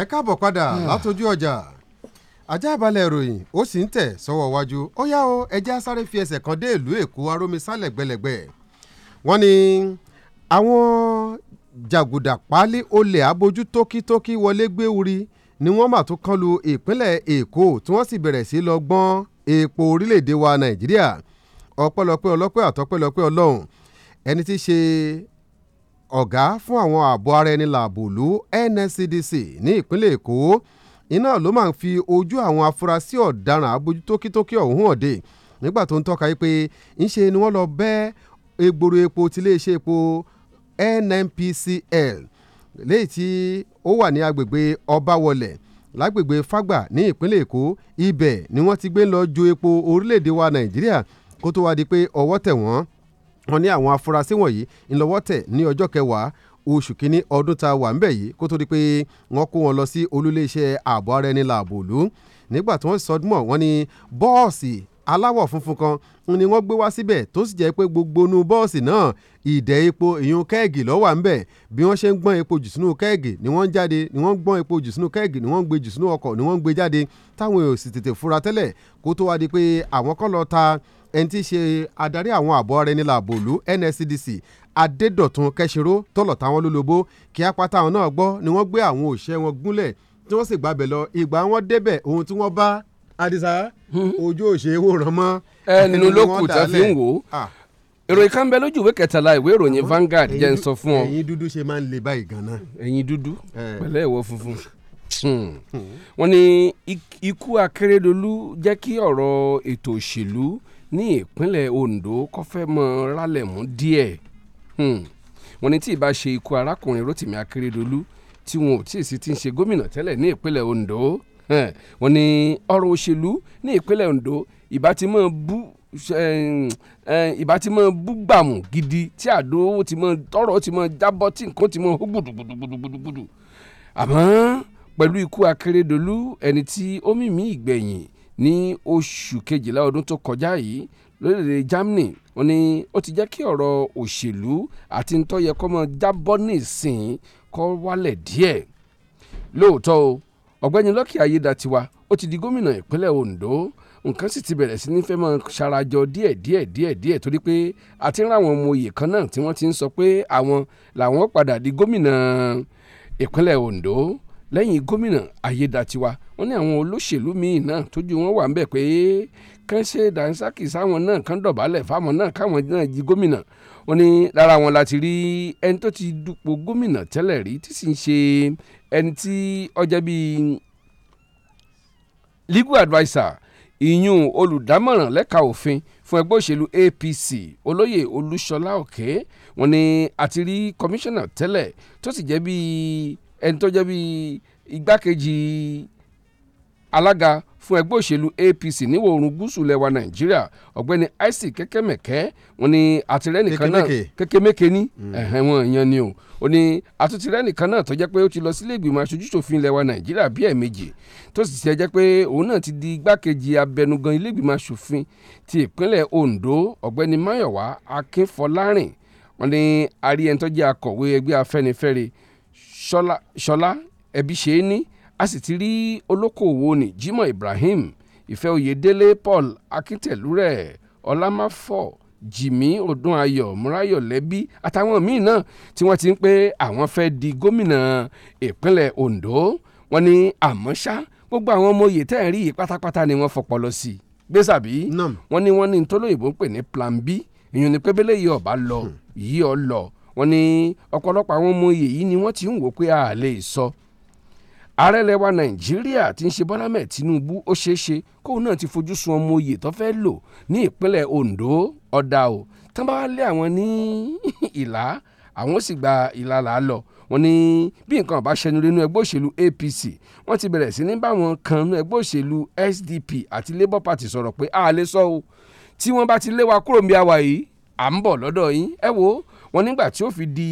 ẹ káàbọ̀ padà hmm. látọjú ọjà ajá balẹ̀ ìròyìn ó sì ń tẹ̀ sọ́wọ́ wájú ó yá o ẹjẹ́ sáré fi ẹsẹ̀ kan dé ìlú èkó arómisálẹ̀ gbẹlẹ̀gbẹ̀ wọ́n ní àwọn jàgùdà páálí olè abojú tókítókí wọlé gbé wuri ni wọ́n mà tún kán lu ìpínlẹ̀ èkó tí wọ́n sì bẹ̀rẹ̀ sí lọ gbọ́n epo orílẹ̀-èdè wa nàìjíríà ọpẹ́lọpẹ́ ọlọ́pẹ́ àtọpẹ́lọpẹ́ ọlọ́run ẹni tí ṣe ọ̀gá fún àwọn ààbò ara ẹni làbòlú NSCDC ní ìpínlẹ̀ Èkó iná ló máa ń fi ojú àwọn afurasí ọ̀daràn abójútókítókí ọ̀hún hàn nígbà tó ń tọ́ka yìí pé ńṣe ni wọ́n lọ bẹ́ egboro epo tiléeṣẹ́ epo NNPCL léyìí tí ó wà ní agbègbè Ọbáwọlẹ̀ lágbègbè Fágbà ní ìpínlẹ̀ Èkó ibẹ̀ ni wọ́n ti gbé lọ ju epo orílẹ̀-èdè wa Nàìjíríà kó tó wá di pé ọwọ́ tẹ̀ wọ́n wọ́n ní àwọn afurasí wọ̀nyí ńlọ́wọ́ tẹ̀ ní ọjọ́ kẹwàá oṣù kínní ọdún tá a wà ńbẹ̀ yìí kó tó di pé wọ́n kó wọn lọ sí olúléeṣẹ́ ààbò ara ẹni làbò lù nígbà tí wọ́n sọdúnmọ̀ wọ́n ní bọ́ọ̀sì aláwọ̀ funfun kan ni wọ́n gbé wá síbẹ̀ tó sì jẹ́ pé gbogbo inú bọ́ọ̀sì náà ìdẹ́ epo ìyún kẹ́ẹ̀gì lọ́wọ́ à ń bẹ̀ bí wọ́n ṣe ń gbọ́n epo jù sínú kẹ́ẹ̀gì ni wọ́n ń jáde ni wọ́n ń gbọ́n epo jù sínú kẹ́ẹ̀gì ni wọ́n ń gbé jù sínú ọkọ̀ ni wọ́n ń gbé jáde táwọn èèyàn sì tètè fura tẹ́lẹ̀ kó tó wá di pé àwọn kọ́ lọ ta ẹni tí í ṣe adarí àwọn àbọ̀ ara ẹni làbò NSCDC Adédọ̀tun Kẹ́sìró tọ̀lọ̀ táwọn lólobó kí apáta àwọn náà gbọ́ ni wọ́n gbé àwọn òṣìṣẹ́ wọn gúnlẹ̀ tí wọ́n sì gbàbẹ̀ lọ ìgbà wọn débẹ̀ ohun tí wọ́n bá Adisa hmm. ojú òṣè wòran mọ́ ẹnu ló kù tá fi ń wò ó ìròyìn kan bẹ lójú ìwé kẹtàlá ìwé ìròyìn Vanguard jẹ́ ń sọ fún ọ. ẹyin dúdú ṣe máa ń le báyìí ganan. ẹyin dúdú pẹ̀lẹ́ ìwọ funfun hmm. Hmm. wọ́n ní ikú Akérédolú jẹ́ kí ọ̀rọ̀ ètò òṣèlú ní ìpínlẹ̀ Ondo kò fẹ́ mọ́ rálẹ̀ mú díẹ̀ hmm. wọ́n ní tí ì bá ṣe ikú arákùnrin Rotimi Akeredolu tí wọn ò tí ì sì ti ń ṣe gómìnà tẹ́lẹ̀ ní ìpínlẹ̀ Ondo hmm. wọ́n ní ọ̀rọ̀ òṣèlú ní ìpínlẹ̀ Ondo ìbá ti mọ́ bú eh, eh, ìbá ti mọ búgbàmù gidi tí àdó ti mọ tọrọ ti mọ jábọ tí nǹkan ti mọ hó gbùdùgbùdùgbùdùgbùdù àmọ́ pẹ̀lú ikú Akérédolú ẹni tí ó mímí ìgbẹ̀yìn ní oṣù kejìlá ọdún tó kọjá yìí lórílẹ̀‐èdè Germany wọ́n ní ó ti jẹ́ kí ọ̀rọ̀ òṣèlú àti ntọ́yẹ kọ́mọ jábọ́ nísìn kọ́ wálẹ̀ díẹ̀ lóòótọ́ o ọ̀gbẹ́ni Lucky Ayédatiwa ó ti di gómìnà ìpínlẹ̀ Ondo nǹkan sì ti bẹ̀rẹ̀ sí ní fẹ́ máa ṣarajọ díẹ̀ díẹ̀ díẹ̀ díẹ̀ torí pé àti ń ráwọn ọmọ kan náà tí wọ́n ti ń sọ pé àwọn làwọn padà di gómìnà ìpínlẹ̀ Ondo lẹ́yìn gómìnà ayédatiwa wọ́n ní àwọn olóṣèlú míì náà tójú wọn wà ń bẹ̀ pé kán ṣe dànsákì sáwọn náà kán dọ̀bálẹ̀ fáwọn náà káwọn náà jí gómìnà wọ́n ní lára wọn láti rí ẹni tó ti dupò gómìnà tẹ́lẹ̀ rí tí sì ń ṣe ẹni tí ọjọ́ bíi legal adviser ìyún olùdámọ̀ràn lẹ́ka òfin fún ẹgbẹ́ òṣèlú APC olóyè olúṣọlá òkè wọ́n ní àti rí kọmíṣánná tẹ́lẹ̀ tó sì jẹ́ bíi ẹni tó jẹ́ bíi igbákejì alága fún ẹgbẹ́ òṣèlú APC níwọ̀ oòrùn gúúsù lẹwa Nàìjíríà ọ̀gbẹ́ni Isaac kékèmẹ̀kẹ́ wọn ni àtìrẹ́nìkan náà kékèmẹ̀kẹ́ mm. ní ẹ̀hẹ́n wọn èèyàn ni o ó ní àtúntìrẹ́nìkan náà tó jẹ́ pé ó ti lọ sílé ìgbìmọ̀ aṣojúṣòfin lẹwa Nàìjíríà bíi ẹ̀ẹ̀mejì tó sì ṣe jẹ́ pé òun náà ti di igbákejì abẹnugan ilé ìgbìmọ̀ aṣòfin ti ìpínlẹ̀ Ondo ọ̀gbẹ́ni Máyọ̀wá Akínfọlárìn wọn ni arí ẹni tó jẹ́ akọ̀wé ẹgbẹ́ Afẹ́nifẹ́re ṣọlá ẹbí ṣe é ní a sì ti rí olókoòwò ní jimoh ibrahim ìfẹ́ oyèdélé paul akíntẹ̀lúrẹ̀ ọlámáfọ̀ jìmí ọdúnayọ̀ Murayo lẹ́bí àtàwọn míì náà tí wọ́n ti ń pé àwọn fẹ́ di gómìnà ìpínlẹ̀ ondo wọ́n ní àmọ́ ṣá gbogbo àwọn ọmọ oyè tẹ́ ẹ̀ rí yìí pátápátá ni wọ́n fọpọlọ sí i gbèsàbí wọ́n ní wọ́n ní ntọ́lóyìnbó ń pè ní plan b ìyọ̀nìpẹ́bẹ́lẹ́ yìí ọ̀bá lọ hmm. yìí ọ̀ lọ wọ́n ní ọ̀pọ̀lọpọ̀ àwọn ọmọ iye yìí ni wọ́n ti ń wò pé a lè sọ ààrẹ nàìjíríà ti ń ṣe bọ́lá mẹ́ẹ̀ tinubu ó ṣeé ṣe kóun náà ti fojú sun ọmọ oyè tó fẹ́ lò ní ìpínlẹ̀ ondo ọ̀dà o tán bá lé àwọn ní ìlà àwọn sì gba ìlà là á lọ wọ́n ní bí nǹkan bá ṣẹnu lé nú ẹgbẹ́ òṣèlú apc wọ́n ti bẹ̀rẹ̀ sí ní báwọn kan nú ẹgbẹ́ òṣèlú sdp àti labour party sọ̀rọ̀ pé a lè sọ o tí wọ́n bá ti lé wa kúrò níbi àwa yìí à ń bọ̀ lọ́dọ̀ yín ẹ wo wọ́n nígbà tí ó fi di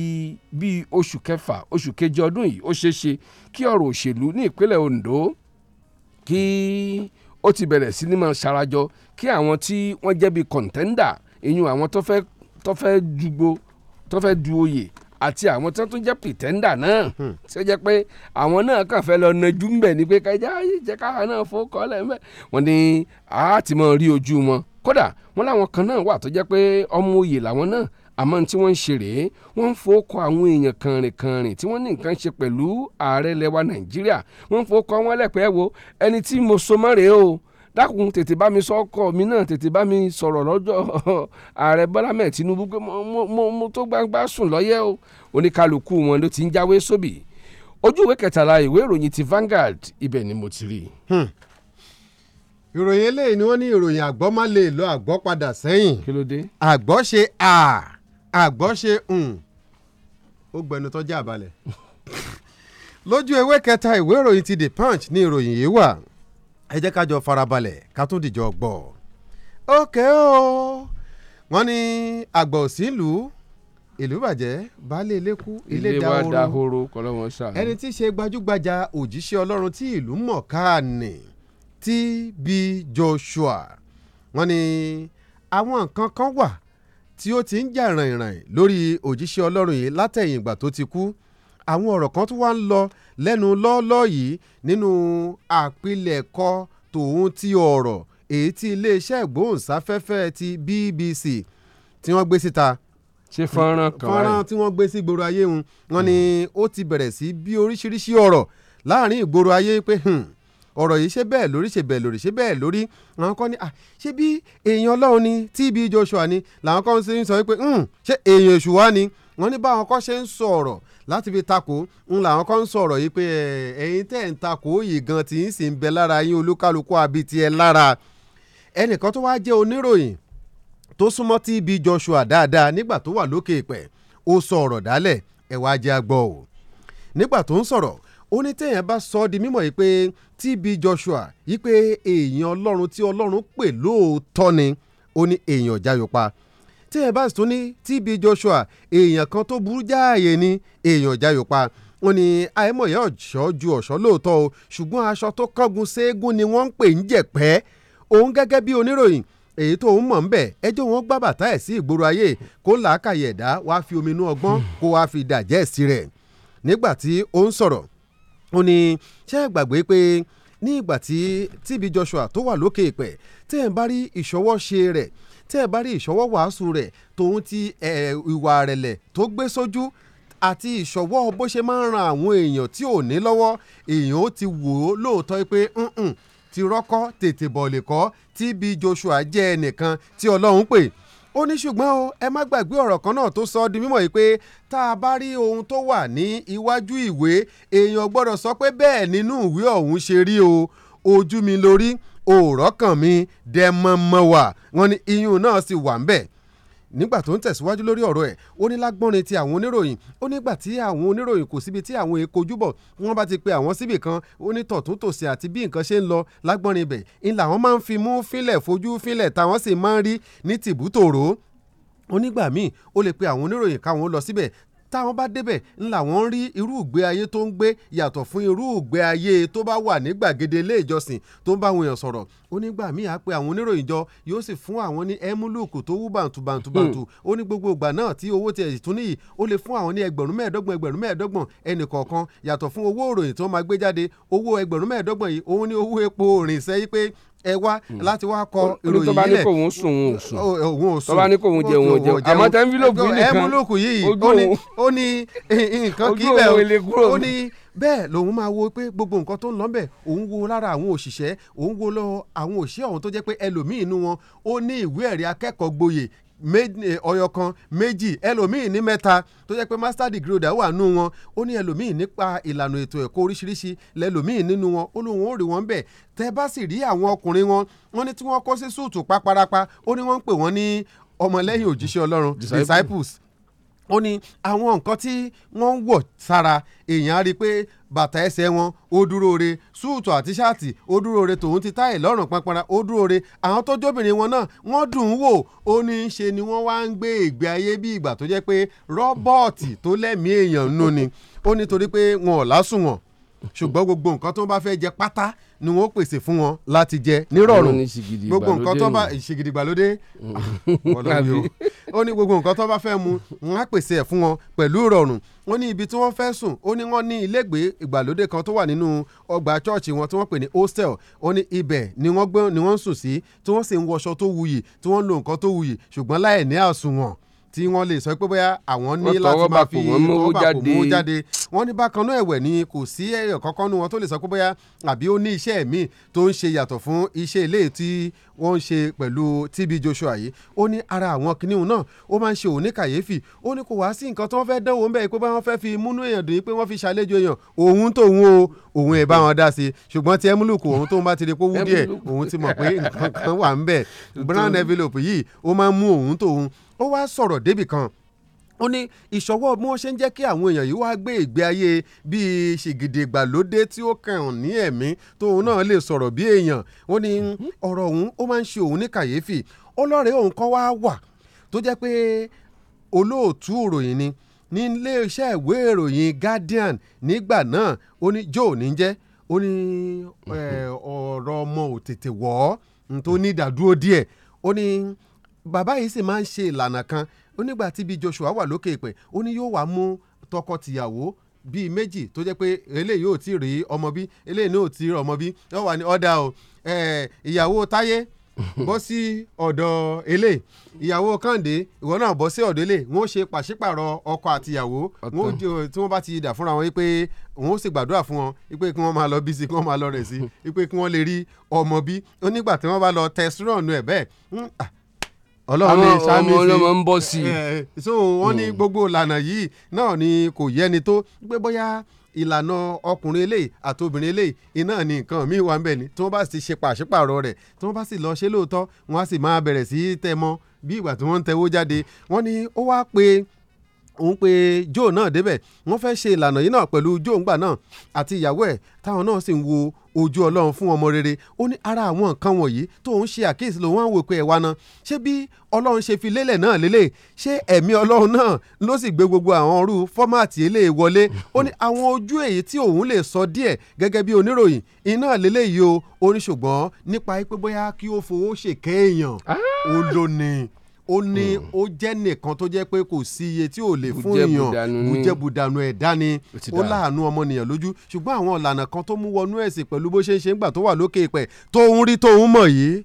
bíi oṣù kẹfà oṣù keje ọdún yìí ó ṣeé ṣe kí ọ̀rọ̀ òṣèlú ní ìpínlẹ̀ Ondo kí ó ti bẹ̀rẹ̀ sí ní máa ṣarajọ kí àwọn tí wọ́n jẹ́ bíi kọ̀ǹtẹ́ndà ìyún àwọn tó fẹ́ tó tó fẹ́ du oyè àti àwọn tó tún jẹ́ pìtẹ́ndà náà ṣe hmm. jẹ́ pé àwọn náà kàn fẹ́ lọ najú ń bẹ̀ ni pé kájá jẹ́ káwa náà fọ́ kọ́lẹ̀ ń bẹ̀ wọ́n ní a ti mọ rí ojú wọn kódà wọ́n láwọn kan náà wà tó jẹ́ pé ọmọ oyè làwọn náà àmọ́ tí wọ́n ń ṣe rèé wọ́n ń fowókọ àwọn èèyàn kànrìnkànrìn tí wọ́n ní nǹkan ṣe pẹ̀lú ààrẹ lẹwa nàìjíríà wọ́n ń fowókọ wọn lẹ́pẹ́ wo ẹni tí mo so mọ́ rèé o dákun tètè bá mi sọ́kọ̀ mi náà tètè bá mi sọ̀rọ̀ lọ́jọ́ ààrẹ bọ́lá mẹ́ẹ̀ tinubu pé mo tó gbangba sùn lọ́yẹ̀ o oníkálukú wọn ló ti ń jáwé sóbì ojú ìwé kẹtàlá ìwé ìròyìn ti Vanguard ibẹ̀ ni mo ti rí. Hmm. ìròyìn eléyìí ni wọ́n ní ìròyìn àgbọ́ má lè lọ àgbọ́ padà sẹ́yìn. kí ló dé. àgbọ́ àgbọ́ṣe ó gbẹnu tọ́jà balẹ̀ lójú ewé kẹta ìwé ìròyìn ti the punch ní ìròyìn yìí wà ẹ jẹ́ ká jọ farabalẹ̀ ká tún dìjọ gbọ́ ókè o wọ́n ní àgbà òsínlù ìlú bàjẹ́ baálé ilé kú ilé dahoro ẹni tí í ṣe gbajúgbajà òjíṣẹ́ ọlọ́run tí ìlú mọ̀ káàní T.B. Joshua wọ́n ní àwọn nǹkan kan wà tí ó ti ń jà ràìnràìn lórí òjíṣẹ́ ọlọ́run yìí látẹ̀yìn ìgbà tó ti kú àwọn ọ̀rọ̀ kan tó wá ń lọ lẹ́nu lọ́ọ́lọ́ọ́ yìí nínú àpilẹ̀kọ tòun ti ọ̀rọ̀ èyí tí iléeṣẹ́ ìgbóhùnsáfẹ́fẹ́ ti BBC tí wọ́n gbé síta ṣe fọ́nrán kan fọ́nrán tí wọ́n gbé sí ìgboro ayé wọn hmm. ni ó ti bẹ̀rẹ̀ sí bí oríṣiríṣi ọ̀rọ̀ láàrin ìgboro ayé pé hmm, ọ̀rọ̀ yìí ṣe bẹ́ẹ̀ lórí ṣe bẹ́ẹ̀ lórí ṣe bẹ́ẹ̀ lórí àwọn kan ní à ṣé bí èèyàn ọlọ́run ni TB Joshua ni làwọn kan ṣe ń sọ wípé hmm, ṣé èèyàn èṣù wá ni wọ́n ní báwọn kan ṣe ń sọ ọ̀rọ̀ láti fi takò ń làwọn kan ń sọ ọ̀rọ̀ yìí pé ẹ̀yin tẹ̀ ń takò yìí gan tí ń sì ń bẹ lára yín olúkálukú àbí tiẹ̀ lára ẹnìkan tó wá jẹ́ oníròyìn tó súnmọ́ TB Joshua dáadáa nígbà tó wà lókè ìpẹ́ ó sọ ọ̀rọ̀ dálẹ̀ ẹ̀ wá jẹ́ agbọ́ ò nígbà tó ń sọ̀rọ̀ ó ní téèyàn bá sọ ọ́ di mímọ̀ yìí pé TB Joshua yìí pé èèyàn ọlọ́run tí ọlọ́run pè lóòótọ́ ni ó ní èèyàn jáyọ̀ pa téèyàn bá tún ní TB Joshua èèyàn kan tó burú jáàyè ni èèyàn jáyọ̀ pa ó ní àìmọye ọ̀ṣọ́ ju ọ̀ṣọ́ lóòótọ́ o ṣùgbọ́n aṣọ tó kángun séégún ni wọ́n ń pè ń jẹ̀pẹ́ òun gẹ́gẹ́ bí oníròyìn èyí tó ń mọ̀ ń bẹ̀ ẹjọ́ wọn gbá bàtà ẹ̀ sí ìgboro ayé kó làákàyè ẹ̀dá wàá fi omi inú ọgbọ́n kó wàá fi dàjẹ́ sí rẹ̀ nígbà tí ó ń sọ̀rọ̀ ó ní ṣé ẹ gbàgbé pé ní ìgbà tí TB Joshua tó wà lókè ìpẹ́ tí ẹ̀ ń bá rí ìṣọwọ́ ṣe rẹ̀ tí ẹ̀ bá rí ìṣọwọ́ wàásù rẹ̀ tòun ti ìwà rẹ̀lẹ̀ tó gbé sójú àti ìṣọwọ́ bó ṣe máa ń ran àwọn èèyàn tí ò ní lọ́wọ́ èèyàn ó ti wò ó lóòótọ́ pé ti rọ́kọ́ tètè bọ̀ lè kọ́ TB Joshua jẹ́ ẹnìkan tí Ọlọ́run pè ó ní ṣùgbọ́n o ẹ má gbàgbé ọ̀rọ̀ kan náà tó sọ ọ́ di mímọ̀ yìí pé tá a bá rí ohun tó wà ní iwájú ìwé èèyàn gbọ́dọ̀ sọ pé bẹ́ẹ̀ nínú ìwé ọ̀hún ṣe rí o ojú mi lórí òòrọ̀ kàn mi dẹ́mọ́mọ́ wà wọ́n ní iyún náà sì wà ń bẹ̀ nígbà tó ń tẹ̀síwájú lórí ọ̀rọ̀ ẹ̀ ó ní lágbọ́nrin ti àwọn oníròyìn ó nígbà tí àwọn oníròyìn kò síbi tí àwọn èkó júbọ̀ wọ́n bá ti pe àwọn síbì kan ó ní tọ̀tún tòsì àti bí nǹkan ṣe ń lọ lágbọ́nrin ibẹ̀ ń làwọn máa ń fi mú fílẹ̀ fojú fílẹ̀ táwọn sì máa ń rí ní tìbútòrò onígbà míì ó lè pe àwọn oníròyìn káwọn lọ síbẹ̀ táwọn bá débẹ̀ ńlá wọn rí irú ìgbé ayé tó ń gbé yàtọ̀ fún irú ìgbé ayé tó bá wà ní gbàgede ilé ìjọsìn tó ń bá àwọn èèyàn sọ̀rọ̀ ó ní gbà míì á pé àwọn oníròyìn jọ yóò sì fún àwọn ní ẹmúlùkù tó wú bàǹtùbàǹtùbàǹtù hmm. ó ní gbogbo ìgbà náà tí owó tiẹ̀ tún níyì ó lè fún àwọn ní ẹgbẹ̀rún mẹ́ẹ̀ẹ́dọ́gbọ̀n ẹgbẹ̀rún mẹ́ẹ̀ẹ́dọ́gbọ̀n ẹnì kọ̀ọ̀kan yàtọ̀ fún owó ìròyìn tó máa gbé jáde owó ẹgbẹ̀rún mẹ́ẹ̀ẹ́dọ́gbọ̀n yìí òun ní owó epo òrìnsẹ́ yìí pé ẹ wá hmm. láti wá kọ ìròyìn yìí lẹ tó bá ní kò ń sùn òun ò sùn òun ò sùn tó bá ní kò ń jẹ òun ò jẹ àmọ́ tẹ ń fi lóògùn yìí nìkan ẹmúlòkù yìí ó ní nǹkan kí bẹ́ẹ̀ ó ní bẹ́ẹ̀ lòun máa wo pé gbogbo nǹkan tó ń lọ bẹ̀ òun wo lára àwọn òṣìṣẹ́ òun wo lọ àwọn òṣìṣẹ́ ọ̀hún tó jẹ́ pé ẹlòmíín nu wọn ó ní ìwé ẹ̀rí akẹ́kọ̀ọ́ gboyè Eh, ọyọ kan méjì ẹlòmíì ní mẹ́ta tó jẹ́ pé master degree ọ̀dà wà nù wọn ó ní ẹlòmíì nípa ìlànà ètò ẹ̀kọ́ oríṣiríṣi lẹ́lòmíì nínú wọn ó lóun ó rí wọn bẹ̀ tẹ́ bá sì rí àwọn ọkùnrin wọn wọn ní tí wọ́n kó sí súùtù pápárapá ó ní wọ́n ń pè wọ́n ní ọmọlẹ́yìn òjíṣẹ́ ọlọ́run disciples ó ní àwọn nǹkan tí wọ́n ń wọ̀ sára èèyàn á rí i pé bàtà ẹsẹ̀ wọn ó dúró re súùtù àti ṣáàtì ó dúró re tòun ti táyè lọ́rùn panpanra ó dúró re àwọn tó jóbìnrin wọn náà wọ́n dùn ún wò ó ní í ṣe ni wọ́n wá ń gbé ìgbé ayé bí ìgbà tó jẹ́ pé rọ́bọ́ọ̀tì tó lẹ́mìí èèyàn nù ni ó nítorí pé wọn ò lásùnwọ̀n ṣùgbọ́n gbogbo nǹkan tó bá fẹ́ jẹ pátá ni wọ́n pèsè fún wọn láti jẹ nírọ̀rùn gbogbo nǹkan tó bá ṣìgìdì gbàlódé ah, ó ní gbogbo nǹkan tó bá fẹ́ mu wọ́n á pèsè ẹ̀ fún wọn pẹ̀lú ìrọ̀rùn wọ́n ní ibi tí wọ́n fẹ́ sùn ó ní wọ́n ní ilégbèé ìgbàlódé kan tó wà nínú ọgbà chọ́ọ̀chì wọn tí wọ́n pè ní hostel ó ní ibẹ̀ ni ni ń sùn sí tí wọ́n sì ń wọṣọ tó wuyì tí wọ́n ń lo nǹkan tó wuyì ṣùgbọ́n láì ní àsùnwọ̀n tí wọ́n lè sọ pé bóyá àwọn ní láti máa fi ọba kò mú jáde wọ́n ní bákan náà ẹ̀wẹ̀ ni kò sí ẹ̀yọ̀ kankan nu wọn tó lè sọ pé bóyá àbí ó ní iṣẹ́ míì tó ń ṣe yàtọ̀ fún iṣẹ́ ilé tí wọ́n ń ṣe pẹ̀lú TB Joshua yìí ó ní ara àwọn kìnìún náà ó máa ń ṣe òun ní kàyéfì ó ní kò wá sí nǹkan tó wọ́n fẹ́ dánwò ńbẹ́ pé wọ́n fẹ́ fi múnú èèyàn dùn pé wọ́n fi ṣàlejò èèyàn òun tóun o òun ẹ̀ bá wọn dá sí ṣùgbọ́n ti emuluku òun tóun bá ti rí pé díẹ̀ òun ti mọ̀ pé nǹkan kan wà ńbẹ̀ brown envelope yìí ó máa ń mú òun tóun ó wá sọ̀rọ̀ débì kan ó ní ìṣọwọ́ bí wọ́n ṣe ń jẹ́ kí àwọn èèyàn yìí wá gbé ìgbé ayé bíi ṣìgìdì ìgbàlódé tí ó kàn ní ẹ̀mí tóun náà lè sọ̀rọ̀ bí èèyàn ó ní ọ̀rọ̀ òun ó máa ń ṣe òun ní kàyéfì ọlọ́rẹ̀ẹ́ òun kan wá wà tó jẹ́ pé olóòtú ìròyìn ni ní iléeṣẹ́ ìwé ìròyìn Guardian nígbà náà ó ní joe ní jẹ́ ó ní ọ̀rọ̀ ọmọ ò tètè n tó ní ìdádúró díẹ̀ ó ní bàbá yìí sì máa ń ṣe ìlànà kan ó nígbà tí bí Joshua wà lókè ìpẹ́ ó ní yóò wá mú tọkọ-tìyàwó bíi méjì tó jẹ́ pé eléyìí ò tí ì rí ọmọ bí eléyìí náà ò tí ì rí ọmọ bí ó wà ní ọ̀dà o ìyàwó táyé bọ́ sí ọ̀dọ̀ eléyìí ìyàwó kàǹdé ìwọ náà bọ́ sí ọ̀dọ̀ eléyìí wọ́n ṣe pàṣípàrọ̀ ọkọ àti ìyàwó tí wọ́n bá ti dà fúnra wọn pé wọ́n ó sì gbàdúrà fún wọn pé kí wọ́n máa lọ bí sí kí wọ́n máa lọ rẹ̀ sí pé kí wọ́n lè rí ọmọ bí ó tí wọ́n bá lọ tẹ̀sírọ̀nù ẹ̀ bẹ́ẹ̀ hmm, ọlọ́run ní sámi sí ọmọ ọlọ́mọ ń bọ̀ sí i. Eh, eh, eh, so wọ́n ní hmm. gbogbo ìlànà yìí náà ni kò yẹni tó pé bóyá ìlànà ọkùnrin eléyìí àti obìnrin eléyìí iná ni nǹkan míì wà ń bẹ̀ ni tí wọ́n bá sì ṣe pàṣípàrọ̀ rẹ̀ tí wọ́n bá sì lọ ṣe lóòótọ́ wọ́n á sì máa bẹ̀rẹ̀ sí í tẹ̀ mọ́ bí ìgbà tí wọ́n ń tẹ̀wó jáde wọ́n ní ó wá pé òun pé joe náà débẹ̀ wọ́n fẹ́ ṣe ìlànà yìí náà pẹ̀lú joe ńgbà náà àti ìyàwó ẹ̀ táwọn náà sì ń wo ojú ọlọ́run fún ọmọ rere ó ní ara àwọn nǹkan wọ̀nyí tó ń ṣe àkíyèsí ló wọ́n ń wò pé ẹ̀wà náà ṣé bí ọlọ́run ṣe fi lélẹ̀ náà lélẹ̀ ṣé ẹ̀mí ọlọ́run náà ló sì gbé gbogbo àwọn ọrú fọ́máàtì eléyè wọlé ó ní àwọn ojú èyí tí òun lè sọ díẹ̀ gẹ́gẹ́ bí oníròyìn iná lélẹ̀ yìí o ó ní ṣùgbọ́n nípa pé bóyá kí ó fowó ṣèkẹ́ èèyàn ah! ó lónìí ó ní hmm. ó jẹ́ nìkan tó jẹ́ pé kò sí iye tí ò lè fún èèyàn bùjẹ́bùdànù ẹ̀dá ni ó láàánú ọmọnìyàn lójú ṣùgbọ́n àwọn ọ̀lànà kan tó mú wọnú ẹ̀sìn pẹ̀lú bó ṣe ń ṣe ń gbà tó wà lókè ìpẹ́ tóun rí tóun mọ̀ yìí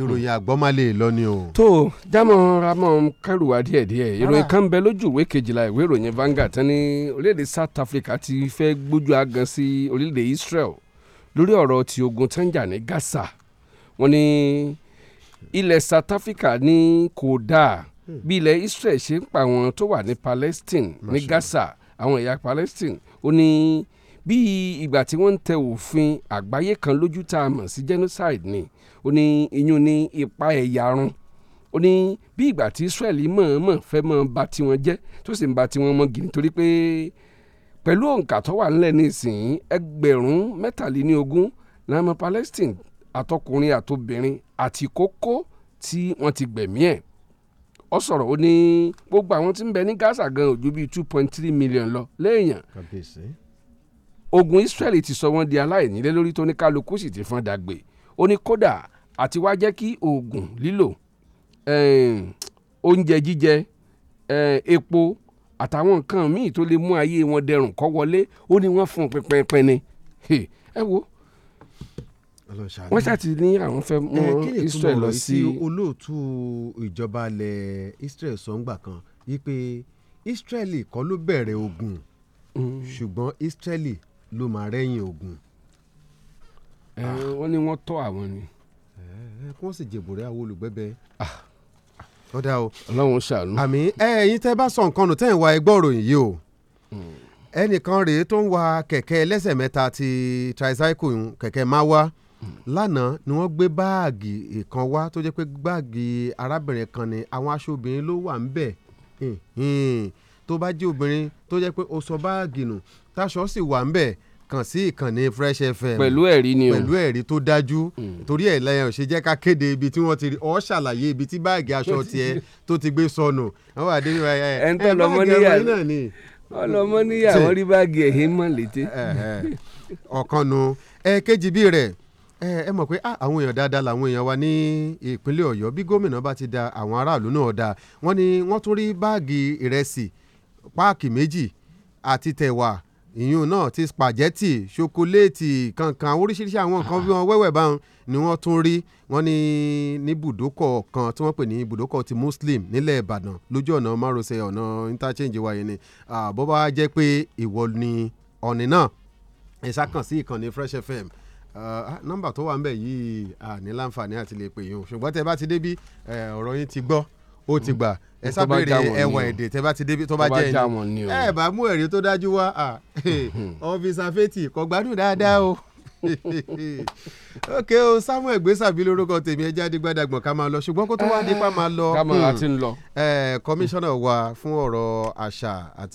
ìròyìn hmm. àgbọ́n máa lè lọ ni o. tó jámọ ramọ kẹrùwá díẹ̀díẹ̀ ìròyìn kan bẹ lójú ìwé kejìlá ìwé ìròyìn Vanguard tán ní orílẹ̀-èdè South Africa ti fẹ́ gbójú agan sí orílẹ̀-èdè Israel lórí ọ̀rọ̀ ti ogun tó jà ní Gaza wọ́n ní ilẹ̀ South Africa ní kò dáa hmm. bí ilẹ̀ Israel ṣe ń pa àwọn tó wà ní Palestine ní Gaza àwọn ẹ̀yà Palestine ó ní bí ìgbà tí wọ́n ń tẹ òfin àgbáyé kan lójú tá a mọ̀ sí genocide ni ó ní iyún ní ipa ẹ̀yà run ó ní bí ìgbà tí Israel mọ̀ọ́mọ̀ fẹ́ mọ́ ba tiwọn jẹ́ tó sì ń ba tiwọn mọ́ gidi torí pé pẹ̀lú òǹkà tó wà ńlẹ̀ nísìnyí ẹgbẹ̀rún mẹ́tàléní ogún Palestine àtọkùnrin àtobìnrin àti kókó tí wọ́n ti gbẹ̀mí ẹ̀ ó sọ̀rọ̀ ó ní gbogbo àwọn tí ń bẹ ní Gaza gan ojú bíi two point three million lọ léèyàn ogun Israeli ti sọ wọ́n di aláìnílé lórí tó ní kálukú sì ti fọ́n dàgbé ó ní kódà àti wá jẹ́ kí oògùn lílò oúnjẹ jíjẹ epo àtàwọn nǹkan míì tó lè mú ayé wọn dẹrùn kọ́ wọlé ó ní wọ́n fún un pínpín ni ẹ wo wọ́n ṣàti ní àwọn fẹ́ mú Israel lọ sí. olóòtú ìjọba ilẹ̀ Israel sọ́ngbà kan yí Israeli kọ́ ló bẹ̀rẹ̀ ogun mm. ṣùgbọ́n Israeli ló máa rẹ́yìn ogun. wọ́n ní wọ́n tọ́ àwọn ni. kí wọ́n sì jèbò rẹ̀ àwọn olùgbẹ́bẹ́. ọ̀dà o ọlọ́run ṣàánú. àmì ẹ̀yin tẹ́ bá sọ nǹkan nù tẹ́yìn wa ẹgbọ́ òròyìn yìí o mm. ẹnìkan rèé tó ń wa kẹ̀kẹ́ ẹlẹ́sẹ̀ mẹ́ta ti tricycle kẹ̀kẹ́ máa wá lánàá ni wọ́n gbé báàgì kan wá tó jẹ́ pé báàgì arábìnrin kan ni àwọn aṣọ obìnrin ló wà ńbẹ̀ tó bá jẹ́ obìnrin tó jẹ́ pé o sọ báàgì nù táṣọ sì wà ńbẹ̀ kàn sí ìkànnì fresh fm pẹ̀lú ẹ̀rí ni o pẹ̀lú ẹ̀rí tó dájú hmm. torí ẹ̀ lẹ́yìn ọ̀sẹ̀ jẹ́ ká kéde ibi tí wọ́n ti rí ọ́ ṣàlàyé ibi tí báàgì aṣọ tiẹ̀ tó ti gbé sọnù àwọn àdéhùn ẹ̀ ẹ̀ báàgì ẹ̀rọ náà ni ọlọmọ níyàwó rí báàgì ẹ̀hìn mọ̀ ẹ mọ̀ pé ah, àwọn èèyàn dáadáa làwọn èèyàn wa ní ìpínlẹ̀ ọ̀yọ́ bí gómìnà bá ti da àwọn aráàlú náà da wọ́n ní wọ́n tún rí báàgì ìrẹsì páàkì méjì àti tẹ̀wà ìyún náà ti spaghetti ṣokoléètì kankan oríṣiríṣi àwọn nǹkan bí wọn wẹ́wẹ́ báwọn ni wọ́n tún rí wọ́n ni ní ibùdókọ̀ kan tí wọ́n pè ní ibùdókọ̀ ti muslim nílẹ̀ ìbàdàn lójú ọ̀nà márosẹ̀ ọ̀nà interchange wa yẹn ni àbọ̀ ah, bá jẹ́ pé ìwọ ni ọ̀nì náà ẹ ṣá kàn ìkànnì fresh fm Ah, nọ́mbà tó wà ń bẹ̀ yìí àní láǹfààní àti lè pè yín o ṣùgbọ́n tẹ bá ti débi ọ̀rọ̀ yín ti gbọ́ ó ti gbà ẹ sábẹ́rẹ́ ẹwà èdè tẹ bá ti débi tó bá jẹ́ ẹni ẹ bá mú ẹ̀rí tó dájú wá ọ́fíìsà fẹ́tì kò gbádùn dáadáa o ok o Samuel gbèsàbí lórúkọ tèmi ẹjẹ adigbadagbọn ká máa lọ ṣùgbọ́n kó tó wá nípa máa lọ kọmíṣánná wa fún ọ̀rọ̀ àṣà àti.